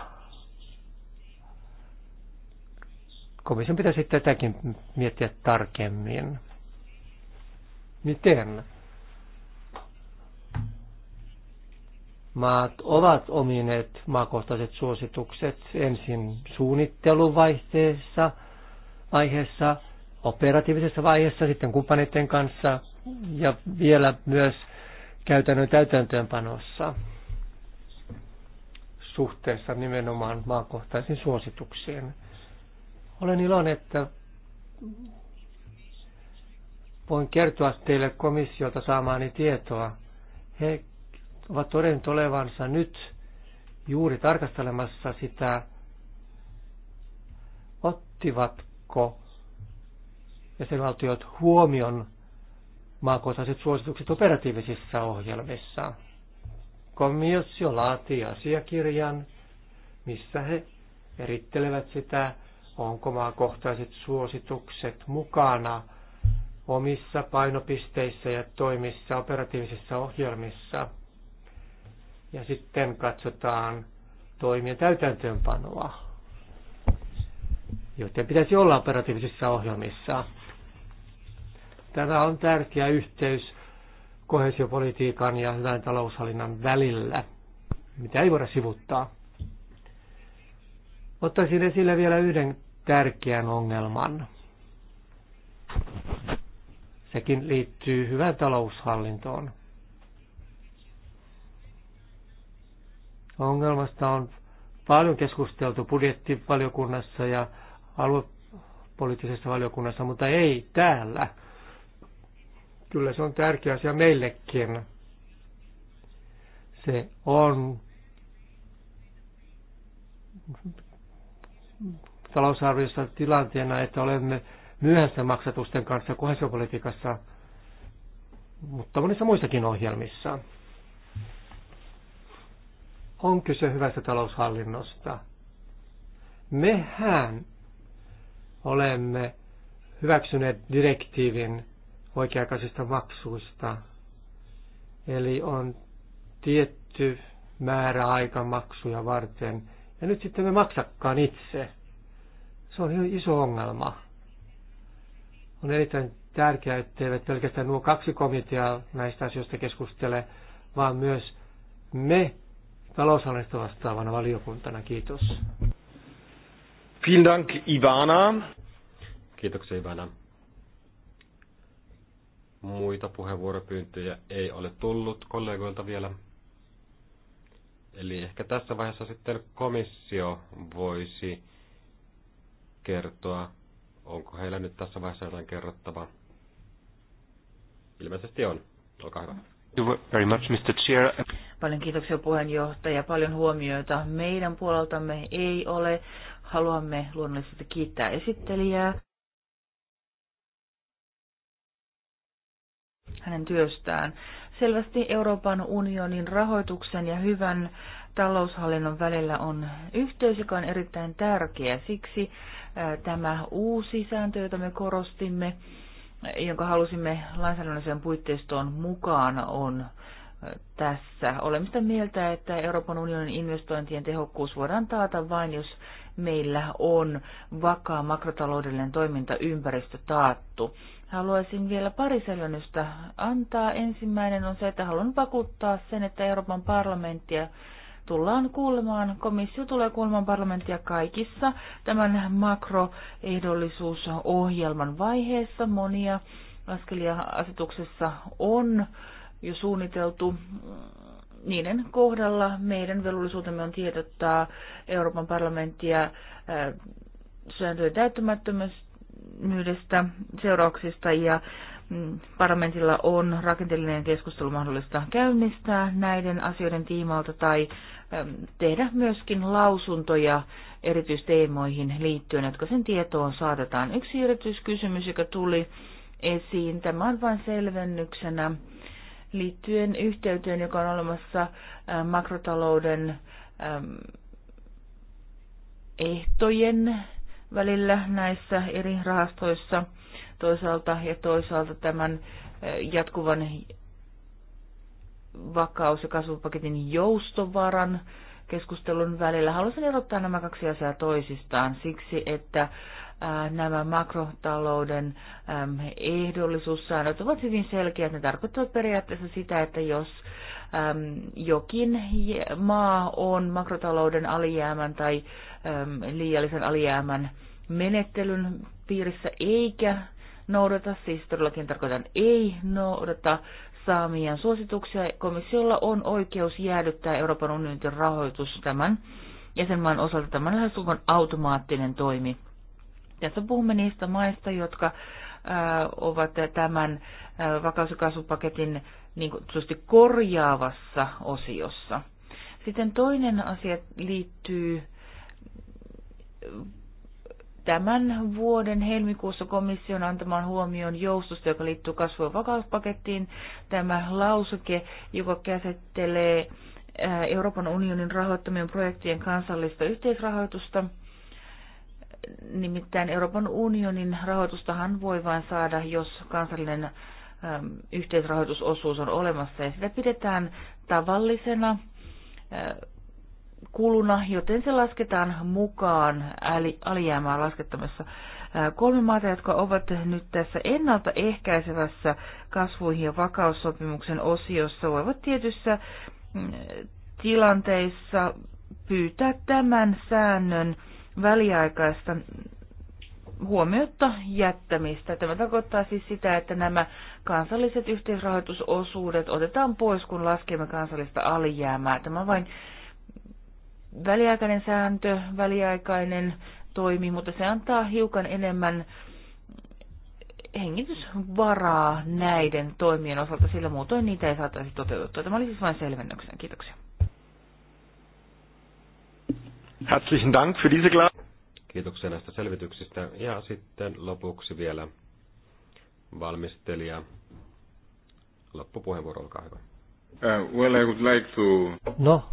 Komission pitäisi tätäkin miettiä tarkemmin. Miten? maat ovat omineet maakohtaiset suositukset ensin suunnitteluvaihteessa – aiheessa, operatiivisessa vaiheessa sitten kumppaneiden kanssa ja vielä myös käytännön täytäntöönpanossa suhteessa nimenomaan maakohtaisiin suosituksiin. Olen iloinen, että voin kertoa teille komissiolta saamaani tietoa. He ovat todennut olevansa nyt juuri tarkastelemassa sitä, ottivat joukko jäsenvaltiot huomion maakohtaiset suositukset operatiivisissa ohjelmissa. Komissio laatii asiakirjan, missä he erittelevät sitä, onko maakohtaiset suositukset mukana omissa painopisteissä ja toimissa operatiivisissa ohjelmissa. Ja sitten katsotaan toimien täytäntöönpanoa joiden pitäisi olla operatiivisissa ohjelmissa. Tämä on tärkeä yhteys kohesiopolitiikan ja hyvän taloushallinnan välillä, mitä ei voida sivuttaa. Ottaisin esille vielä yhden tärkeän ongelman. Sekin liittyy hyvään taloushallintoon. Ongelmasta on paljon keskusteltu budjettivaliokunnassa ja aluepoliittisessa valiokunnassa, mutta ei täällä. Kyllä se on tärkeä asia meillekin. Se on talousarviossa tilanteena, että olemme myöhässä maksatusten kanssa kohesiopolitiikassa, mutta monissa muissakin ohjelmissa. On kyse hyvästä taloushallinnosta. Mehän olemme hyväksyneet direktiivin oikea-aikaisista maksuista. Eli on tietty aika maksuja varten. Ja nyt sitten me maksakkaan itse. Se on iso ongelma. On erittäin tärkeää, etteivät pelkästään nuo kaksi komiteaa näistä asioista keskustele, vaan myös me taloushallinnosta vastaavana valiokuntana. Kiitos. Vielen Dank, Ivana. Kiitoksia, Ivana. Muita puheenvuoropyyntöjä ei ole tullut kollegoilta vielä. Eli ehkä tässä vaiheessa sitten komissio voisi kertoa, onko heillä nyt tässä vaiheessa jotain kerrottavaa. Ilmeisesti on. Olkaa hyvä. Very much, Mr. Chair. Paljon kiitoksia puheenjohtaja. Paljon huomioita meidän puoleltamme ei ole. Haluamme luonnollisesti kiittää esittelijää hänen työstään. Selvästi Euroopan unionin rahoituksen ja hyvän taloushallinnon välillä on yhteys, joka on erittäin tärkeä. Siksi tämä uusi sääntö, jota me korostimme, jonka halusimme lainsäädännölliseen puitteistoon mukaan, on tässä. Olemme sitä mieltä, että Euroopan unionin investointien tehokkuus voidaan taata vain, jos meillä on vakaa makrotaloudellinen toimintaympäristö taattu. Haluaisin vielä pari selvennystä antaa. Ensimmäinen on se, että haluan vakuuttaa sen, että Euroopan parlamenttia tullaan kuulemaan, komissio tulee kuulemaan parlamenttia kaikissa tämän makroehdollisuusohjelman vaiheessa. Monia askelia asetuksessa on jo suunniteltu niiden kohdalla meidän velvollisuutemme on tiedottaa Euroopan parlamenttia sääntöjen täyttämättömyydestä, seurauksista ja mm, parlamentilla on rakenteellinen keskustelu mahdollista käynnistää näiden asioiden tiimalta tai tehdä myöskin lausuntoja erityisteemoihin liittyen, jotka sen tietoon saatetaan. Yksi erityiskysymys, joka tuli esiin, tämä on vain selvennyksenä liittyen yhteyteen, joka on olemassa makrotalouden ehtojen välillä näissä eri rahastoissa toisaalta ja toisaalta tämän jatkuvan vakaus- ja kasvupaketin joustovaran keskustelun välillä. Haluaisin erottaa nämä kaksi asiaa toisistaan siksi, että Äh, nämä makrotalouden ehdollisuussäännöt ovat hyvin selkeät. Ne tarkoittavat periaatteessa sitä, että jos jokin maa on makrotalouden alijäämän tai liiallisen alijäämän menettelyn piirissä eikä noudata, siis todellakin tarkoitan ei noudata saamien suosituksia, komissiolla on oikeus jäädyttää Euroopan unionin rahoitus tämän jäsenmaan osalta. tämän lähes automaattinen toimi. Tässä puhumme niistä maista, jotka äh, ovat tämän äh, vakaus- ja kasvupaketin niin kutsusti korjaavassa osiossa. Sitten toinen asia liittyy tämän vuoden helmikuussa komission antamaan huomioon joustosta, joka liittyy kasvu- ja vakauspakettiin. Tämä lauseke, joka käsittelee äh, Euroopan unionin rahoittamien projektien kansallista yhteisrahoitusta – Nimittäin Euroopan unionin rahoitustahan voi vain saada, jos kansallinen ähm, yhteisrahoitusosuus on olemassa ja sitä pidetään tavallisena äh, kuluna, joten se lasketaan mukaan alijäämää laskettamassa. Äh, kolme maata, jotka ovat nyt tässä ennaltaehkäisevässä kasvuihin ja vakaussopimuksen osiossa, voivat tietyissä mm, tilanteissa pyytää tämän säännön väliaikaista huomiotta jättämistä. Tämä tarkoittaa siis sitä, että nämä kansalliset yhteisrahoitusosuudet otetaan pois, kun laskemme kansallista alijäämää. Tämä on vain väliaikainen sääntö, väliaikainen toimi, mutta se antaa hiukan enemmän hengitysvaraa näiden toimien osalta, sillä muutoin niitä ei saataisi toteutettua. Tämä oli siis vain selvennyksen. Kiitoksia. Herzlichen Dank für diese Klar Kiitoksia näistä selvityksistä. Ja sitten lopuksi vielä valmistelija. Loppupuheenvuoro, olkaa hyvä. Uh, well, I would like to... No,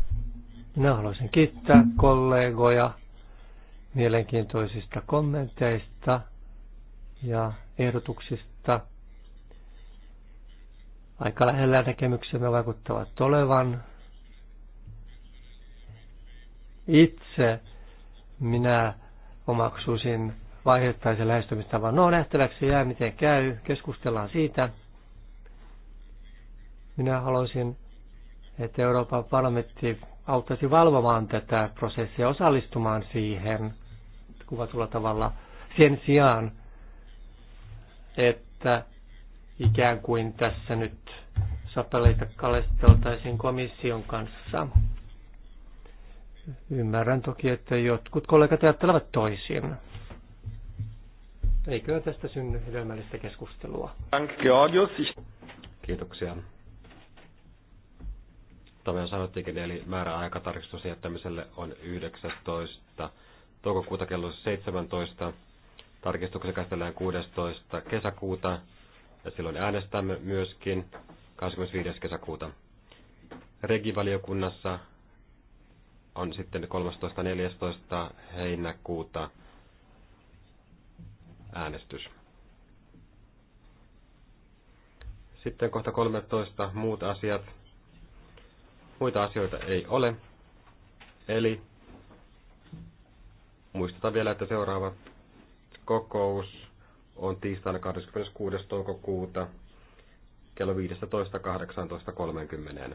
minä haluaisin kiittää kollegoja mielenkiintoisista kommenteista ja ehdotuksista. Aika lähellä näkemyksemme vaikuttavat olevan itse minä omaksuisin vaiheittaisen lähestymistavan. No nähtäväksi jää miten käy, keskustellaan siitä. Minä haluaisin, että Euroopan parlamentti auttaisi valvomaan tätä prosessia, osallistumaan siihen kuvatulla tavalla sen sijaan, että ikään kuin tässä nyt sapeleita kalesteltaisiin komission kanssa. Ymmärrän toki, että jotkut kollegat ajattelevat toisin. Eikö tästä synny hedelmällistä keskustelua? Kiitoksia. Tavoin sanottiin eli määräaikatarkistus jättämiselle on 19. toukokuuta kello 17. Tarkistuksen käsitellään 16. kesäkuuta ja silloin äänestämme myöskin 25. kesäkuuta. Regivaliokunnassa on sitten 13.14. heinäkuuta äänestys. Sitten kohta 13 muut asiat. Muita asioita ei ole. Eli muistetaan vielä, että seuraava kokous on tiistaina 26. toukokuuta kello 15.18.30.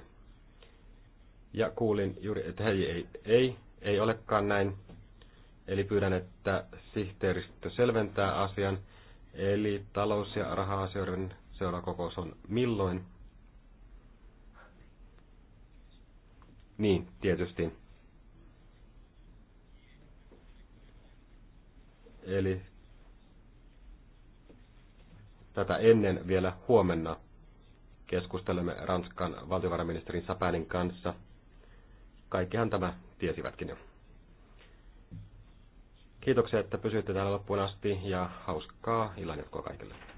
Ja kuulin juuri, että hei, ei, ei, ei olekaan näin. Eli pyydän, että sihteeristö selventää asian. Eli talous- ja raha-asioiden seurakokous on milloin? Niin, tietysti. Eli tätä ennen vielä huomenna keskustelemme Ranskan valtiovarainministerin Sapänin kanssa – Kaikkihan tämä tiesivätkin jo. Kiitoksia, että pysyitte täällä loppuun asti ja hauskaa illanjatkoa kaikille.